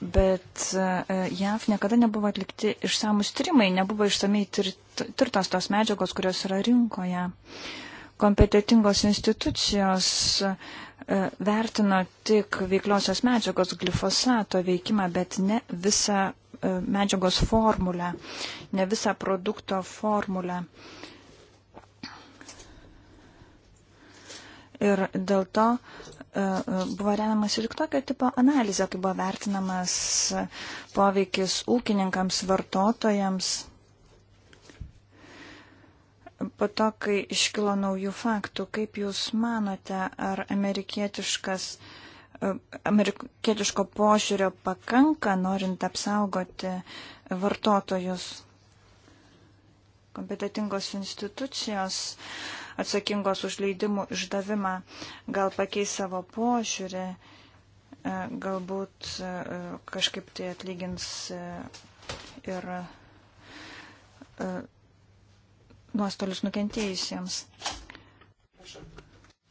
bet e, JAV niekada nebuvo atlikti išsamus tyrimai, nebuvo išsamei tirtos tos medžiagos, kurios yra rinkoje. Uh, kompetitingos institucijos e, vertino tik veikliosios medžiagos glifosato veikimą, bet ne visą e, medžiagos formulę, ne visą produkto formulę. Ir dėl to e, buvo remiamas ir tokio tipo analizė, kai buvo vertinamas poveikis ūkininkams, vartotojams po to, kai iškilo naujų faktų, kaip Jūs manote, ar amerikietiškas, e, amerikietiško požiūrio pakanka, norint apsaugoti vartotojus? Kompetitingos institucijos atsakingos už leidimų išdavimą gal pakeis savo požiūrį, e, galbūt e, kažkaip tai atlygins ir nuostolius nukentėjusiems.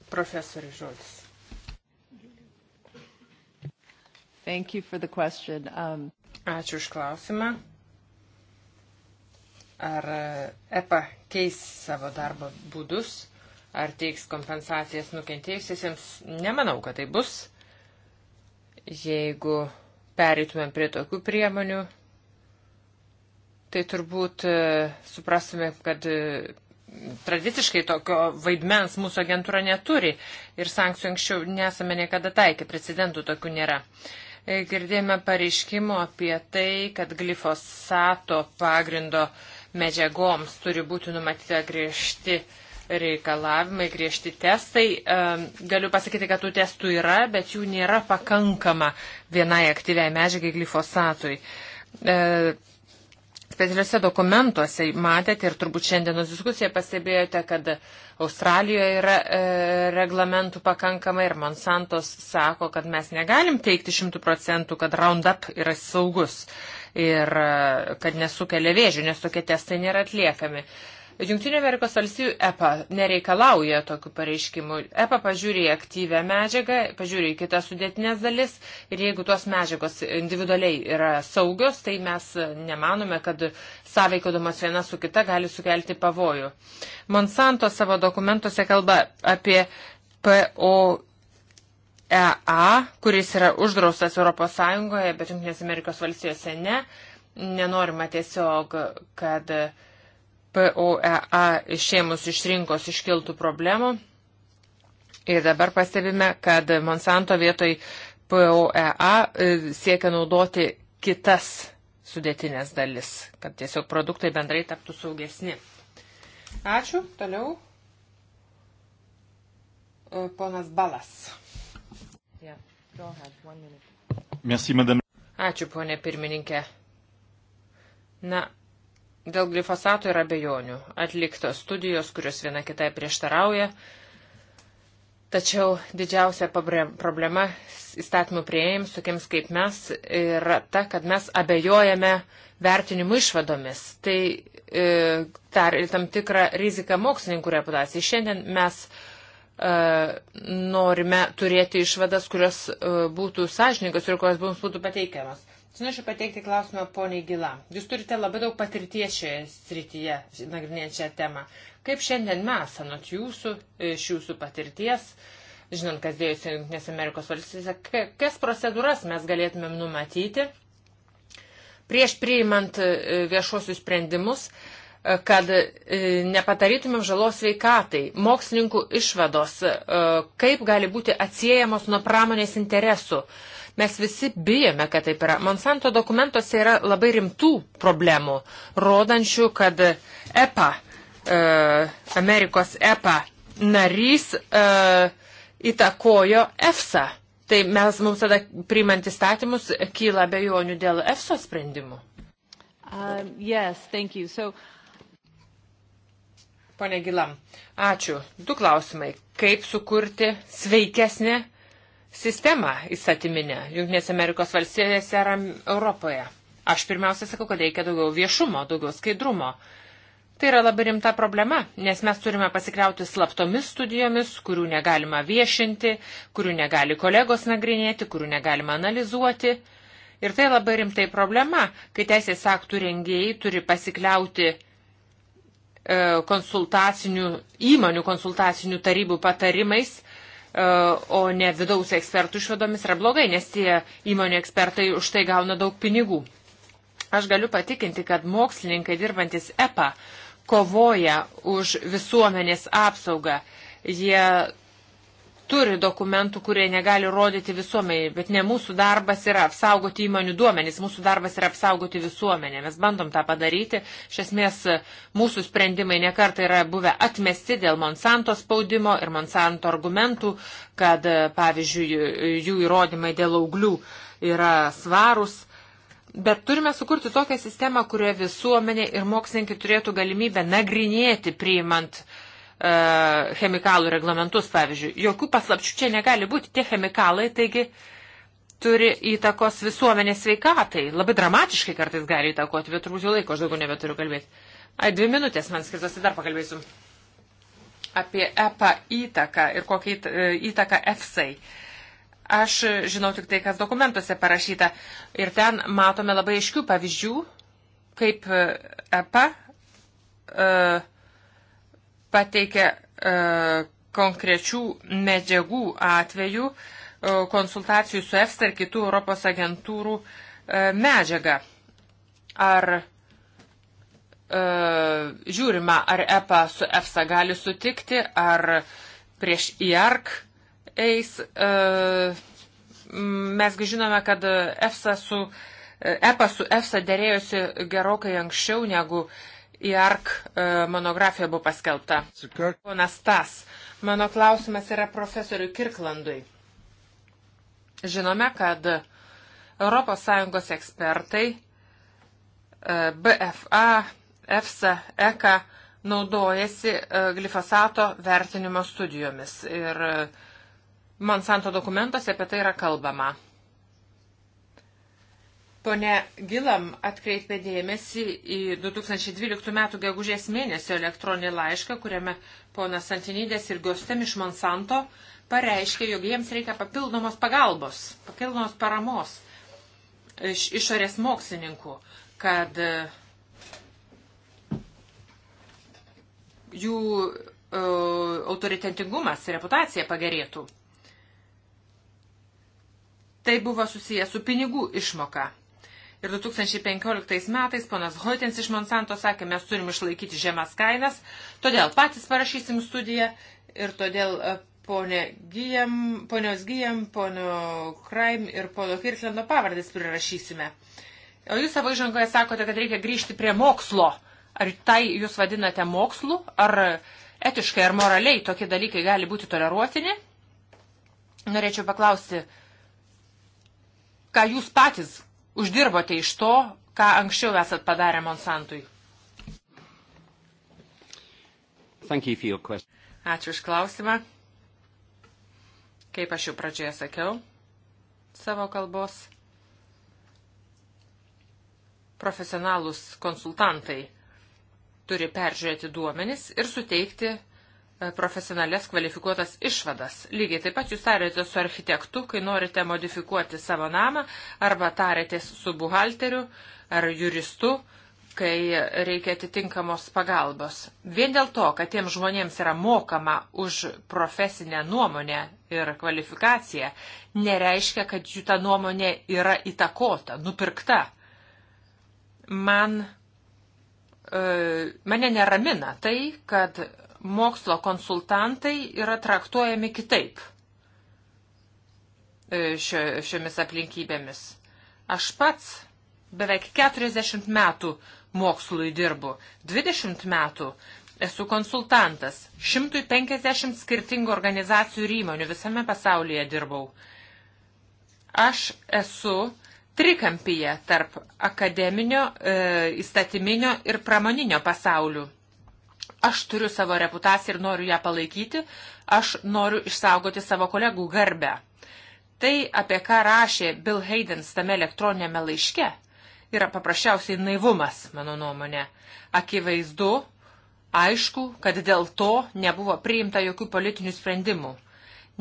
Profesorė Žodis. Thank you for the question. Um... Ačiū už klausimą. Ar e, EPA keis savo darbo būdus, ar teiks kompensacijas nukentėjusiesiems? Nemanau, kad tai bus. Jeigu pereitumėm prie tokių priemonių, tai turbūt e, suprastume, kad e, tradiciškai tokio vaidmens mūsų agentūra neturi ir sankcijų anksčiau nesame niekada taikę, precedentų tokių nėra. E, girdėjome pareiškimo apie tai, kad glifosato pagrindo medžiagoms turi būti numatyta griežti reikalavimai, griežti testai. Galiu pasakyti, kad tų testų yra, bet jų nėra pakankama vienai aktyviai medžiagai glifosatui specialiuose dokumentuose matėte ir turbūt šiandienos diskusijoje pastebėjote, kad Australijoje yra e, reglamentų pakankamai ir Monsantos sako, kad mes negalim teikti šimtų procentų, kad Roundup yra saugus ir e, kad nesukelia vėžių, nes tokie testai nėra atliekami. E, Junktinio Amerikos valstybių EPA nereikalauja tokių pareiškimų. EPA pažiūri į aktyvę medžiagą, pažiūri į kitas sudėtinės dalis ir jeigu tos medžiagos individualiai yra saugios, tai mes nemanome, kad sąveikodamas viena su kita gali sukelti pavojų. Monsanto savo dokumentuose kalba apie POEA, kuris yra uždraustas ES, bet Junktinės Amerikos valstijose ne. Nenorima tiesiog, kad uh, POEA išėmus iš rinkos iškiltų problemų. Ir dabar pastebime, kad Monsanto vietoj POEA e, siekia naudoti kitas sudėtinės dalis, kad tiesiog produktai bendrai taptų saugesni. Ačiū. Toliau. E, ponas Balas. Yeah. Merci, madame. Ačiū, ponė pirmininkė. Na, Dėl glifosato yra bejonių. Atliktos studijos, kurios viena kitai prieštarauja. Tačiau didžiausia problema įstatymų prieėjams, tokiems kaip mes, yra ta, kad mes abejojame vertinimų išvadomis. Tai e, tar, tam tikrą riziką mokslininkų reputacijai. Šiandien mes e, norime turėti išvadas, kurios e, būtų sąžininkos ir kurios mums būtų pateikiamas. Norėčiau pateikti klausimą poniai Gila. Jūs turite labai daug patirties šioje srityje, nagrinėjant šią temą. Kaip šiandien mes, anot jūsų, iš jūsų patirties, žinant, kas dėjusi Junktinės Amerikos valstybėse, kas procedūras mes galėtumėm numatyti prieš priimant e, viešuosius sprendimus, e, kad e, nepatarytumėm žalos sveikatai, mokslininkų išvados, kaip gali būti atsiejamos nuo pramonės interesų Mes visi bijome, kad taip yra. Monsanto dokumentuose yra labai rimtų problemų, rodančių, kad EPA, e, Amerikos EPA narys e, įtakojo EFSA. Tai mes mums tada priimant įstatymus kyla bejonių dėl EFSO sprendimų. Um, yes, so... Pone Gilam, ačiū. Du klausimai. Kaip sukurti sveikesnį sistemą įstatyminę Junktinės Amerikos valstybėse ar Europoje. Aš pirmiausia sakau, kad reikia daugiau viešumo, daugiau skaidrumo. Tai yra labai rimta problema, nes mes turime pasikliauti slaptomis studijomis, kurių negalima viešinti, kurių negali kolegos nagrinėti, kurių negalima analizuoti. Ir tai labai rimtai problema, kai teisės aktų rengėjai turi pasikliauti e, konsultacinių, įmonių konsultacinių tarybų patarimais o ne vidaus ekspertų išvadomis yra blogai, nes tie įmonių ekspertai už tai gauna daug pinigų. Aš galiu patikinti, kad mokslininkai dirbantis EPA kovoja už visuomenės apsaugą. Jie turi dokumentų, kurie negali rodyti visuomeniai, bet ne mūsų darbas yra apsaugoti įmonių duomenys, mūsų darbas yra apsaugoti visuomenę. Mes bandom tą padaryti. Iš esmės mūsų sprendimai nekartai yra buvę atmesti dėl Monsanto spaudimo ir Monsanto argumentų, kad pavyzdžiui jų įrodymai dėl auglių yra svarūs. Bet turime sukurti tokią sistemą, kurioje visuomenė ir mokslininkai turėtų galimybę nagrinėti priimant uh, E, chemikalų reglamentus, pavyzdžiui. Jokių paslapčių čia negali būti. Tie chemikalai, taigi, turi įtakos visuomenės sveikatai. Labai dramatiškai kartais gali įtakoti, bet turbūt jau laiko aš daugiau nebeturiu kalbėti. Ai, dvi minutės man skirtos, tai dar pakalbėsiu. Apie EPA įtaką ir kokią e, įtaką EFSAI. Aš žinau tik tai, kas dokumentuose parašyta. Ir ten matome labai aiškių pavyzdžių, kaip EPA uh, e, pateikė e, konkrečių medžiagų atvejų e, konsultacijų su EFSA ir kitų Europos agentūrų e, medžiagą. Ar žiūrima, ar EPA su EFSA gali sutikti, ar prieš IARC eis. Mesgi žinome, kad EFSA su EPA su EFSA dėrėjosi gerokai anksčiau negu uh, IARC e, monografija buvo paskelbta. Ponas Tas, mano klausimas yra profesoriui Kirklandui. Žinome, kad ES ekspertai e, BFA, EFSA, ECA naudojasi e, glifosato vertinimo studijomis ir Monsanto dokumentuose apie tai yra kalbama. Pone Gilam atkreipė dėmesį į 2012 m. gegužės mėnesio elektroninį laišką, kuriame ponas Santinydės ir Gostem iš Monsanto pareiškė, jog jiems reikia papildomos pagalbos, papildomos paramos iš išorės mokslininkų, kad jų e, autoritetingumas ir reputacija pagerėtų. Tai buvo susijęs su pinigų išmoka Ir 2015 metais ponas Hoitins iš Monsanto sakė, mes turim išlaikyti žemas kainas, todėl patys parašysim studiją ir todėl e, ponė Gijam, ponios Gijam, ponio Kraim ir pono Kirslendo pavardės prirašysime. O jūs savo įžangoje sakote, kad reikia grįžti prie mokslo. Ar tai jūs vadinate mokslu, ar etiškai, ar moraliai tokie dalykai gali būti toleruotini? Norėčiau paklausti, ką jūs patys uždirbote iš to, ką anksčiau esat padarę Monsantui? You Ačiū iš klausimą. Kaip aš jau pradžioje sakiau savo kalbos, profesionalus konsultantai turi peržiūrėti duomenis ir suteikti E, profesionales kvalifikuotas išvadas. Lygiai taip pat jūs tarėte su architektu, kai norite modifikuoti savo namą, arba tarėtės su buhalteriu ar juristu, kai reikia atitinkamos pagalbos. Vien dėl to, kad tiems žmonėms yra mokama už profesinę nuomonę ir kvalifikaciją, nereiškia, kad jų ta nuomonė yra įtakota, nupirkta. Man, e, mane neramina tai, kad mokslo konsultantai yra traktuojami kitaip e, šiomis aplinkybėmis. Aš pats beveik 40 metų mokslui dirbu, 20 metų esu konsultantas, 150 skirtingų organizacijų ir įmonių visame pasaulyje dirbau. Aš esu trikampyje tarp akademinio, e, įstatyminio ir pramoninio pasaulių. Aš turiu savo reputaciją ir noriu ją palaikyti. Aš noriu išsaugoti savo kolegų garbę. Tai, apie ką rašė Bill Haydens tame elektroninėme laiške, yra paprasčiausiai naivumas, mano nuomonė. Akivaizdu, aišku, kad dėl to nebuvo priimta jokių politinių sprendimų.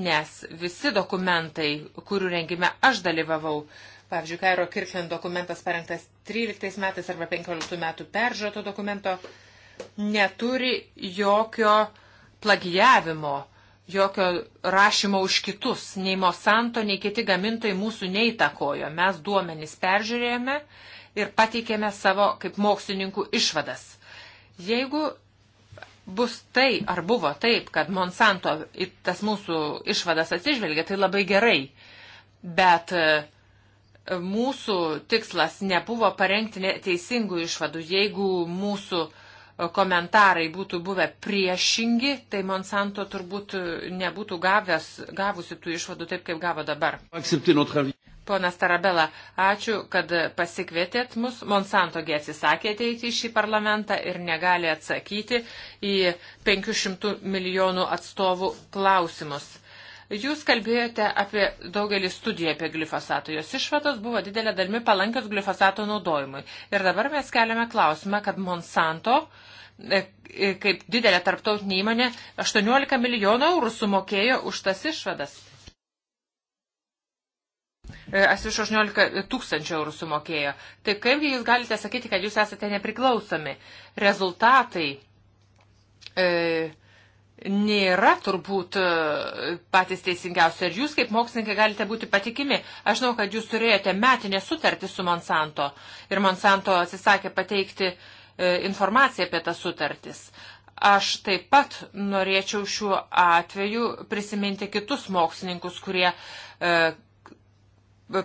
Nes visi dokumentai, kurių rengime aš dalyvavau, pavyzdžiui, Kairo Kirkland dokumentas parengtas 13 metais arba 15 metų peržiūrėto dokumento, neturi jokio plagijavimo, jokio rašymo už kitus. Nei Monsanto, nei kiti gamintojai mūsų neįtakojo. Mes duomenys peržiūrėjome ir pateikėme savo kaip mokslininkų išvadas. Jeigu bus tai ar buvo taip, kad Monsanto į tas mūsų išvadas atsižvelgia, tai labai gerai. Bet e, mūsų tikslas nebuvo parengti teisingų išvadų. Jeigu mūsų uh, komentarai būtų buvę priešingi, tai Monsanto turbūt nebūtų gavęs, gavusi tų išvadų taip, kaip gavo dabar. Ponas Tarabela, ačiū, kad pasikvietėt mus. Monsanto gi atsisakė ateiti į šį parlamentą ir negali atsakyti į 500 milijonų atstovų klausimus. Jūs kalbėjote apie daugelį studijų apie glifosatą. Jos išvados buvo didelė dalimi palankios glifosato naudojimui. Ir dabar mes keliame klausimą, kad Monsanto e, e, kaip didelė tarptautinė įmonė 18 milijonų eurų sumokėjo už tas išvadas. E, aš už 18 tūkstančių eurų sumokėjo. Tai kaipgi jūs galite sakyti, kad jūs esate nepriklausomi? Rezultatai e, nėra turbūt e, patys teisingiausi. Ar jūs kaip mokslininkai galite būti patikimi? Aš žinau, kad jūs turėjote metinę sutartį su Monsanto ir Monsanto atsisakė pateikti e, informaciją apie tas sutartis. Aš taip pat norėčiau šiuo atveju prisiminti kitus mokslininkus, kurie e,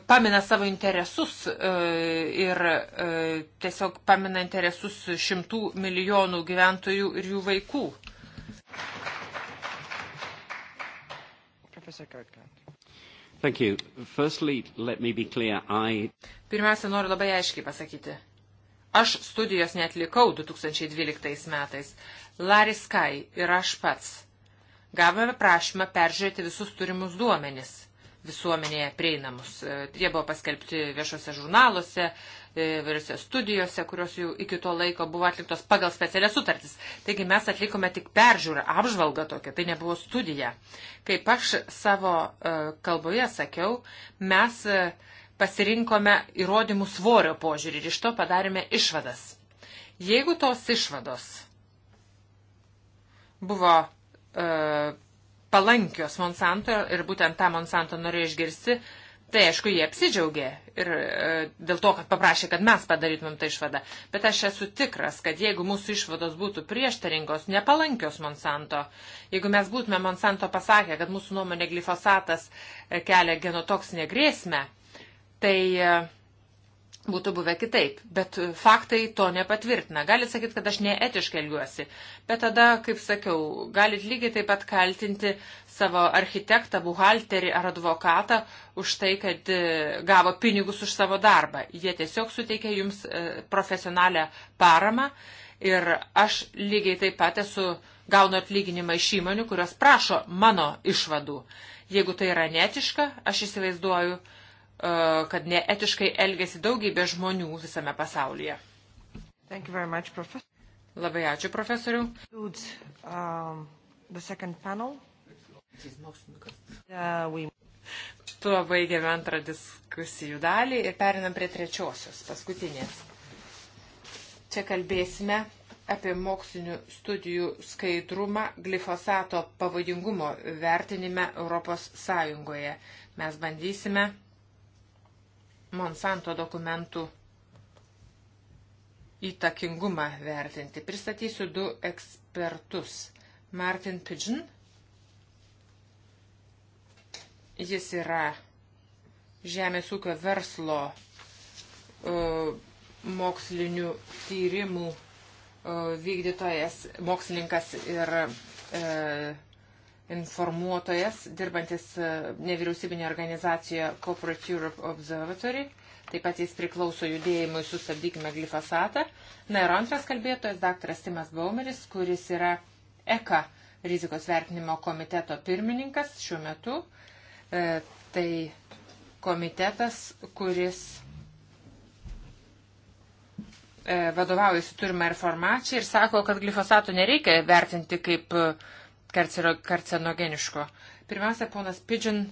pamina savo interesus ir tiesiog pamina interesus šimtų milijonų gyventojų ir jų vaikų. Professor Kirkland. Thank you. Firstly, let me be clear, I... Pirmiausia, noriu labai aiškiai pasakyti. Aš studijos netlikau 2012 metais. Larry Sky ir aš pats. Gavome prašymą peržiūrėti visus turimus duomenis visuomenėje prieinamus. E, jie buvo paskelbti viešuose žurnaluose, uh, įvairiose e, studijose, kurios jau iki to laiko buvo atliktos pagal specialias sutartis. Taigi mes atlikome tik peržiūrą, apžvalgą tokią, tai nebuvo studija. Kaip aš savo e, kalboje sakiau, mes e, pasirinkome įrodymų svorio požiūrį ir iš to padarėme išvadas. Jeigu tos išvados buvo e, palankios Monsanto ir būtent tą Monsanto norėjo išgirsti, Tai aišku, jie apsidžiaugė ir e, dėl to, kad paprašė, kad mes padarytumėm tą išvadą. Bet aš esu tikras, kad jeigu mūsų išvados būtų prieštaringos, nepalankios Monsanto, jeigu mes būtume Monsanto pasakę, kad mūsų nuomonė glifosatas e, kelia genotoksinę grėsmę, tai e, Būtų buvę kitaip, bet e, faktai to nepatvirtina. Galit sakyti, kad aš neetiškai elgiuosi, bet tada, kaip sakiau, galit lygiai taip pat kaltinti savo architektą, buhalterį ar advokatą už tai, kad e, gavo pinigus už savo darbą. Jie tiesiog suteikė jums e, profesionalią paramą ir aš lygiai taip pat esu gaunu atlyginimą iš įmonių, kurios prašo mano išvadų. Jeigu tai yra netiška, aš įsivaizduoju, E, kad neetiškai elgesi daugybė žmonių visame pasaulyje. Much, professor. Labai ačiū, profesoriu. Um, uh, Tuo baigėme antrą diskusijų dalį ir perinam prie trečiosios, paskutinės. Čia kalbėsime apie mokslinių studijų skaidrumą glifosato pavojingumo vertinime Europos Sąjungoje. Mes bandysime Monsanto dokumentų įtakingumą vertinti. Pristatysiu du ekspertus. Martin Pidgeon. Jis yra žemės ūkio verslo uh, mokslinių tyrimų uh, vykdytojas, mokslininkas ir uh, informuotojas, dirbantis e, nevyriausybinė organizacija Corporate Europe Observatory. Taip pat jis priklauso judėjimui Sustabdykime glifosatą. Na ir antras kalbėtojas, daktaras Timas Baumeris, kuris yra ECA rizikos vertinimo komiteto pirmininkas šiuo metu. E, tai komitetas, kuris e, vadovaujasi turimą informaciją ir sako, kad glifosato nereikia vertinti kaip e, karcinogeniško. Pirmiausia, ponas Pidžin,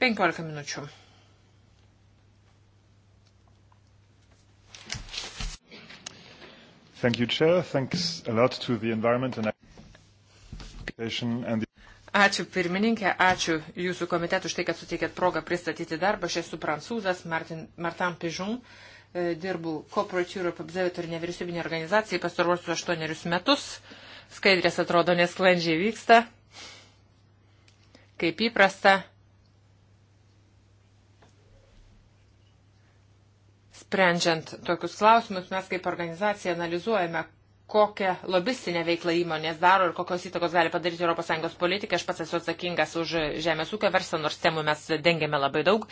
15 minučių. Thank you, Chair. Thanks a lot to the Environment and Education and the Ačiū pirmininkė, ačiū jūsų komitetų už tai, kad suteikėt progą pristatyti darbą. Aš esu prancūzas Martin, Martin Pižum, e, dirbu Corporate Europe Observatory nevyriausybinė organizacija pastaruosius aštuonerius metus. Uh, Skaidrės atrodo nesklandžiai vyksta. Kaip įprasta, sprendžiant tokius klausimus, mes kaip organizacija analizuojame, kokią lobistinę veiklą įmonės daro ir kokios įtakos gali padaryti ES politikai. Aš pats esu atsakingas už žemės ūkio verslą, nors temų mes dengiame labai daug.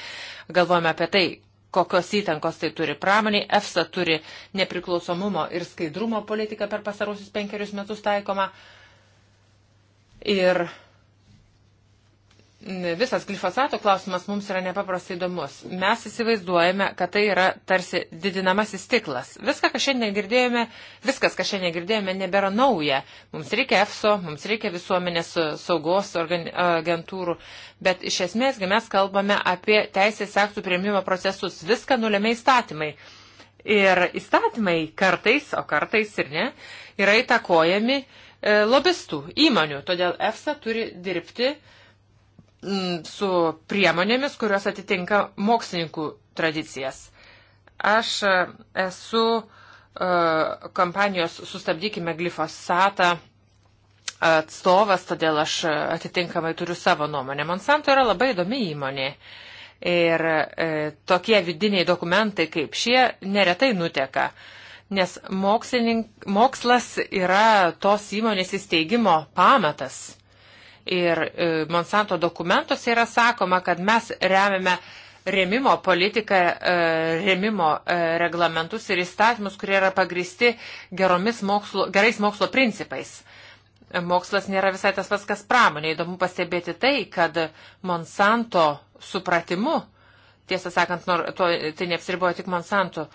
Galvojame apie tai, kokios įtankos tai turi pramoniai. EFSA turi nepriklausomumo ir skaidrumo politiką per pasarosius penkerius metus taikomą. Ir visas glifosato klausimas mums yra nepaprastai įdomus. Mes įsivaizduojame, kad tai yra tarsi didinamasis stiklas. Viską, ką šiandien girdėjome, viskas, ką šiandien girdėjome, nebėra nauja. Mums reikia EFSO, mums reikia visuomenės e, saugos agentūrų, bet iš esmės mes kalbame apie teisės aktų prieimimo procesus. Viską nulėmė įstatymai. Ir įstatymai kartais, o kartais ir ne, yra įtakojami e, lobistų įmonių. Todėl EFSA turi dirbti uh, Mm, su priemonėmis, kurios atitinka mokslininkų tradicijas. Aš e, esu e, kompanijos sustabdykime glifosatą atstovas, todėl aš atitinkamai turiu savo nuomonę. Monsanto yra labai įdomi įmonė. Ir e, tokie vidiniai dokumentai kaip šie neretai nuteka, nes mokslas yra tos įmonės įsteigimo pamatas. Ir e, Monsanto dokumentuose yra sakoma, kad mes remiame remimo politiką, e, remimo e, reglamentus ir įstatymus, kurie yra pagristi mokslo, gerais mokslo principais. Mokslas nėra visai tas pats, kas pramonė. Įdomu pastebėti tai, kad Monsanto supratimu, tiesą sakant, nor, to, tai neapsiribojo tik Monsanto,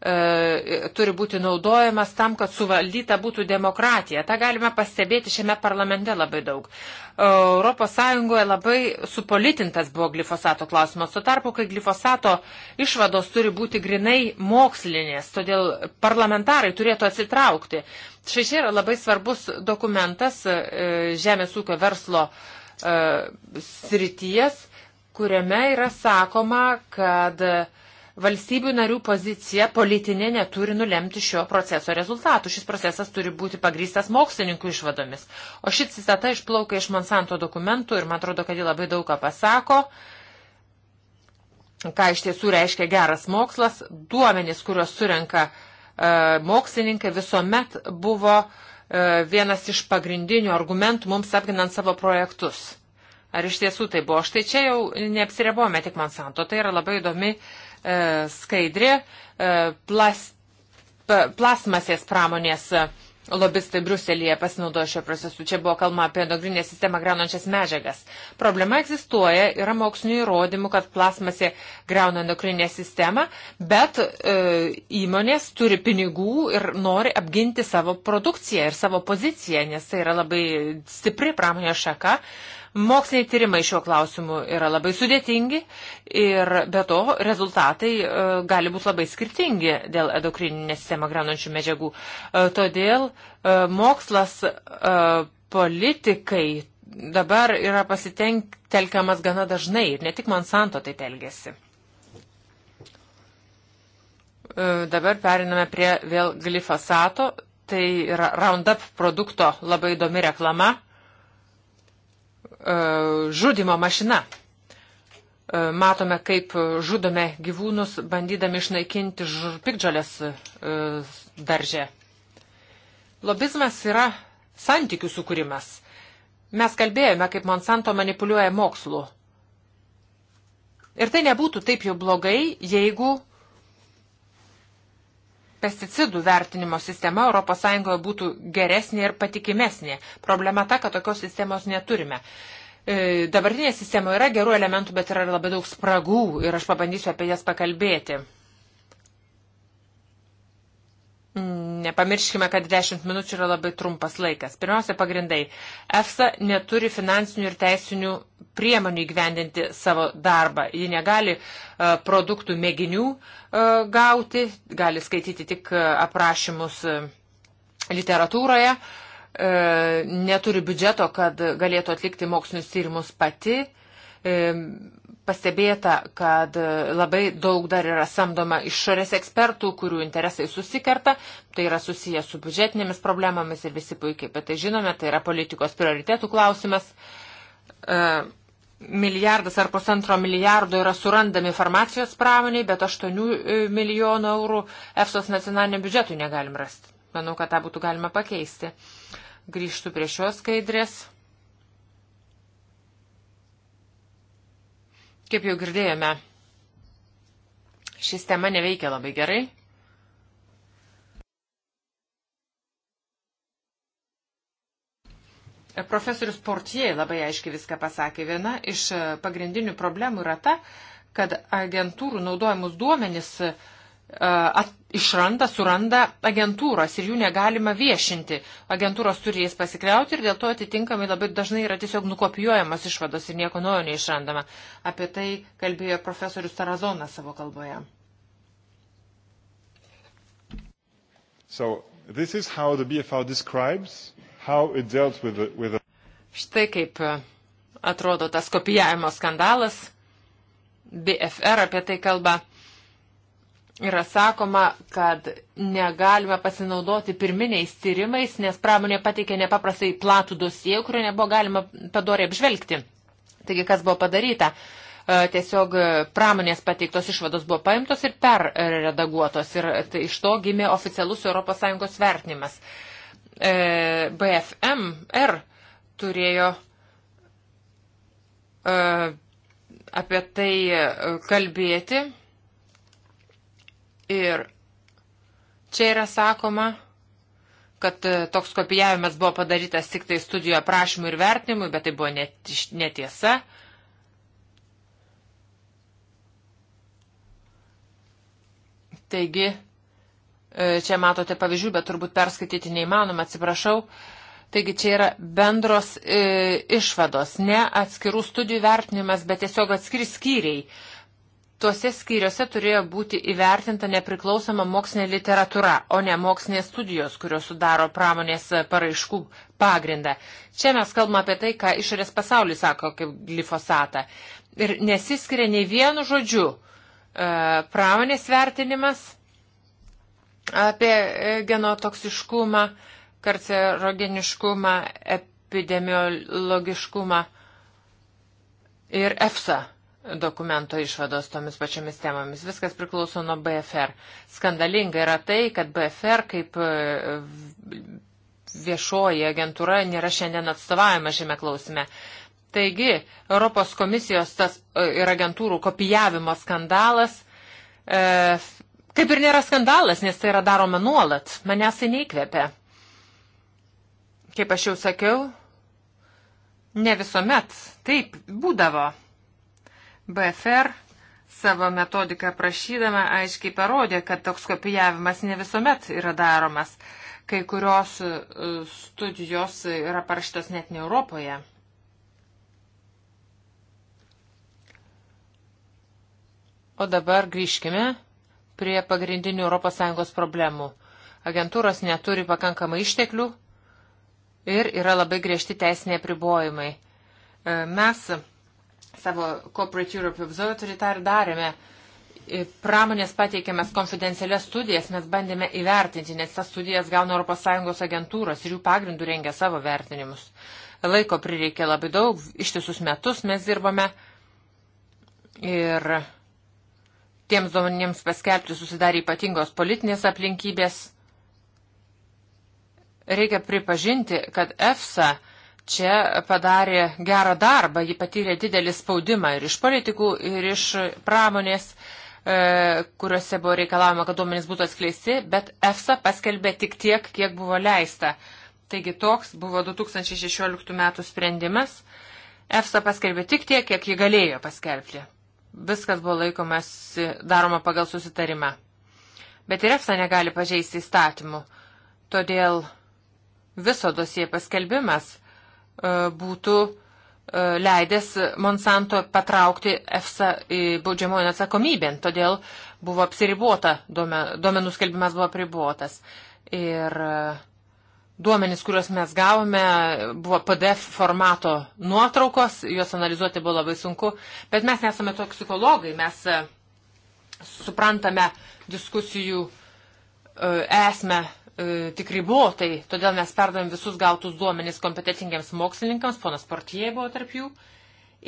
E, turi būti naudojamas tam, kad suvaldyta būtų demokratija. Ta galime pastebėti šiame parlamente labai daug. ES labai supolitintas buvo glifosato klausimas. Tuo tarpu, kai glifosato išvados turi būti grinai mokslinės, todėl parlamentarai turėtų atsitraukti. Štai čia yra labai svarbus dokumentas e, žemės ūkio verslo e, srities, kuriame yra sakoma, kad uh, Valstybių narių pozicija politinė neturi nulemti šio proceso rezultatų. Šis procesas turi būti pagrystas mokslininkų išvadomis. O ši citata išplaukia iš Monsanto dokumentų ir man atrodo, kad ji labai daug ką pasako ką iš tiesų reiškia geras mokslas, duomenys, kuriuos surenka e, mokslininkai, visuomet buvo e, vienas iš pagrindinių argumentų mums apginant savo projektus. Ar iš tiesų tai buvo? Štai čia jau neapsiribojame tik Monsanto. Tai yra labai įdomi E, skaidri. E, plas, plasmasės pramonės lobistai Bruselėje pasinaudojo šio procesu. Čia buvo kalba apie endogrinę sistemą greunančias medžiagas. Problema egzistuoja, yra mokslinių įrodymų, kad plasmasė greuna endogrinę sistemą, bet e, įmonės turi pinigų ir nori apginti savo produkciją ir savo poziciją, nes tai yra labai stipri pramonės šaka. E, Moksliniai tyrimai šiuo klausimu yra labai sudėtingi ir be to rezultatai e, gali būti labai skirtingi dėl endokrininę sistemą granančių medžiagų. E, todėl e, mokslas politikai dabar yra pasitelkiamas gana dažnai ir ne tik Monsanto taip elgesi. Dabar periname prie vėl glifosato, tai yra Roundup produkto labai įdomi reklama. E, žudimo mašina. E, matome, kaip žudome gyvūnus, bandydami išnaikinti pikdžalės e, daržę. Lobizmas yra santykių sukūrimas. Mes kalbėjome, kaip Monsanto manipuliuoja mokslu. Ir tai nebūtų taip jau blogai, jeigu pesticidų vertinimo sistema ES būtų geresnė ir patikimesnė. Problema ta, kad tokios sistemos neturime. E, Dabartinėje sistemoje yra gerų elementų, bet yra labai daug spragų ir aš pabandysiu apie jas pakalbėti. Nepamirškime, kad 10 minučių yra labai trumpas laikas. Pirmiausia, pagrindai. EFSA neturi finansinių ir teisinių priemonių įgyvendinti savo darbą. Ji negali uh, produktų mėginių uh, gauti, gali skaityti tik uh, aprašymus uh, literatūroje, uh, neturi biudžeto, kad galėtų atlikti mokslinius tyrimus pati. Uh, pastebėta, kad e, labai daug dar yra samdoma išorės ekspertų, kurių interesai susikerta, tai yra susijęs su biudžetinėmis problemomis ir visi puikiai apie tai žinome, tai yra politikos prioritėtų klausimas. E, milijardas ar pusantro milijardo yra surandami farmacijos pramoniai, bet 8 e, milijonų eurų EFSOS nacionaliniam biudžetui negalim rasti. Manau, kad tą būtų galima pakeisti. Grįžtų prie šios skaidrės. Kaip jau girdėjome, šis tema neveikia labai gerai. Profesorius Portier labai aiškiai viską pasakė. Viena iš pagrindinių problemų yra ta, kad agentūrų naudojimus duomenis uh, at, išranda, suranda agentūros ir jų negalima viešinti. Agentūros turi jais pasikliauti ir dėl to atitinkamai labai dažnai yra tiesiog nukopijuojamas išvados ir nieko naujo neišrandama. Apie tai kalbėjo profesorius Tarazonas savo kalboje. So, describes, with the, with the... Štai kaip atrodo tas kopijavimo skandalas. BFR apie tai kalba yra sakoma, kad negalime pasinaudoti pirminiais tyrimais, nes pramonė pateikė nepaprastai platų dosie, kurio nebuvo galima padoriai apžvelgti. Taigi, kas buvo padaryta? E, tiesiog pramonės pateiktos išvados buvo paimtos ir perredaguotos ir tai iš to gimė oficialus ES vertinimas. E, BFMR turėjo e, apie tai kalbėti Ir čia yra sakoma, kad e, toks kopijavimas buvo padarytas tik tai studijų aprašymui ir vertinimui, bet tai buvo net, netiesa. Taigi, e, čia matote pavyzdžių, bet turbūt perskaityti neįmanoma, atsiprašau. Taigi čia yra bendros e, išvados, ne atskirų studijų vertinimas, bet tiesiog atskiri skyriai. E, tuose skyriuose turėjo būti įvertinta nepriklausoma mokslinė literatūra, o ne mokslinės studijos, kurios sudaro pramonės paraiškų pagrindą. Čia mes kalbame apie tai, ką išorės pasaulis sako kaip glifosatą. Ir nesiskiria nei vienu žodžiu e, pramonės vertinimas apie e, genotoksiškumą, karcerogeniškumą, epidemiologiškumą ir EFSA dokumento išvados tomis pačiomis temomis. Viskas priklauso nuo BFR. Skandalinga yra tai, kad BFR kaip e, viešoji agentūra nėra šiandien atstovavima šiame klausime. Taigi, Europos komisijos tas e, ir agentūrų kopijavimo skandalas e, kaip ir nėra skandalas, nes tai yra daroma nuolat. Manęs tai neįkvėpia. Kaip aš jau sakiau, ne visuomet taip būdavo. BFR savo metodiką prašydama aiškiai parodė, kad toks kopijavimas ne visuomet yra daromas. Kai kurios e, studijos yra parašytos net ne Europoje. O dabar grįžkime prie pagrindinių ES problemų. Agentūros neturi pakankamai išteklių ir yra labai griežti teisiniai pribojimai. E, mes Savo Corporate Europe Observatory tą ir darėme. E, pramonės pateikėmės konfidencialias studijas, mes bandėme įvertinti, nes tas studijas gauna ES agentūros ir jų pagrindų rengia savo vertinimus. Laiko prireikė labai daug, ištisus metus mes dirbame ir tiems duomenims paskelbti susidarė ypatingos politinės aplinkybės reikia pripažinti, kad EFSA čia padarė gerą darbą, ji patyrė didelį spaudimą ir iš politikų, ir iš pramonės, e, kuriuose buvo reikalavimo, kad duomenys būtų atskleisti, bet EFSA paskelbė tik tiek, kiek buvo leista. Taigi toks buvo 2016 metų sprendimas. EFSA paskelbė tik tiek, kiek ji galėjo paskelbti. Viskas buvo laikomas daroma pagal susitarimą. Bet ir EFSA negali pažeisti įstatymų. Todėl viso dosie paskelbimas E, būtų e, leidęs Monsanto patraukti EFSA į baudžiamojo atsakomybę. Todėl buvo apsiribuota, duomenų skelbimas buvo apribuotas. Ir e, duomenys, kuriuos mes gavome, buvo PDF formato nuotraukos, juos analizuoti buvo labai sunku, bet mes nesame toksikologai, mes suprantame diskusijų esmę E, tik ribotai, todėl mes perdavėm visus gautus duomenys kompetitingiams mokslininkams, ponas Portie buvo tarp jų.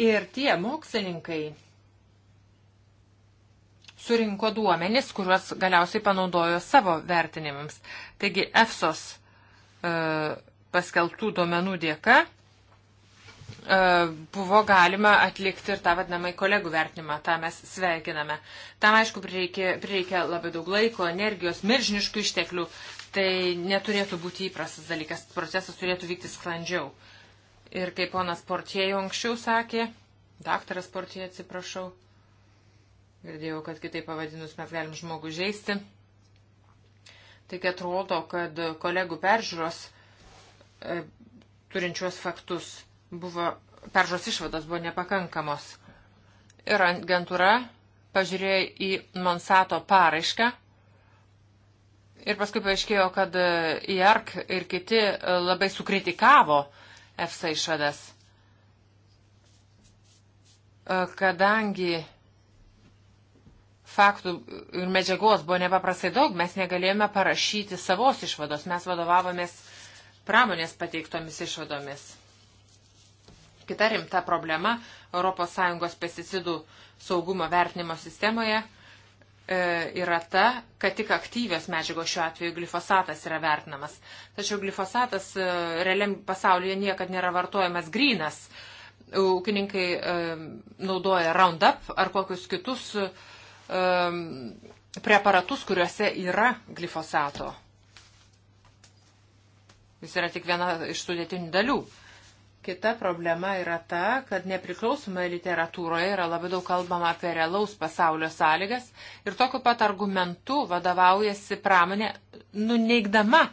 Ir tie mokslininkai surinko duomenys, kuriuos galiausiai panaudojo savo vertinimams. Taigi EFSOS e, paskeltų duomenų dėka e, buvo galima atlikti ir tą vadinamą kolegų vertinimą. Tą mes sveikiname. Tam, aišku, prireikia, prireikia labai daug laiko, energijos, milžiniškų išteklių, tai neturėtų būti įprastas dalykas. Procesas turėtų vykti sklandžiau. Ir kaip ponas Portie jau anksčiau sakė, daktaras Portie atsiprašau, girdėjau, kad kitaip pavadinus mes galim žmogų žaisti. Taigi atrodo, kad kolegų peržiūros e, turinčios faktus buvo, peržiūros išvados buvo nepakankamos. Ir agentūra pažiūrėjo į Monsato paraišką Ir paskui paaiškėjo, kad e, IARC ir kiti e, labai sukritikavo EFSA išvadas, e, kadangi faktų ir medžiagos buvo nepaprastai daug, mes negalėjome parašyti savos išvados, mes vadovavomės pramonės pateiktomis išvadomis. Kita rimta problema ES pesticidų saugumo vertinimo sistemoje E, yra ta, kad tik aktyvios medžiagos šiuo atveju glifosatas yra vertinamas. Tačiau glifosatas e, realiam pasaulyje niekad nėra vartojamas grynas. Ūkininkai e, naudoja Roundup ar kokius kitus preparatus, kuriuose yra glifosato. Jis yra tik viena iš sudėtinių dalių. Kita problema yra ta, kad nepriklausomoje literatūroje yra labai daug kalbama apie realaus pasaulio sąlygas ir tokiu pat argumentu vadovaujasi pramonė, nuneigdama e,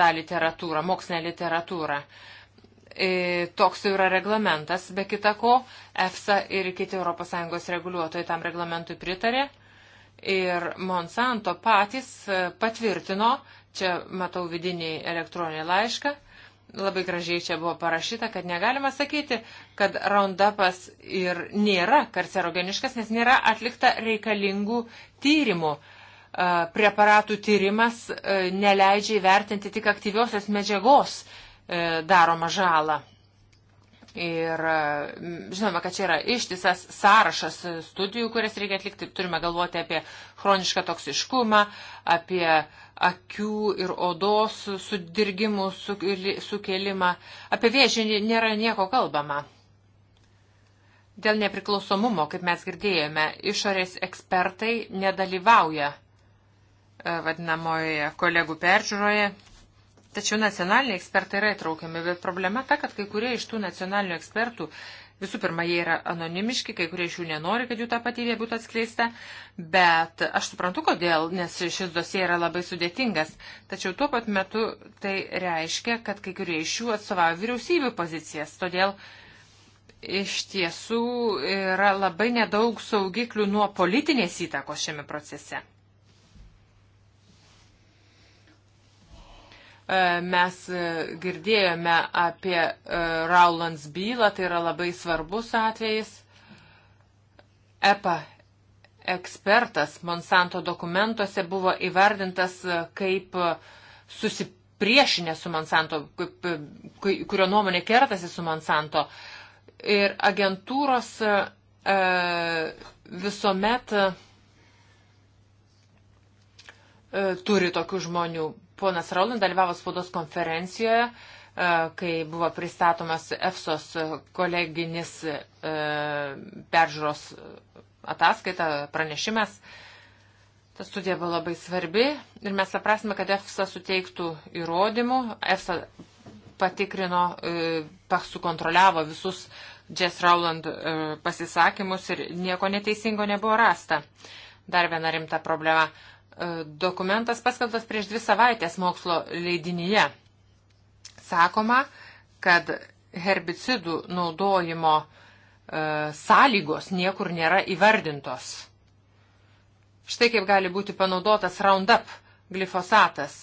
tą literatūrą, mokslinę literatūrą. E, toks jau yra reglamentas, be kita ko, EFSA ir kiti ES reguliuotojai tam reglamentui pritarė ir Monsanto patys e, patvirtino, čia matau vidinį elektroninį laišką, Labai gražiai čia buvo parašyta, kad negalima sakyti, kad roundupas ir nėra karcerogeniškas, nes nėra atlikta reikalingų tyrimų. Preparatų tyrimas neleidžia įvertinti tik aktyviosios medžiagos daromą žalą. Ir mm, žinome, kad čia yra ištisas sąrašas studijų, kurias reikia atlikti. Turime galvoti apie chronišką toksiškumą, apie akių ir odos sudirgimų sukelimą. Apie vėžį nėra nieko kalbama. Dėl nepriklausomumo, kaip mes girdėjome, išorės ekspertai nedalyvauja e, vadinamoje kolegų peržiūroje, Tačiau nacionaliniai ekspertai yra įtraukiami, bet problema ta, kad kai kurie iš tų nacionalinių ekspertų, visų pirma, jie yra anonimiški, kai kurie iš jų nenori, kad jų tapatybė būtų atskleista, bet aš suprantu, kodėl, nes šis dosie yra labai sudėtingas. Tačiau tuo pat metu tai reiškia, kad kai kurie iš jų atstovauja vyriausybių pozicijas, todėl iš tiesų yra labai nedaug saugiklių nuo politinės įtakos šiame procese. E, mes e, girdėjome apie e, Raulands bylą, tai yra labai svarbus atvejis. EPA ekspertas Monsanto dokumentuose buvo įvardintas kaip susipriešinę su Monsanto, kaip, kurio nuomonė kertasi su Monsanto. Ir agentūros visuomet turi tokių žmonių. Ponas Raulin dalyvavo spaudos konferencijoje, e, kai buvo pristatomas EFSOS koleginis e, peržiūros ataskaita, pranešimas. Ta studija buvo labai svarbi ir mes suprasime, kad EFSA suteiktų įrodymų. EFSA patikrino, e, sukontroliavo visus Jess Rowland pasisakymus ir nieko neteisingo nebuvo rasta. Dar viena rimta problema. E, dokumentas paskelbtas prieš dvi savaitės mokslo leidinyje. Sakoma, kad herbicidų naudojimo e, sąlygos niekur nėra įvardintos. Štai kaip gali būti panaudotas Roundup glifosatas.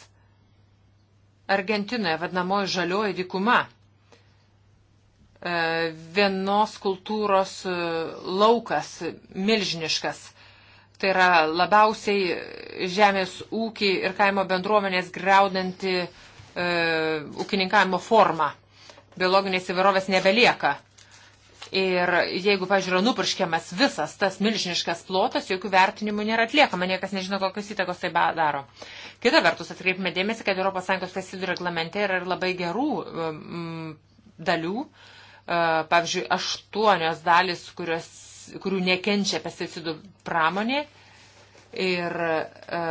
Argentinoje vadinamoji žalioji dikuma. E, vienos kultūros laukas milžiniškas Tai yra labiausiai žemės ūkį ir kaimo bendruomenės greudanti e, ūkininkavimo forma. Biologinės įvairovės nebelieka. Ir jeigu, pažiūrėjau, nupurškiamas visas tas milžiniškas plotas, jokių vertinimų nėra atliekama, niekas nežino, kokios įtakos tai daro. Kita vertus, atkreipime dėmesį, kad ES pesticidų reglamente yra ir labai gerų um, dalių. Uh, pavyzdžiui, aštuonios dalis, kurios kurių nekenčia pesticidų pramonė. Ir e,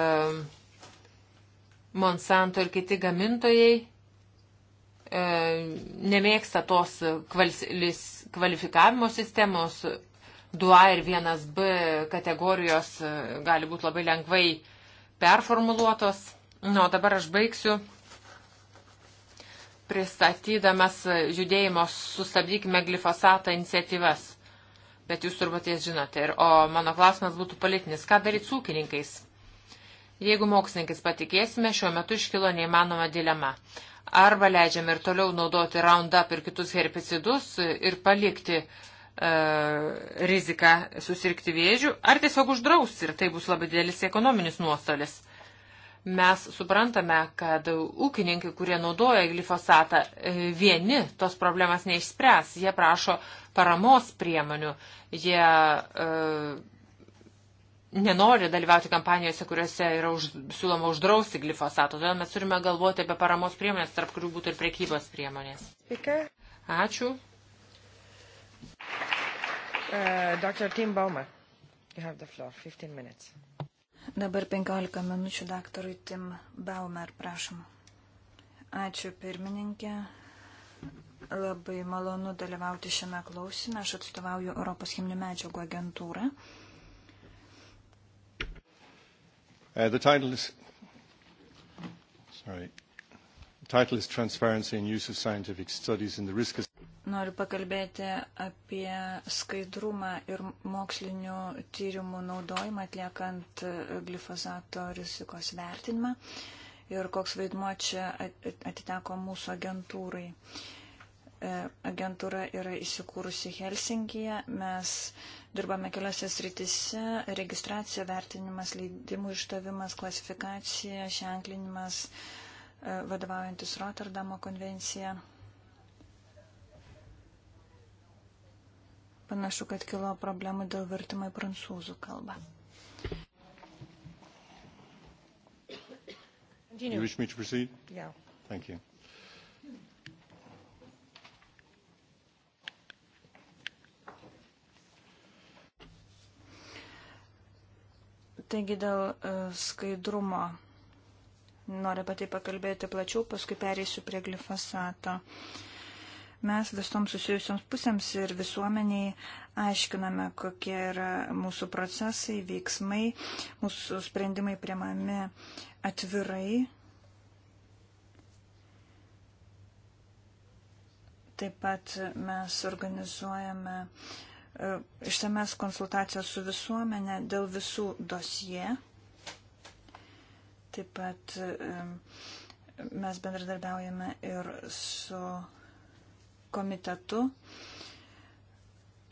Monsanto ir kiti gamintojai e, nemėgsta tos kvalis, kvalifikavimo sistemos. 2A ir 1B kategorijos gali būti labai lengvai performuluotos. Na, o dabar aš baigsiu pristatydamas judėjimo sustabdykime glifosatą iniciatyvas bet jūs turbūt jas žinote. Ir, o mano klausimas būtų politinis. Ką daryti su ūkininkais? Jeigu mokslininkais patikėsime, šiuo metu iškilo neįmanoma dilema. Arba leidžiame ir toliau naudoti Roundup ir kitus herbicidus ir palikti uh, riziką susirgti vėžių, ar tiesiog uždraus ir tai bus labai didelis ekonominis nuostolis. Mes suprantame, kad ūkininkai, kurie naudoja glifosatą, e, vieni tos problemas neišspręs. Jie prašo paramos priemonių. Jie e, nenori dalyvauti kampanijose, kuriuose yra už, siūloma uždrausti glifosato. Todėl mes turime galvoti apie paramos priemonės, tarp kurių būtų ir priekybos priemonės. Ačiū. Uh, Dr. Tim Baumer, you have the floor, 15 minutes. Dabar 15 minučių daktarui Tim Baumer, prašom. Ačiū pirmininkė, Labai malonu dalyvauti šiame klausime. Aš atstovauju Europos cheminių medžiagų agentūrą. Uh, the title is, sorry, the title is Transparency and Use of Scientific Studies in the Risk Noriu pakalbėti apie skaidrumą ir mokslinių tyrimų naudojimą atliekant glifosato rizikos vertinimą ir koks vaidmuo čia atiteko mūsų agentūrai. Uh, E, agentūra yra įsikūrusi Helsinkije, mes dirbame keliose sritise - registracija, vertinimas, leidimų išdavimas, klasifikacija, ženklinimas, e, vadovaujantis Rotterdamo konvencija. Panašu, kad kilo problemų dėl vertimo į prancūzų kalbą. Continue. You wish me to proceed? Yeah. Thank you. Taigi dėl e, skaidrumo noriu apie tai pakalbėti plačiau, paskui pereisiu prie glifosato. Mes visoms susijusioms pusėms ir visuomeniai aiškiname, kokie yra mūsų procesai, veiksmai, mūsų sprendimai priemami atvirai. Taip pat mes organizuojame uh, E, išsames konsultacijas su visuomenė dėl visų dosie. Taip pat e, mes bendradarbiaujame ir su komitetu.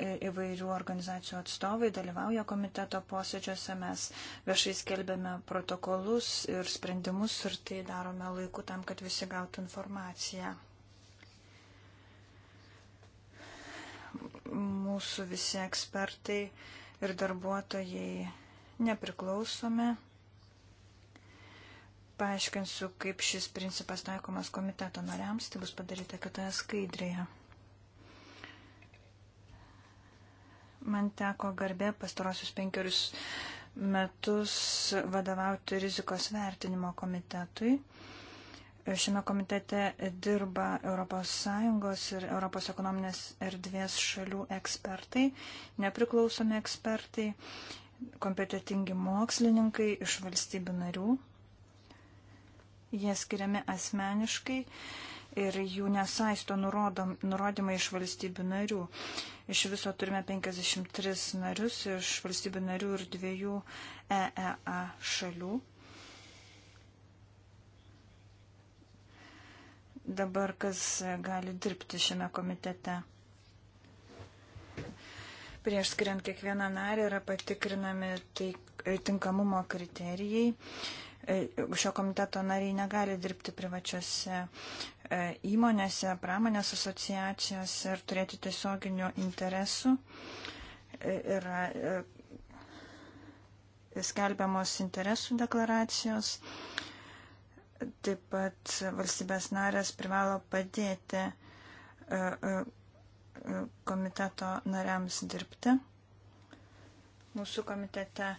E, įvairių organizacijų atstovai dalyvauja komiteto posėdžiuose, mes viešai skelbėme protokolus ir sprendimus ir tai darome laiku tam, kad visi gautų informaciją. mūsų visi ekspertai ir darbuotojai nepriklausome. Paaiškinsiu, kaip šis principas taikomas komiteto nariams, tai bus padaryta kitoje skaidrėje. Man teko garbė pastarosius penkerius metus vadovauti rizikos vertinimo komitetui. Šiame komitete dirba ES ir ES ekonominės erdvės šalių ekspertai, nepriklausomi ekspertai, kompetitingi mokslininkai iš valstybių narių. Jie skiriami asmeniškai ir jų nesaisto nurodom, nurodymai iš valstybių narių. Iš viso turime 53 narius iš valstybių narių ir dviejų EEA šalių. dabar kas gali dirbti šiame komitete. Prieš skiriant kiekvieną narį yra patikrinami tai, e, tinkamumo kriterijai. E, šio komiteto nariai negali dirbti privačiose e, įmonėse, pramonės asociacijos ir turėti tiesioginių interesų. Yra skelbiamos interesų deklaracijos. Taip pat valstybės narės privalo padėti e, e, e, komiteto nariams dirbti. Mūsų komitete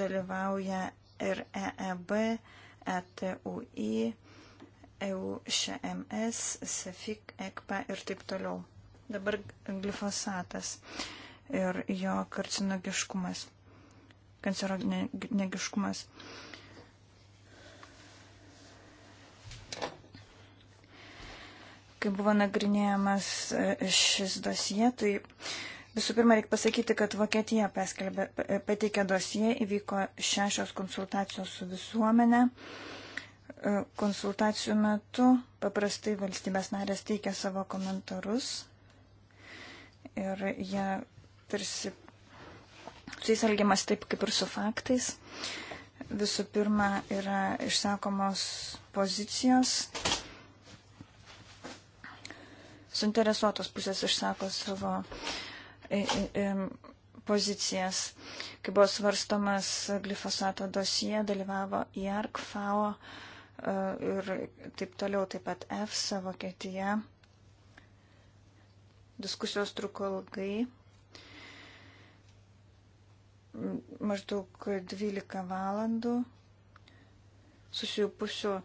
dalyvauja ir EEB, ETUI, EUŠMS, SEFIC, ECPA ir taip toliau. Dabar glifosatas ir jo karcinogiškumas, kancerogiškumas. Ne, kai buvo nagrinėjamas e, šis dosie, tai visų pirma reikia pasakyti, kad Vokietija paskelbė, e, pateikė dosie, įvyko šešios konsultacijos su visuomenė. E, konsultacijų metu paprastai valstybės narės teikia savo komentarus ir jie tarsi su jais elgiamas taip kaip ir su faktais. Visų pirma yra išsakomos pozicijos suinteresuotos pusės išsako savo pozicijas. Kai buvo svarstomas glifosato dosija, dalyvavo IARC, FAO e, ir taip toliau, taip pat EFSA, Vokietija. Diskusijos truko ilgai maždaug 12 valandų susijupusių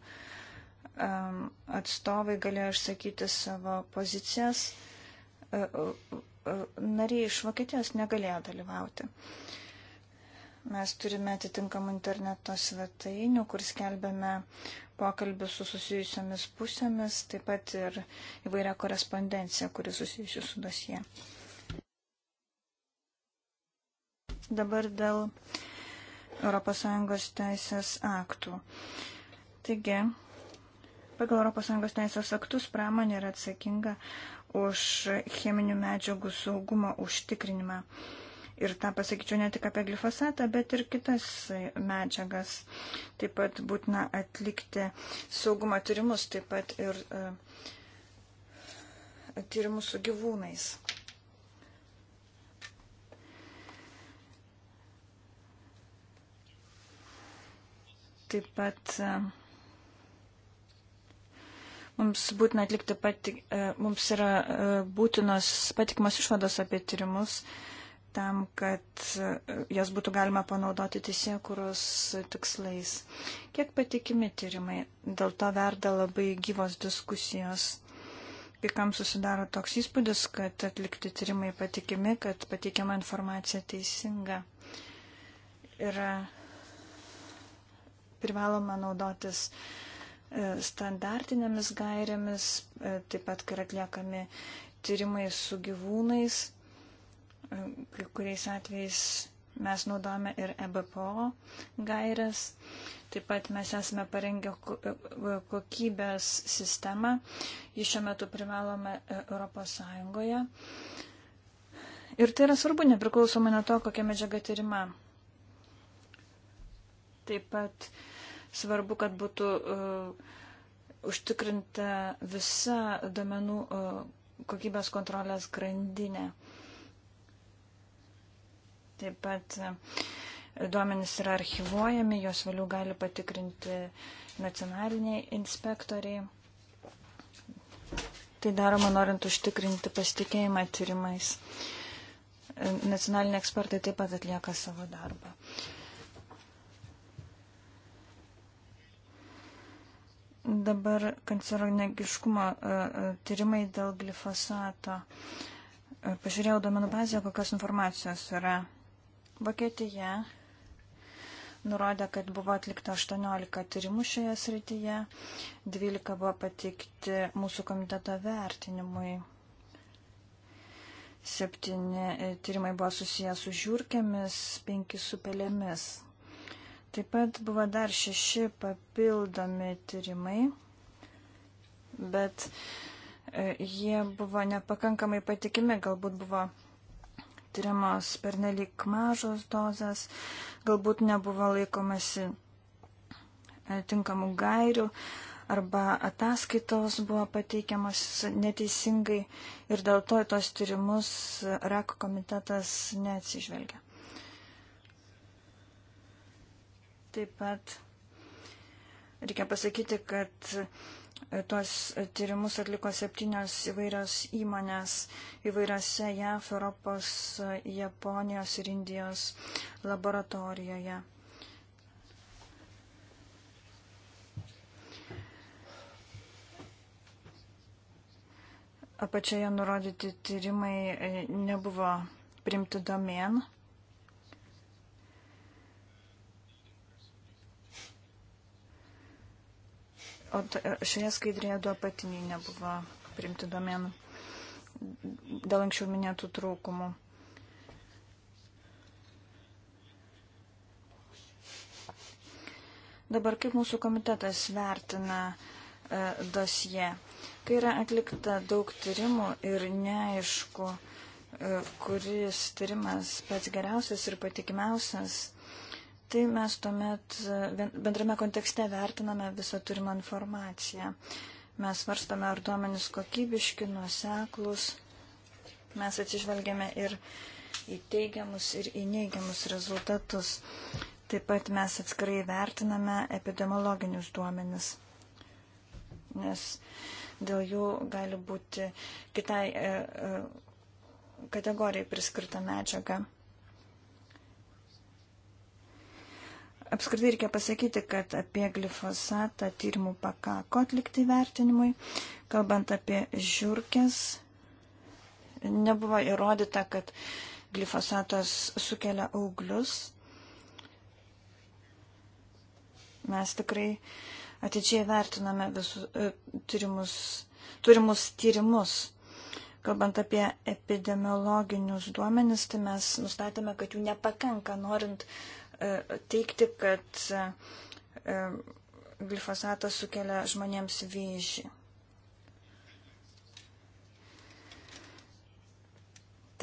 atstovai galėjo išsakyti savo pozicijas, e, e, e, nariai iš Vokietijos negalėjo dalyvauti. Mes turime atitinkamą interneto svetainių, kur skelbėme pokalbį su susijusiamis pusėmis, taip pat ir įvairią korespondenciją, kuri susijusi su dosie. Dabar dėl ES teisės aktų. Taigi, Pagal ES teisės aktus pramonė yra atsakinga už cheminių medžiagų saugumo užtikrinimą. Ir tą pasakyčiau ne tik apie glifosatą, bet ir kitas medžiagas. Taip pat būtina atlikti saugumo tyrimus, taip pat ir uh, tyrimus su gyvūnais. Taip pat uh, Mums, būtina atlikti pati, e, mums yra e, būtinos patikimos išvados apie tyrimus tam, kad e, jas būtų galima panaudoti teisėkuros tikslais. Kiek patikimi tyrimai? Dėl to verda labai gyvos diskusijos. Kai kam susidaro toks įspūdis, kad atlikti tyrimai patikimi, kad pateikiama informacija teisinga. Yra privaloma naudotis uh, E, standartinėmis gairėmis, e, taip pat, kai atliekami tyrimai su gyvūnais, e, kai kuriais atvejais mes naudojame ir EBPO gairias. Taip pat mes esame parengę kokybės sistemą, jį šiuo metu privalome ES. Ir tai yra svarbu, nepriklausomai nuo to, kokia medžiaga tyrima. Taip pat uh, Svarbu, kad būtų uh, užtikrinta visa domenų uh, e, kokybės kontrolės grandinė. Taip pat uh, duomenys yra archivuojami, juos vėliau gali patikrinti nacionaliniai inspektoriai. Tai daroma norint užtikrinti pasitikėjimą tyrimais. Nacionaliniai ekspertai taip pat atlieka savo darbą. Uh, Dabar kancerogenetiškumo e, e, tyrimai dėl glifosato. E, pažiūrėjau domenų bazę, kokios informacijos yra. Vokietija nurodė, kad buvo atlikta 18 tyrimų šioje srityje, 12 buvo pateikti mūsų komiteto vertinimui. Septyni tyrimai buvo susijęs su žiūrkėmis, penki su pelėmis. Taip pat buvo dar šeši papildomi tyrimai, bet e, jie buvo nepakankamai patikimi, galbūt buvo tyriamos pernelyg mažos dozas, galbūt nebuvo laikomasi e, tinkamų gairių arba ataskaitos buvo pateikiamas neteisingai ir dėl to į tos tyrimus e, RAK komitetas neatsižvelgia. Taip pat reikia pasakyti, kad tuos tyrimus atliko septynios įvairios įmonės įvairiose JAF, Europos, Japonijos ir Indijos laboratorijoje. Apačioje nurodyti tyrimai e, nebuvo primti domen. O šioje skaidrėje du apatiniai nebuvo priimti domenų dėl anksčiau minėtų trūkumų. Dabar kaip mūsų komitetas vertina e, dosie? Kai yra atlikta daug tyrimų ir neaišku, e, kuris tyrimas pats geriausias ir patikimiausias, tai mes tuomet e, bendrame kontekste vertiname visą turimą informaciją. Mes varstame, ar duomenys kokybiški, nuoseklus. Mes atsižvelgiame ir į teigiamus, ir į neigiamus rezultatus. Taip pat mes atskirai vertiname epidemiologinius duomenis, nes dėl jų gali būti kitai e, e, kategorijai priskirta medžiaga. Apskritai reikia pasakyti, kad apie glifosatą tyrimų pakako atlikti vertinimui. Kalbant apie žiūrkės, nebuvo įrodyta, kad glifosatas sukelia auglius. Mes tikrai atidžiai vertiname visus e, tyrimus, turimus tyrimus. Kalbant apie epidemiologinius duomenis, tai mes nustatėme, kad jų nepakanka, norint uh, E, teikti, kad e, glifosatas sukelia žmonėms vėžį.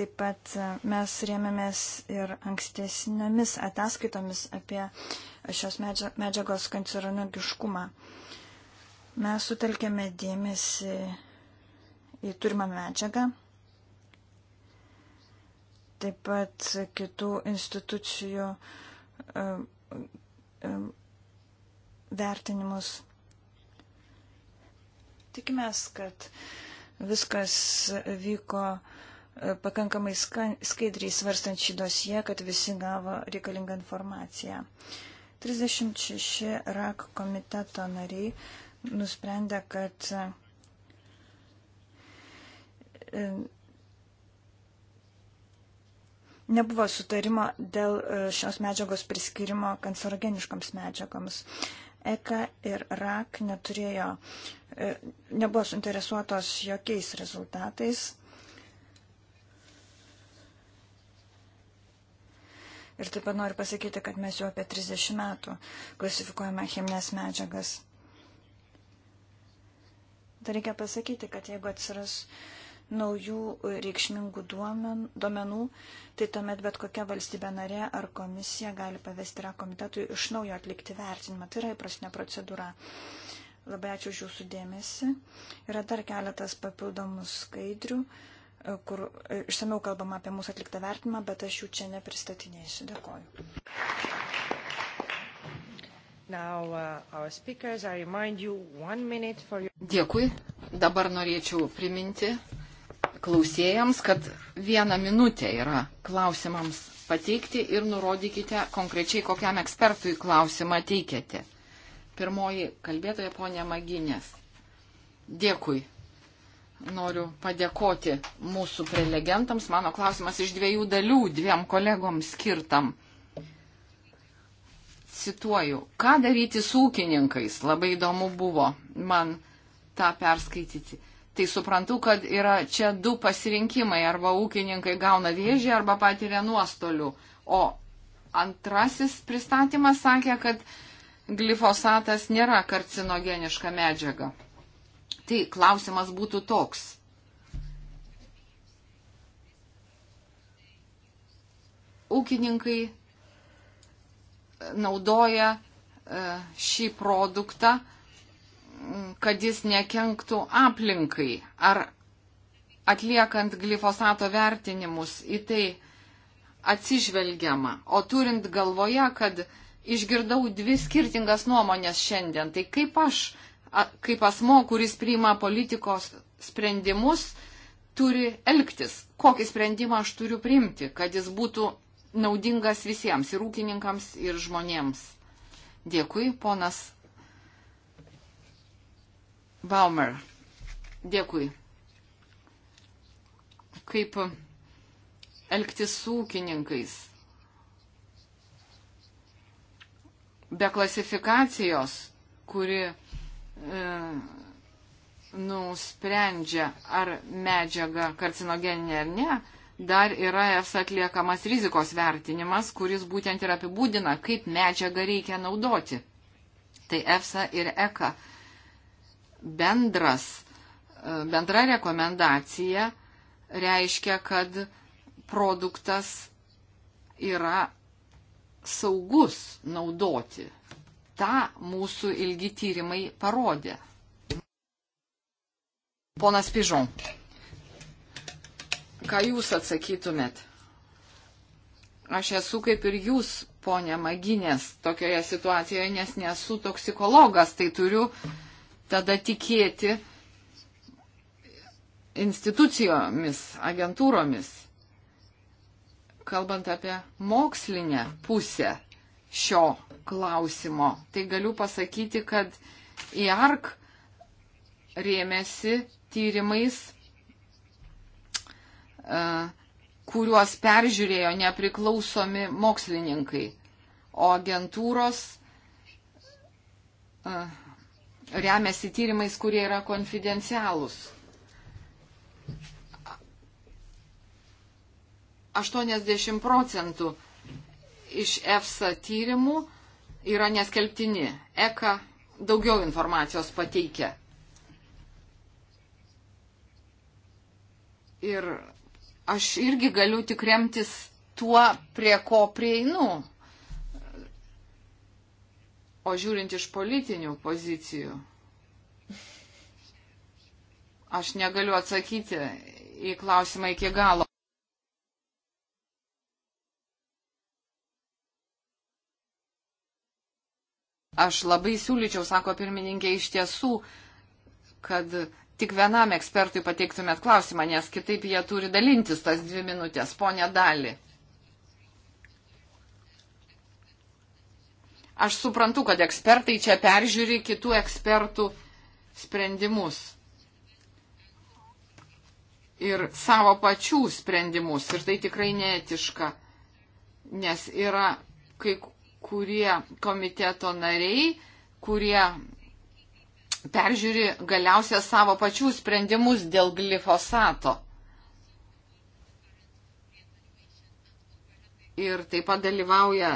Taip pat e, mes rėmėmės ir ankstesnėmis ataskaitomis apie šios medžiagos kanceronogiškumą. Mes sutelkėme dėmesį į turimą medžiagą, taip pat kitų institucijų uh, vertinimus. Tikimės, kad viskas vyko e, pakankamai skaidriai svarstant šį dosiją, kad visi gavo reikalingą informaciją. 36 RAK komiteto nariai nusprendė, kad nebuvo sutarimo dėl e, šios medžiagos priskirimo kancerogeniškoms medžiagoms. ECA ir RAK neturėjo, e, nebuvo suinteresuotos jokiais rezultatais. Ir taip pat noriu pasakyti, kad mes jau apie 30 metų klasifikuojame cheminės medžiagas. Dar reikia pasakyti, kad jeigu atsiras uh, naujų e, reikšmingų duomenų, tai tuomet bet kokia valstybė narė ar komisija gali pavesti yra komitetui iš naujo atlikti vertinimą. Tai yra įprastinė procedūra. Labai ačiū už jūsų dėmesį. Yra dar keletas papildomų skaidrių, e, kur e, išsameu kalbama apie mūsų atliktą vertinimą, bet aš jų čia nepristatinėsiu. Dėkoju. Now, uh, speakers, you, your... Dėkui. Dabar norėčiau priminti klausėjams, kad viena minutė yra klausimams pateikti ir nurodykite konkrečiai, kokiam ekspertui klausimą teikėte. Pirmoji kalbėtoja ponė Maginės. Dėkui. Noriu padėkoti mūsų prelegentams. Mano klausimas iš dviejų dalių, dviem kolegoms skirtam. Cituoju, ką daryti su ūkininkais? Labai įdomu buvo man tą perskaityti tai suprantu, kad yra čia du pasirinkimai. Arba ūkininkai gauna vėžį, arba patiria nuostolių. O antrasis pristatymas sakė, kad glifosatas nėra karcinogeniška medžiaga. Tai klausimas būtų toks. Ūkininkai naudoja e, šį produktą kad jis nekenktų aplinkai. Ar atliekant glifosato vertinimus į tai atsižvelgiama? O turint galvoje, kad išgirdau dvi skirtingas nuomonės šiandien, tai kaip aš, kaip asmo, kuris priima politikos sprendimus, turi elgtis, kokį sprendimą aš turiu priimti, kad jis būtų naudingas visiems, ir ūkininkams, ir žmonėms. Dėkui, ponas Baumer. Dėkui. Kaip elgtis su ūkininkais? Be klasifikacijos, kuri e, nusprendžia, ar medžiaga karcinogeninė ar ne, dar yra EFSA atliekamas rizikos vertinimas, kuris būtent ir apibūdina, kaip medžiagą reikia naudoti. Tai EFSA ir ECA bendras, e, bendra rekomendacija reiškia, kad produktas yra saugus naudoti. Ta mūsų ilgi tyrimai parodė. Ponas Pižon, ką jūs atsakytumėt? Aš esu kaip ir jūs, ponė Maginės, tokioje situacijoje, nes nesu toksikologas, tai turiu tada tikėti institucijomis, agentūromis. Kalbant apie mokslinę pusę šio klausimo, tai galiu pasakyti, kad IARC rėmėsi tyrimais, e, kuriuos peržiūrėjo nepriklausomi mokslininkai, o agentūros uh, remiasi tyrimais, kurie yra konfidencialūs. 80 procentų iš EFSA tyrimų yra neskelbtini. ECA daugiau informacijos pateikia. Ir aš irgi galiu tik remtis tuo, prie ko prieinu. O žiūrint iš politinių pozicijų, aš negaliu atsakyti į klausimą iki galo. Aš labai siūlyčiau, sako pirmininkė, iš tiesų, kad tik vienam ekspertui pateiktumėt klausimą, nes kitaip jie turi dalintis tas dvi minutės, ponė dalį. Aš suprantu, kad ekspertai čia peržiūri kitų ekspertų sprendimus. Ir savo pačių sprendimus. Ir tai tikrai neetiška. Nes yra kai kurie komiteto nariai, kurie peržiūri galiausia savo pačių sprendimus dėl glifosato. Ir taip pat dalyvauja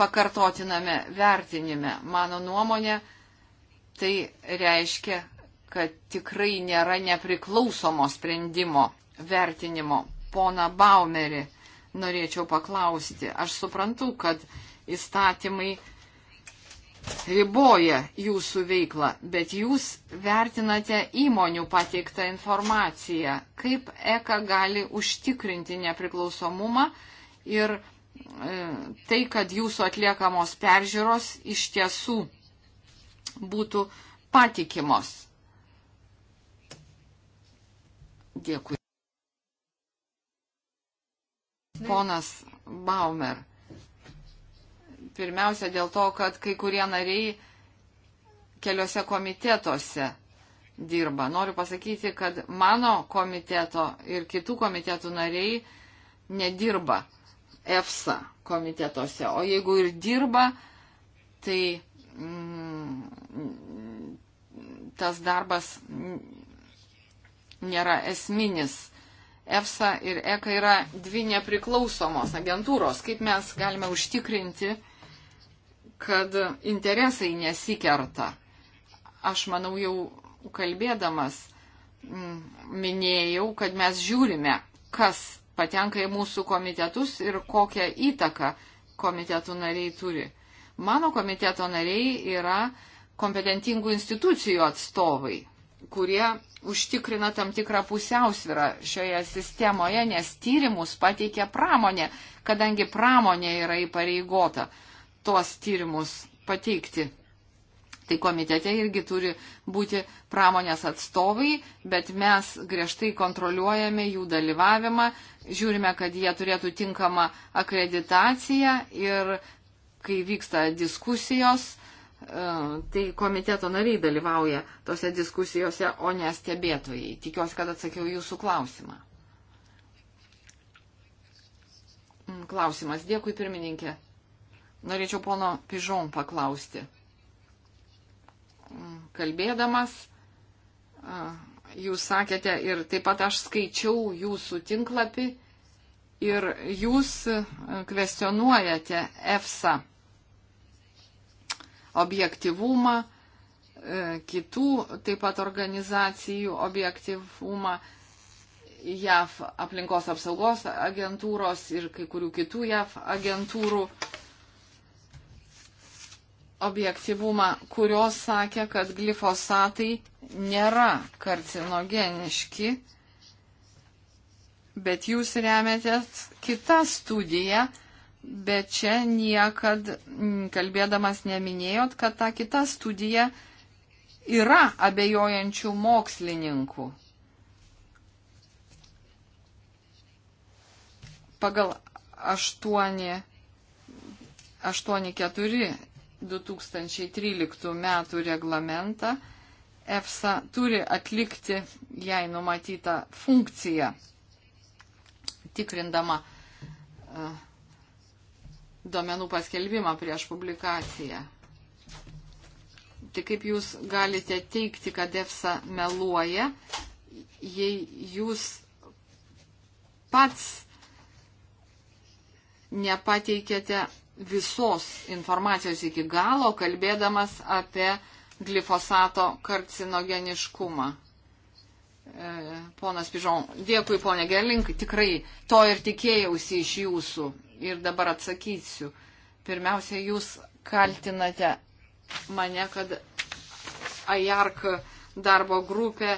pakartotiname vertinime. Mano nuomonė, tai reiškia, kad tikrai nėra nepriklausomo sprendimo vertinimo. Pona Baumeri, norėčiau paklausti. Aš suprantu, kad įstatymai riboja jūsų veiklą, bet jūs vertinate įmonių pateiktą informaciją. Kaip ECA gali užtikrinti nepriklausomumą ir E, tai, kad jūsų atliekamos peržiūros iš tiesų būtų patikimos. Dėkui. Ponas Baumer. Pirmiausia dėl to, kad kai kurie nariai keliose komitetuose dirba. Noriu pasakyti, kad mano komiteto ir kitų komitetų nariai nedirba EFSA komitetuose. O jeigu ir dirba, tai mm, tas darbas nėra esminis. EFSA ir ECA yra dvi nepriklausomos agentūros. Kaip mes galime užtikrinti, kad interesai nesikerta? Aš manau jau kalbėdamas mm, minėjau, kad mes žiūrime, kas patenka į mūsų komitetus ir kokią įtaką komitetų nariai turi. Mano komiteto nariai yra kompetentingų institucijų atstovai, kurie užtikrina tam tikrą pusiausvyrą šioje sistemoje, nes tyrimus pateikia pramonė, kadangi pramonė yra įpareigota tuos tyrimus pateikti. Tai komitete irgi turi būti pramonės atstovai, bet mes griežtai kontroliuojame jų dalyvavimą, žiūrime, kad jie turėtų tinkamą akreditaciją ir kai vyksta diskusijos, e, tai komiteto nariai dalyvauja tose diskusijose, o ne stebėtojai. Tikiuosi, kad atsakiau jūsų klausimą. Mm, klausimas. Dėkui, pirmininkė. Norėčiau pono Pižon paklausti kalbėdamas. Jūs sakėte ir taip pat aš skaičiau jūsų tinklapį ir jūs kvestionuojate EFSA objektivumą, e, kitų taip pat organizacijų objektivumą, JAF aplinkos apsaugos agentūros ir kai kurių kitų JAF agentūrų uh, objektivumą, kurios sakė, kad glifosatai nėra karcinogeniški, bet jūs remiatės kitą studiją, bet čia niekad kalbėdamas neminėjot, kad ta kita studija yra abejojančių mokslininkų. Pagal 8, 8 4 2013 metų reglamentą, EFSA turi atlikti jai numatytą funkciją, tikrindama e, duomenų paskelbimą prieš publikaciją. Tai kaip jūs galite teikti, kad EFSA meluoja, jei jūs pats nepateikėte visos informacijos iki galo, kalbėdamas apie glifosato karcinogeniškumą. E, ponas Pižon, dėkui ponė Gerlink, tikrai to ir tikėjausi iš jūsų ir dabar atsakysiu. Pirmiausia, jūs kaltinate mane, kad AJARK darbo grupė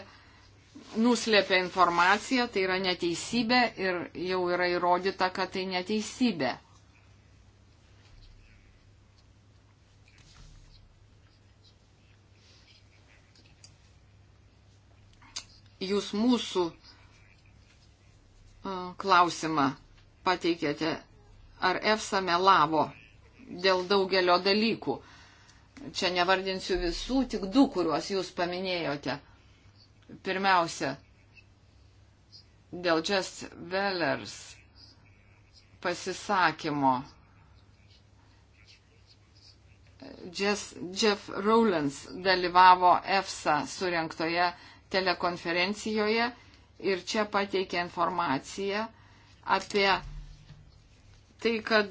nuslėpė informaciją, tai yra neteisybė ir jau yra įrodyta, kad tai neteisybė. jūs mūsų e, klausimą pateikėte, ar EFSA melavo dėl daugelio dalykų. Čia nevardinsiu visų, tik du, kuriuos jūs paminėjote. Pirmiausia, dėl Just Wellers pasisakymo. Jeff Rowlands dalyvavo EFSA surinktoje telekonferencijoje ir čia pateikė informaciją apie tai, kad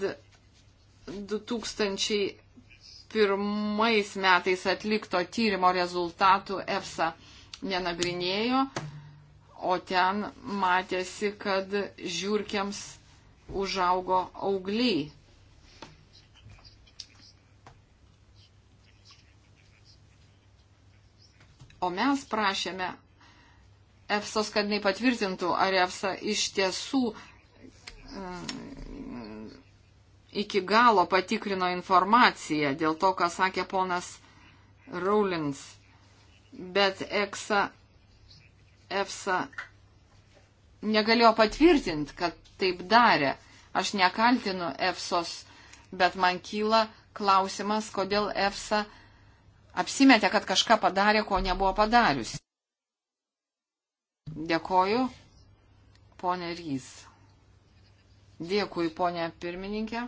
2001 metais atlikto tyrimo rezultatų EFSA nenagrinėjo, o ten matėsi, kad žiūrkiams užaugo augliai. O mes prašėme EFSOS, kad jinai patvirtintų, ar EFSA iš tiesų e, iki galo patikrino informaciją dėl to, ką sakė ponas Raulins. Bet EXA, EFSA negalėjo patvirtinti, kad taip darė. Aš nekaltinu EFSOS, bet man kyla klausimas, kodėl EFSA apsimetė, kad kažką padarė, ko nebuvo padarius. Dėkoju, ponė Rys. Dėkui, ponė pirmininkė.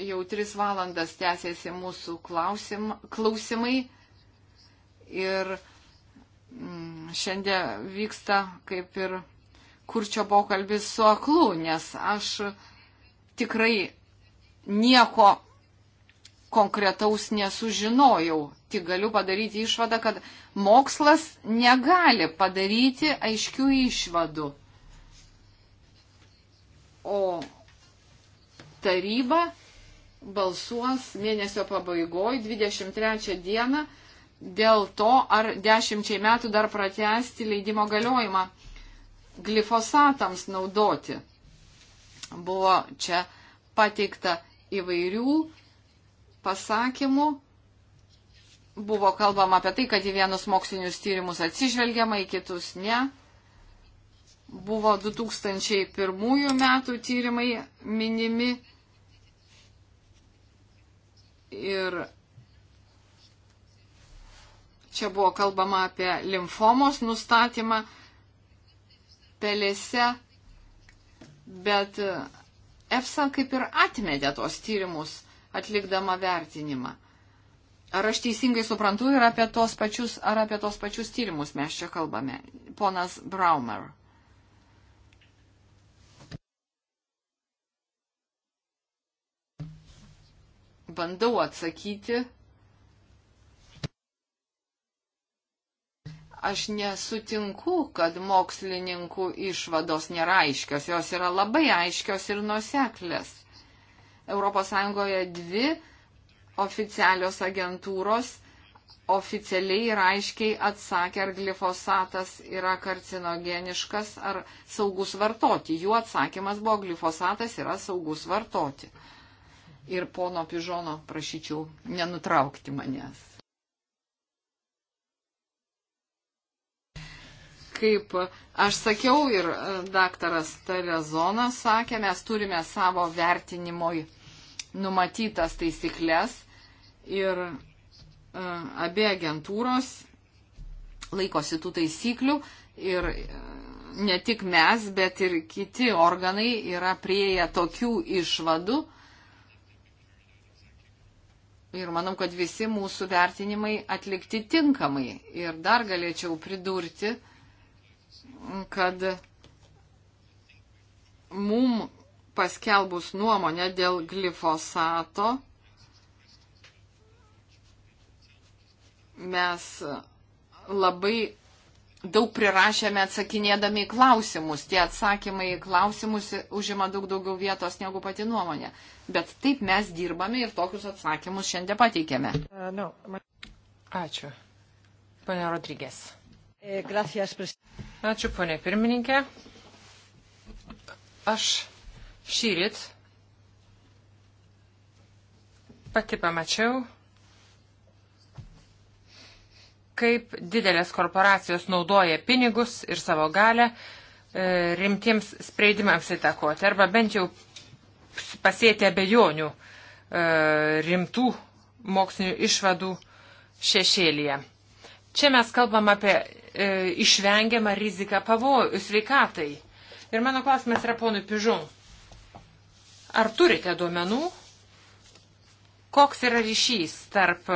Jau tris valandas tęsiasi mūsų klausim, klausimai ir mm, šiandien vyksta kaip ir kurčio pokalbis su aklu, nes aš tikrai nieko konkretaus nesužinojau. Tik galiu padaryti išvadą, kad mokslas negali padaryti aiškių išvadų. O taryba balsuos mėnesio pabaigoje, 23 dieną, dėl to, ar dešimčiai metų dar pratesti leidimo galiojimą glifosatams naudoti. Buvo čia pateikta įvairių pasakymų buvo kalbama apie tai, kad į vienus mokslinius tyrimus atsižvelgiama, į kitus ne. Buvo 2001 metų tyrimai minimi ir čia buvo kalbama apie limfomos nustatymą pelėse, bet EFSA kaip ir atmetė tos tyrimus atlikdama vertinimą. Ar aš teisingai suprantu ir apie tos pačius, ar apie tos pačius tyrimus mes čia kalbame? Ponas Braumer. Bandau atsakyti. Aš nesutinku, kad mokslininkų išvados nėra aiškios, jos yra labai aiškios ir nuseklės ES dvi oficialios agentūros oficialiai ir aiškiai atsakė, ar glifosatas yra karcinogeniškas ar saugus vartoti. Jų atsakymas buvo, glifosatas yra saugus vartoti. Ir pono Pižono prašyčiau nenutraukti manęs. Kaip aš sakiau ir e, daktaras Telezonas sakė, mes turime savo vertinimoj numatytas taisyklės ir e, abi agentūros laikosi tų taisyklių ir e, ne tik mes, bet ir kiti organai yra prieėję tokių išvadų. Ir manau, kad visi mūsų vertinimai atlikti tinkamai. Ir dar galėčiau pridurti, kad mum paskelbus nuomonę dėl glifosato, mes labai daug prirašėme atsakinėdami į klausimus. Tie atsakymai į klausimus užima daug daugiau vietos negu pati nuomonė. Bet taip mes dirbame ir tokius atsakymus šiandien pateikėme. Ačiū. Pane Rodrygės. Ačiū, ponė pirmininkė. Aš Šyrit pati pamačiau, kaip didelės korporacijos naudoja pinigus ir savo galę e, rimtiems spreidimams įtakoti, arba bent jau pasėti abejonių e, rimtų mokslinių išvadų šešėlyje. Čia mes kalbam apie e, išvengiamą riziką pavojų sveikatai. Ir mano klausimas yra ponui Pižung Ar turite duomenų, koks yra ryšys tarp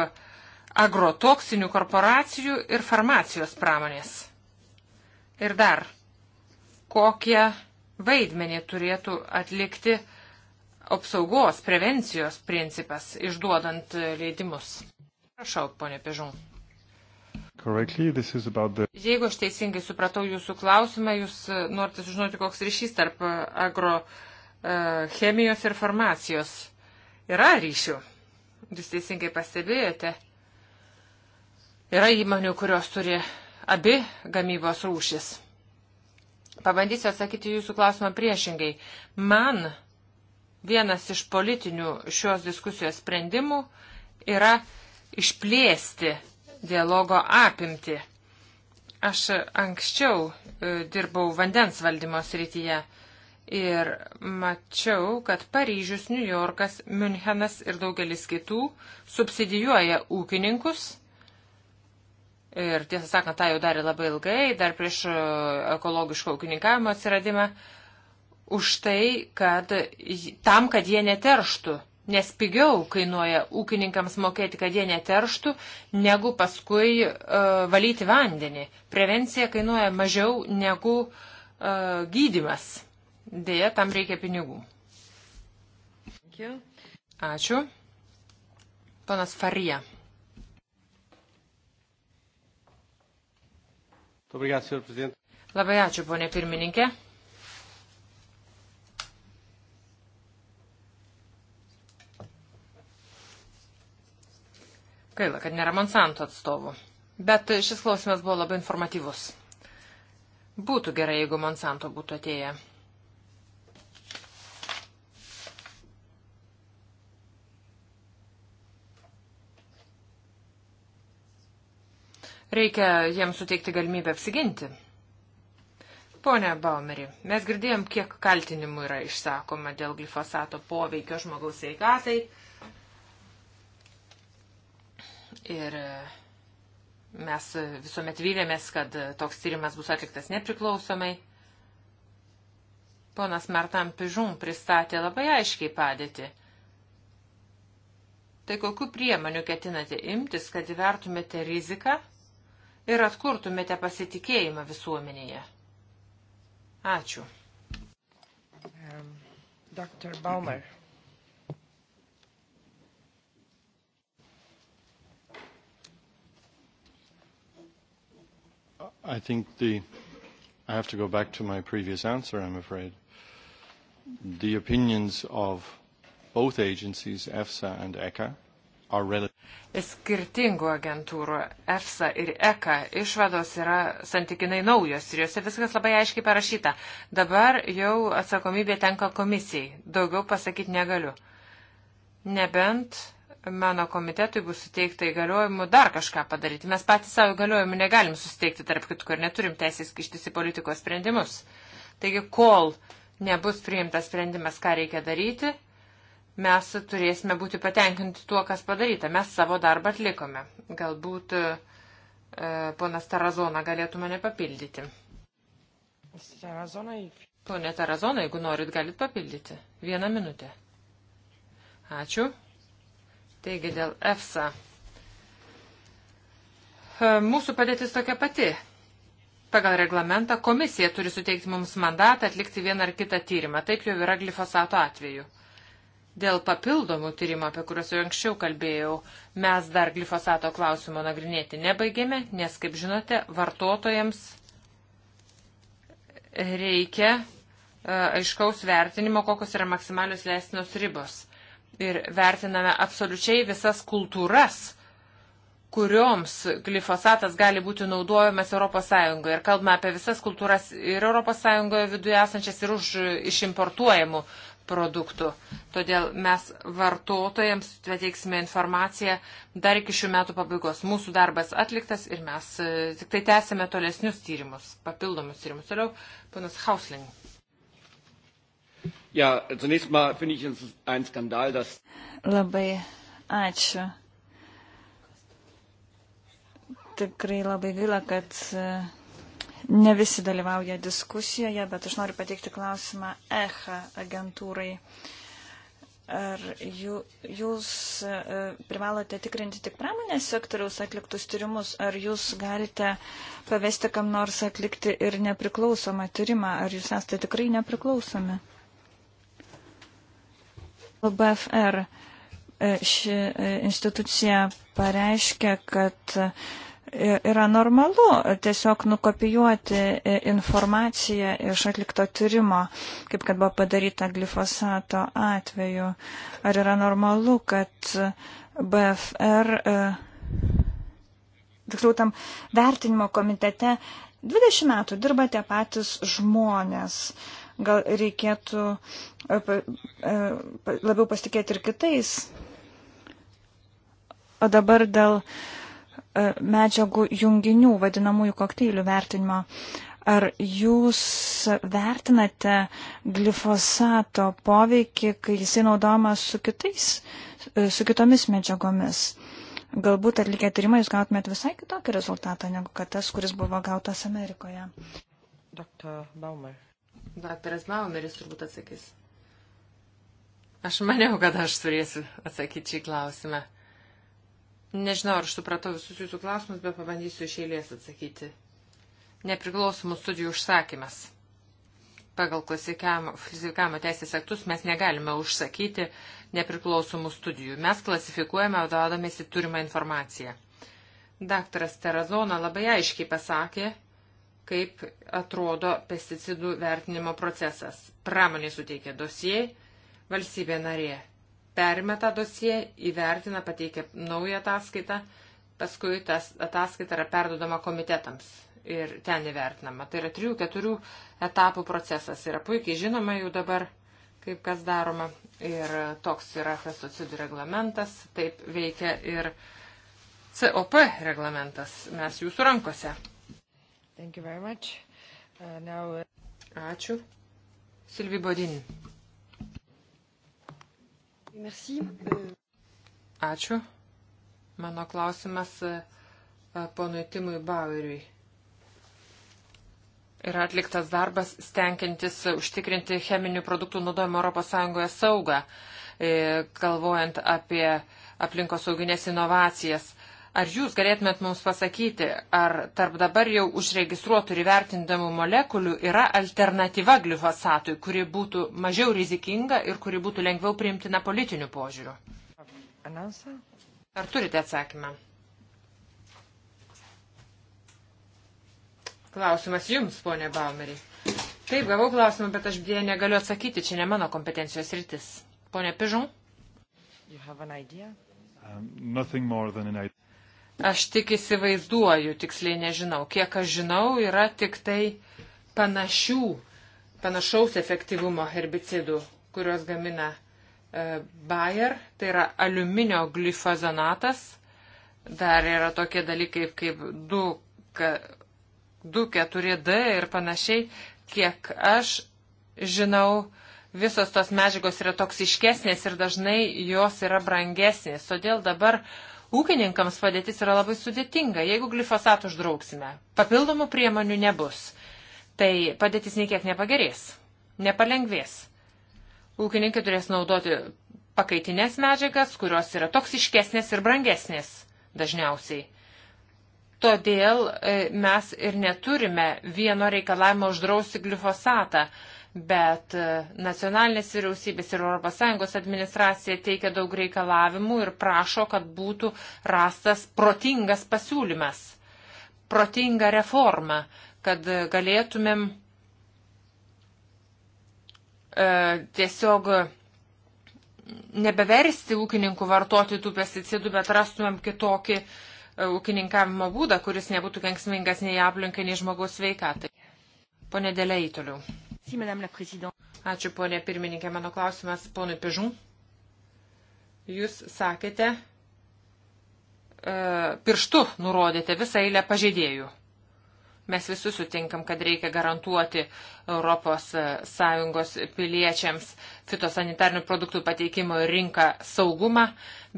agrotoksinių korporacijų ir farmacijos pramonės? Ir dar, kokie vaidmenį turėtų atlikti apsaugos, prevencijos principas, išduodant leidimus? Prašau, ponė Pežum. The... Jeigu aš teisingai supratau jūsų klausimą, jūs norite sužinoti, koks ryšys tarp agro E, chemijos ir farmacijos yra ryšių. Jūs teisingai pastebėjote. Yra įmonių, kurios turi abi gamybos rūšis. Pabandysiu atsakyti jūsų klausimą priešingai. Man vienas iš politinių šios diskusijos sprendimų yra išplėsti dialogo apimti. Aš anksčiau e, dirbau vandens valdymo srityje Ir mačiau, kad Paryžius, New Yorkas, Münchenas ir daugelis kitų subsidijuoja ūkininkus. Ir tiesą sakant, tą jau darė labai ilgai, dar prieš e, ekologiško ūkininkavimo atsiradimą, už tai, kad tam, kad jie neterštų nes pigiau kainuoja ūkininkams mokėti, kad jie neterštų, negu paskui uh, valyti vandenį. Prevencija kainuoja mažiau negu uh, e, gydimas. Dėja, tam reikia pinigų. Ačiū. Panas Farija. Labai ačiū, ponė pirmininkė. Gaila, kad nėra Monsanto atstovų. Bet šis klausimas buvo labai informatyvus. Būtų gerai, jeigu Monsanto būtų atėję. Reikia jiems suteikti galimybę apsiginti. Pone Baumeri, mes girdėjom, kiek kaltinimų yra išsakoma dėl glifosato poveikio žmogaus sveikatai. Ir e, mes visuomet vylėmės, kad e, toks tyrimas bus atliktas nepriklausomai. Ponas Martam Pižum pristatė labai aiškiai padėtį. Tai kokiu priemoniu ketinate imtis, kad įvertumėte riziką ir atkurtumėte pasitikėjimą visuomenėje. Ačiū. Um, Dr. Baumer. I think the I have to go back to my previous answer, I'm afraid. The opinions of both agencies, EFSA and ECHA, Skirtingų agentūrų EFSA ir ECA išvados yra santykinai naujos ir juose viskas labai aiškiai parašyta. Dabar jau atsakomybė tenka komisijai. Daugiau pasakyti negaliu. Nebent mano komitetui bus suteikta įgaliojimų dar kažką padaryti. Mes patys savo įgaliojimų negalim susiteikti, tarp kitko, ir neturim teisės kištis į politikos sprendimus. Taigi, kol nebus priimtas sprendimas, ką reikia daryti, mes turėsime būti patenkinti tuo, kas padaryta. Mes savo darbą atlikome. Galbūt e, e ponas Tarazona galėtų mane papildyti. Pone Tarazona, jeigu norit, galit papildyti. Vieną minutę. Ačiū. Taigi dėl EFSA. E, mūsų padėtis tokia pati. Pagal reglamentą komisija turi suteikti mums mandatą atlikti vieną ar kitą tyrimą. Taip jau yra glifosato atveju. Dėl papildomų tyrimų, apie kuriuos jau anksčiau kalbėjau, mes dar glifosato klausimo nagrinėti nebaigėme, nes, kaip žinote, vartotojams reikia e, aiškaus vertinimo, kokios yra maksimalios leistinos ribos. Ir vertiname absoliučiai visas kultūras, kurioms glifosatas gali būti naudojamas ES. Ir kalbame apie visas kultūras ir ES viduje esančias, ir už išimportuojamų produktų. Todėl mes vartotojams pateiksime informaciją dar iki šių metų pabaigos. Mūsų darbas atliktas ir mes e, tik tai tęsime tolesnius tyrimus, papildomus tyrimus. Toliau, panas Hausling. Ja, zunächst mal finde ich es ein Skandal, dass. Labai ačiū. Tikrai labai gaila, kad e, Ne visi dalyvauja diskusijoje, bet aš noriu pateikti klausimą EHA agentūrai. Ar jų, jūs e, privalote tikrinti tik pramonės sektoriaus atliktus tyrimus, ar jūs galite pavesti kam nors atlikti ir nepriklausomą tyrimą, ar jūs esate tikrai nepriklausomi? BFR e, ši e, institucija pareiškia, kad yra normalu tiesiog nukopijuoti informaciją iš atlikto tyrimo, kaip kad buvo padaryta glifosato atveju. Ar yra normalu, kad BFR, tiksliau tam vertinimo komitete, 20 metų dirba tie patys žmonės. Gal reikėtų labiau pasitikėti ir kitais. O dabar dėl uh, E, medžiagų junginių, vadinamųjų kokteilių vertinimo. Ar jūs vertinate glifosato poveikį, kai jisai naudojamas su, kitais, e, su kitomis medžiagomis? Galbūt atlikę tyrimą jūs gautumėt visai kitokį rezultatą, negu kad tas, kuris buvo gautas Amerikoje. Dr. Baumer. Daktaras Baumeris turbūt atsakys. Aš maniau, kad aš turėsiu atsakyti šį klausimą. Nežinau, ar aš supratau visus jūsų klausimus, bet pabandysiu iš eilės atsakyti. Nepriklausomų studijų užsakymas. Pagal klasifikavimo teisės aktus mes negalime užsakyti nepriklausomų studijų. Mes klasifikuojame vadovadamėsi turimą informaciją. Daktaras Terazona labai aiškiai pasakė, kaip atrodo pesticidų vertinimo procesas. Pramonė suteikė dosijai, valstybė narė perima tą dosiją, įvertina, pateikia naują ataskaitą, paskui tas ataskaita yra perdodama komitetams ir ten įvertinama. Tai yra trijų, keturių etapų procesas. Yra puikiai žinoma jau dabar, kaip kas daroma. Ir toks yra pesticidų reglamentas, taip veikia ir COP reglamentas. Mes jūsų rankose. Uh, now... Uh, Ačiū. Silvi Bodin. Merci. Ačiū. Mano klausimas e, e, ponui Timui Baueriui. Yra atliktas darbas stenkiantis užtikrinti cheminių produktų naudojimo ES saugą, e, galvojant apie aplinkosauginės inovacijas. Ar jūs galėtumėt mums pasakyti, ar tarp dabar jau užregistruotų ir įvertindamų molekulių yra alternatyva glifosatui, kuri būtų mažiau rizikinga ir kuri būtų lengviau priimtina politiniu požiūriu? Ar turite atsakymą? Klausimas jums, ponė Baumeri. Taip, gavau klausimą, bet aš dėja negaliu atsakyti, čia ne mano kompetencijos rytis. Pone Pižon? Um, nothing more than an idea. Aš tik įsivaizduoju, tiksliai nežinau. Kiek aš žinau, yra tik tai panašių, panašaus efektyvumo herbicidų, kuriuos gamina e, Bayer. Tai yra aliuminio glifazanatas. Dar yra tokie dalykai kaip 2,4D ir panašiai. Kiek aš žinau, visos tos medžiagos yra toksiškesnės ir dažnai jos yra brangesnės. Todėl dabar uh, Ūkininkams padėtis yra labai sudėtinga. Jeigu glifosat uždrauksime, papildomų priemonių nebus, tai padėtis niekiek nepagerės, nepalengvės. Ūkininkai turės naudoti pakaitinės medžiagas, kurios yra toksiškesnės ir brangesnės dažniausiai. Todėl e, mes ir neturime vieno reikalavimo uždrausti glifosatą bet e, nacionalinės vyriausybės ir ES administracija teikia daug reikalavimų ir prašo, kad būtų rastas protingas pasiūlymas, protinga reforma, kad e, galėtumėm e, tiesiog nebeversti ūkininkų vartoti tų pesticidų, bet rastumėm kitokį e, ūkininkavimo būdą, kuris nebūtų kenksmingas nei aplinkai, nei žmogaus sveikatai. Pone Dėlei toliau. Ačiū, ponė pirmininkė. Mano klausimas, ponui Pižum. Jūs sakėte, e, pirštu nurodėte visą eilę pažeidėjų. Mes visi sutinkam, kad reikia garantuoti ES e, piliečiams fitosanitarnių produktų pateikimo į rinką saugumą,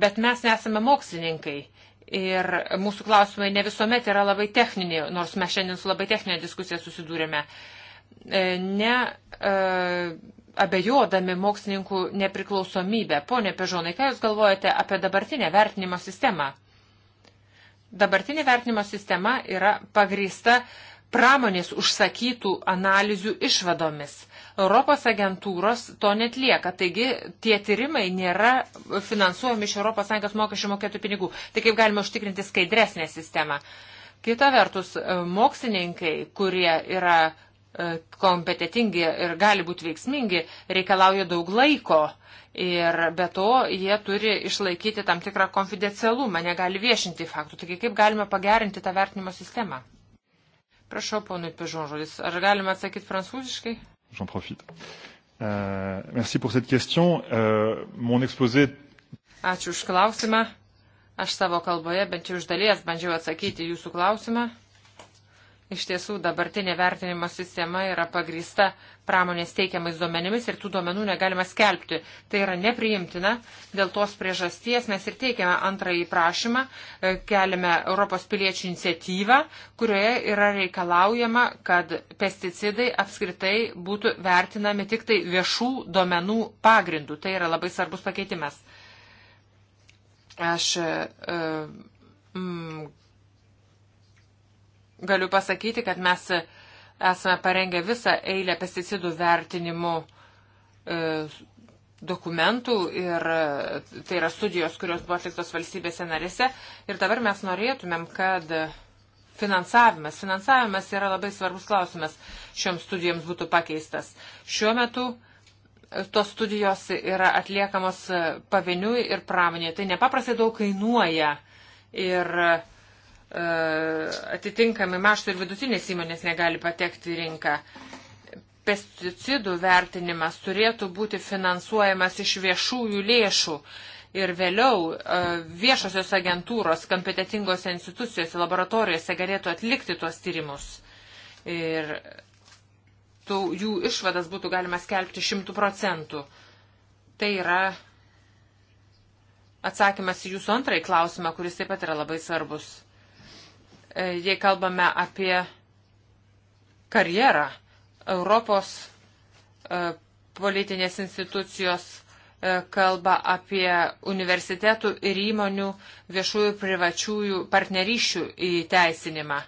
bet mes nesame mokslininkai ir mūsų klausimai ne visuomet yra labai techniniai, nors mes šiandien su labai techninė diskusija susidūrėme. E, ne e, abejodami mokslininkų nepriklausomybę. Pone Pežonai, ką Jūs galvojate apie dabartinę vertinimo sistemą? Dabartinė vertinimo sistema yra pagrįsta pramonės užsakytų analizių išvadomis. Europos agentūros to netlieka. Taigi tie tyrimai nėra finansuojami iš ES mokesčių mokėtų pinigų. Tai kaip galima užtikrinti skaidresnę sistemą? Kita vertus, mokslininkai, kurie yra kompetitingi ir gali būti veiksmingi, reikalauja daug laiko. Ir be to jie turi išlaikyti tam tikrą konfidencialumą, negali viešinti faktų. Taigi kaip galime pagerinti tą vertinimo sistemą? Prašau, ponui Pižon žodis. Ar galime atsakyti prancūziškai? J'en profite. Uh, merci pour cette question. Uh, mon exposé. Ačiū už klausimą. Aš savo kalboje bent jau iš dalies bandžiau atsakyti jūsų klausimą. Uh, Iš tiesų, dabartinė vertinimo sistema yra pagrįsta pramonės teikiamais duomenimis ir tų duomenų negalima skelbti. Tai yra nepriimtina. Dėl tos priežasties mes ir teikiame antrąjį prašymą, e, keliame Europos piliečių iniciatyvą, kurioje yra reikalaujama, kad pesticidai apskritai būtų vertinami tik tai viešų duomenų pagrindų. Tai yra labai svarbus pakeitimas. Aš. Uh, mm, Galiu pasakyti, kad mes esame parengę visą eilę pesticidų vertinimų e, dokumentų ir e, tai yra studijos, kurios buvo atliktos valstybėse narėse. Ir dabar mes norėtumėm, kad finansavimas. Finansavimas yra labai svarbus klausimas šioms studijoms būtų pakeistas. Šiuo metu e, tos studijos yra atliekamos e, pavieniui ir pramonėje. Tai nepaprastai daug kainuoja. Ir uh, E, atitinkami mašto ir vidutinės įmonės negali patekti į rinką. Pesticidų vertinimas turėtų būti finansuojamas iš viešųjų lėšų ir vėliau e, viešosios agentūros, kompetitingose institucijose, laboratorijose galėtų atlikti tuos tyrimus. Ir tų, jų išvadas būtų galima skelbti šimtų procentų. Tai yra atsakymas į jūsų antrąjį klausimą, kuris taip pat yra labai svarbus jei kalbame apie karjerą, Europos e, politinės institucijos e, kalba apie universitetų ir įmonių viešųjų privačiųjų partnerysčių įteisinimą.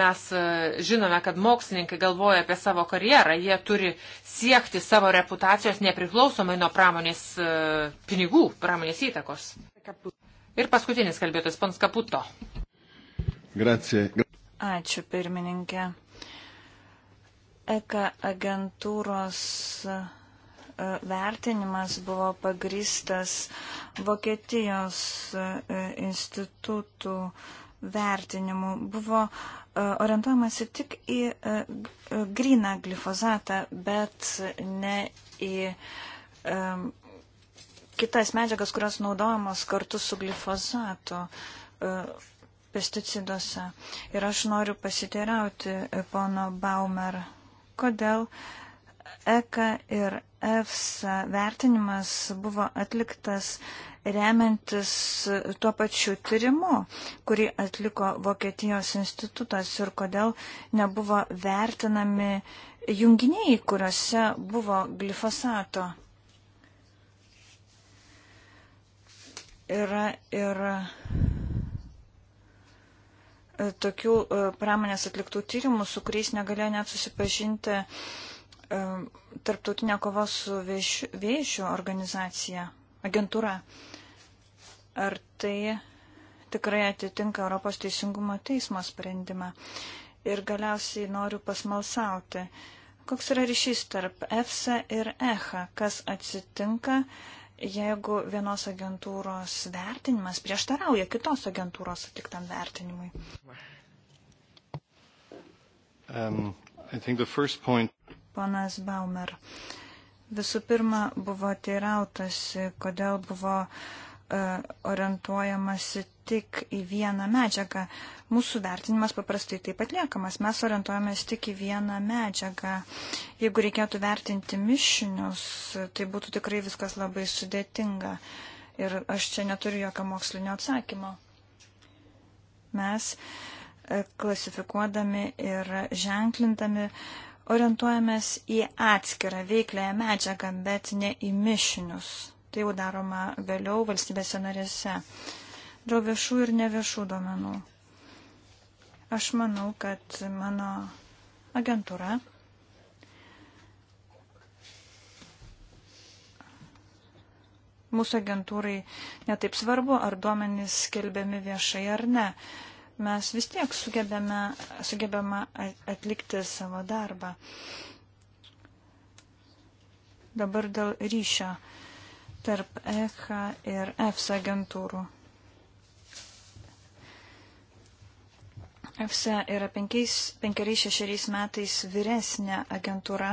Mes e, žinome, kad mokslininkai galvoja apie savo karjerą, jie turi siekti savo reputacijos nepriklausomai nuo pramonės pinigų, pramonės įtakos. Ir paskutinis kalbėtojas, pons Kaputo. Grazie. Ačiū, pirmininkė. ECA agentūros e, vertinimas buvo pagristas Vokietijos e, institutų vertinimu. Buvo e, orientuojamasi tik į gryną glifozatą, bet ne į kitas medžiagas, kurios naudojamos kartu su glifozatu pesticiduose. Ir aš noriu pasiteirauti e, pono Baumer, kodėl ECA ir EFSA vertinimas buvo atliktas remiantis tuo pačiu tyrimu, kurį atliko Vokietijos institutas ir kodėl nebuvo vertinami junginiai, kuriuose buvo glifosato. Yra ir, ir E, tokių e, pramonės atliktų tyrimų, su kuriais negalėjo net susipažinti e, tarptautinė kovos su vėžiu organizacija, agentūra. Ar tai tikrai atitinka Europos teisingumo teismo sprendimą? Ir galiausiai noriu pasmalsauti, koks yra ryšys tarp EFSA ir EHA, kas atsitinka, uh, jeigu vienos agentūros vertinimas prieštarauja kitos agentūros sutiktam vertinimui. Um, point... Ponas Baumer, visų pirma buvo teirautasi, kodėl buvo uh, orientuojamasi tik į vieną medžiagą. Uh, Mūsų vertinimas paprastai taip atliekamas. Mes orientuojamės tik į vieną medžiagą. Jeigu reikėtų vertinti mišinius, tai būtų tikrai viskas labai sudėtinga. Ir aš čia neturiu jokio mokslinio atsakymo. Mes e, klasifikuodami ir ženklintami orientuojamės į atskirą veiklęją medžiagą, bet ne į mišinius. Tai jau daroma vėliau valstybėse narėse. Dėl viešų ir neviešų duomenų. Aš manau, kad mano agentūra mūsų agentūrai netaip svarbu, ar duomenys skelbiami viešai ar ne. Mes vis tiek sugebėme, sugebėme atlikti savo darbą. Dabar dėl ryšio tarp EHA ir EFSA agentūrų. EFSA yra penkeriais šešeriais metais vyresnė agentūra.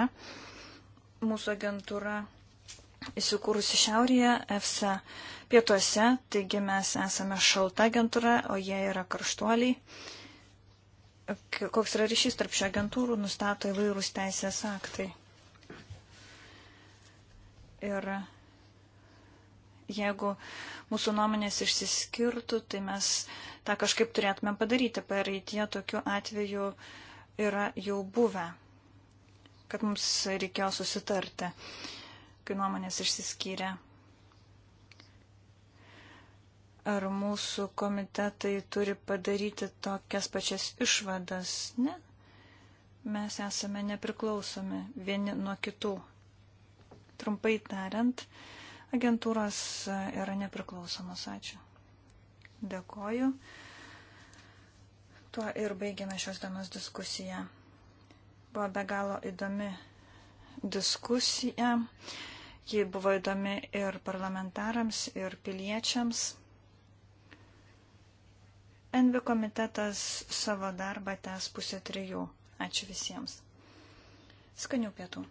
Mūsų agentūra įsikūrusi šiaurėje, EFSA pietuose, taigi mes esame šalta agentūra, o jie yra karštuoliai. Koks yra ryšys tarp šių agentūrų, nustato įvairūs teisės aktai. Ir jeigu mūsų nuomonės išsiskirtų, tai mes tą kažkaip turėtume padaryti. Pareitie tokiu atveju yra jau buvę, kad mums reikėjo susitarti, kai nuomonės išsiskyrė. Ar mūsų komitetai turi padaryti tokias pačias išvadas? Ne, mes esame nepriklausomi vieni nuo kitų. Trumpai tariant, Agentūros yra nepriklausomos. Ačiū. Dėkoju. Tuo ir baigėme šios dienos diskusiją. Buvo be galo įdomi diskusija. Ji buvo įdomi ir parlamentarams, ir piliečiams. Envi komitetas savo darbą tęs pusę trijų. Ačiū visiems. Skanių pietų.